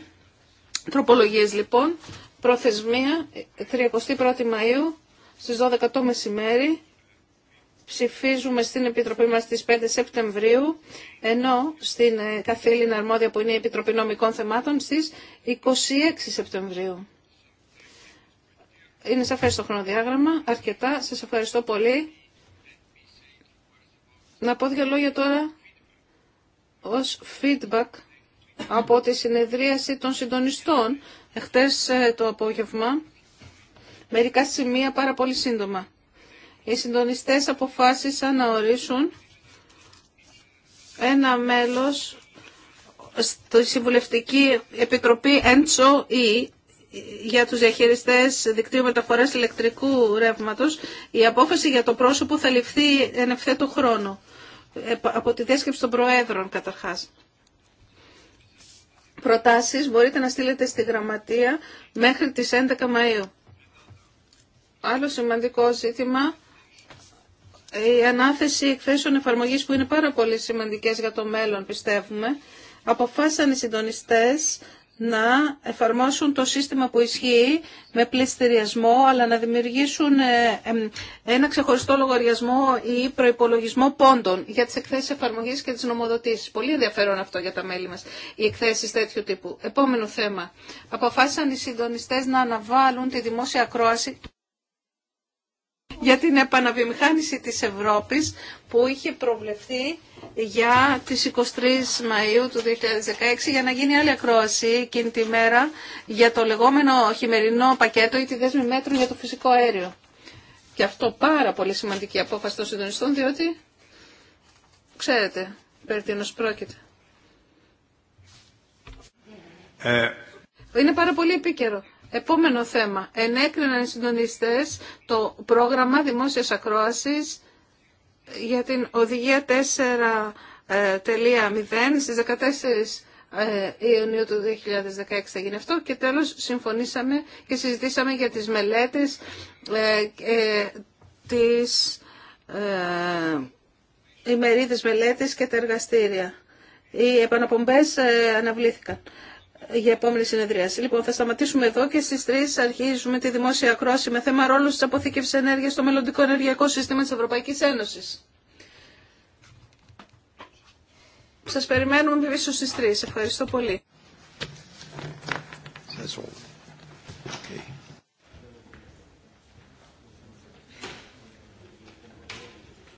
Τροπολογίες λοιπόν, προθεσμία ε, 31η Μαΐου στις 12 το μεσημέρι ψηφίζουμε στην Επιτροπή μας στις 5 Σεπτεμβρίου, ενώ στην ε, καθήλυνα αρμόδια που είναι η Επιτροπή Νομικών Θεμάτων στις 26 Σεπτεμβρίου. Είναι σαφές το χρονοδιάγραμμα, αρκετά. Σας ευχαριστώ πολύ. Να πω δύο λόγια τώρα ως feedback από τη συνεδρίαση των συντονιστών εχθές ε, το απόγευμα. Μερικά σημεία πάρα πολύ σύντομα οι συντονιστές αποφάσισαν να ορίσουν ένα μέλος στη Συμβουλευτική Επιτροπή ENTSO-E για τους διαχειριστές δικτύου μεταφοράς ηλεκτρικού ρεύματος. Η απόφαση για το πρόσωπο θα ληφθεί εν ευθέτω χρόνο από τη διάσκεψη των Προέδρων καταρχάς. Προτάσεις μπορείτε να στείλετε στη Γραμματεία μέχρι τις 11 Μαΐου. Άλλο σημαντικό ζήτημα η ανάθεση εκθέσεων εφαρμογή που είναι πάρα πολύ σημαντικές για το μέλλον πιστεύουμε, αποφάσισαν οι συντονιστέ να εφαρμόσουν το σύστημα που ισχύει με πληστηριασμό, αλλά να δημιουργήσουν ε, ένα ξεχωριστό λογαριασμό ή προπολογισμό πόντων για τις εκθέσεις εφαρμογή και τις νομοδοτήσεις. Πολύ ενδιαφέρον αυτό για τα μέλη μα, οι εκθέσει τέτοιου τύπου. Επόμενο θέμα. Αποφάσισαν οι συντονιστέ να αναβάλουν τη δημόσια ακρόαση για την επαναβιομηχάνηση της Ευρώπης που είχε προβλεφθεί για τις 23 Μαΐου του 2016 για να γίνει άλλη ακρόαση εκείνη τη μέρα για το λεγόμενο χειμερινό πακέτο ή τη δέσμη μέτρων για το φυσικό αέριο. Και αυτό πάρα πολύ σημαντική απόφαση των συντονιστών διότι ξέρετε περί τίνος πρόκειται. Ε... Είναι πάρα πολύ επίκαιρο. Επόμενο θέμα. Ενέκριναν οι συντονιστές το πρόγραμμα δημόσιας ακρόασης για την οδηγία 4.0 ε, στις 14 ε, Ιουνίου του 2016 θα γίνει αυτό και τέλος συμφωνήσαμε και συζητήσαμε για τις μελέτες ε, τις ημερίδες μελέτες και τα εργαστήρια. Οι επαναπομπές αναβλήθηκαν για επόμενη συνεδρίαση. Λοιπόν, θα σταματήσουμε εδώ και στι 3 αρχίζουμε τη δημόσια ακρόαση με θέμα ρόλου τη αποθήκευση ενέργεια στο μελλοντικό ενεργειακό σύστημα της Ευρωπαϊκής Ένωσης. Σας περιμένουμε πίσω στις 3. Ευχαριστώ πολύ. Okay.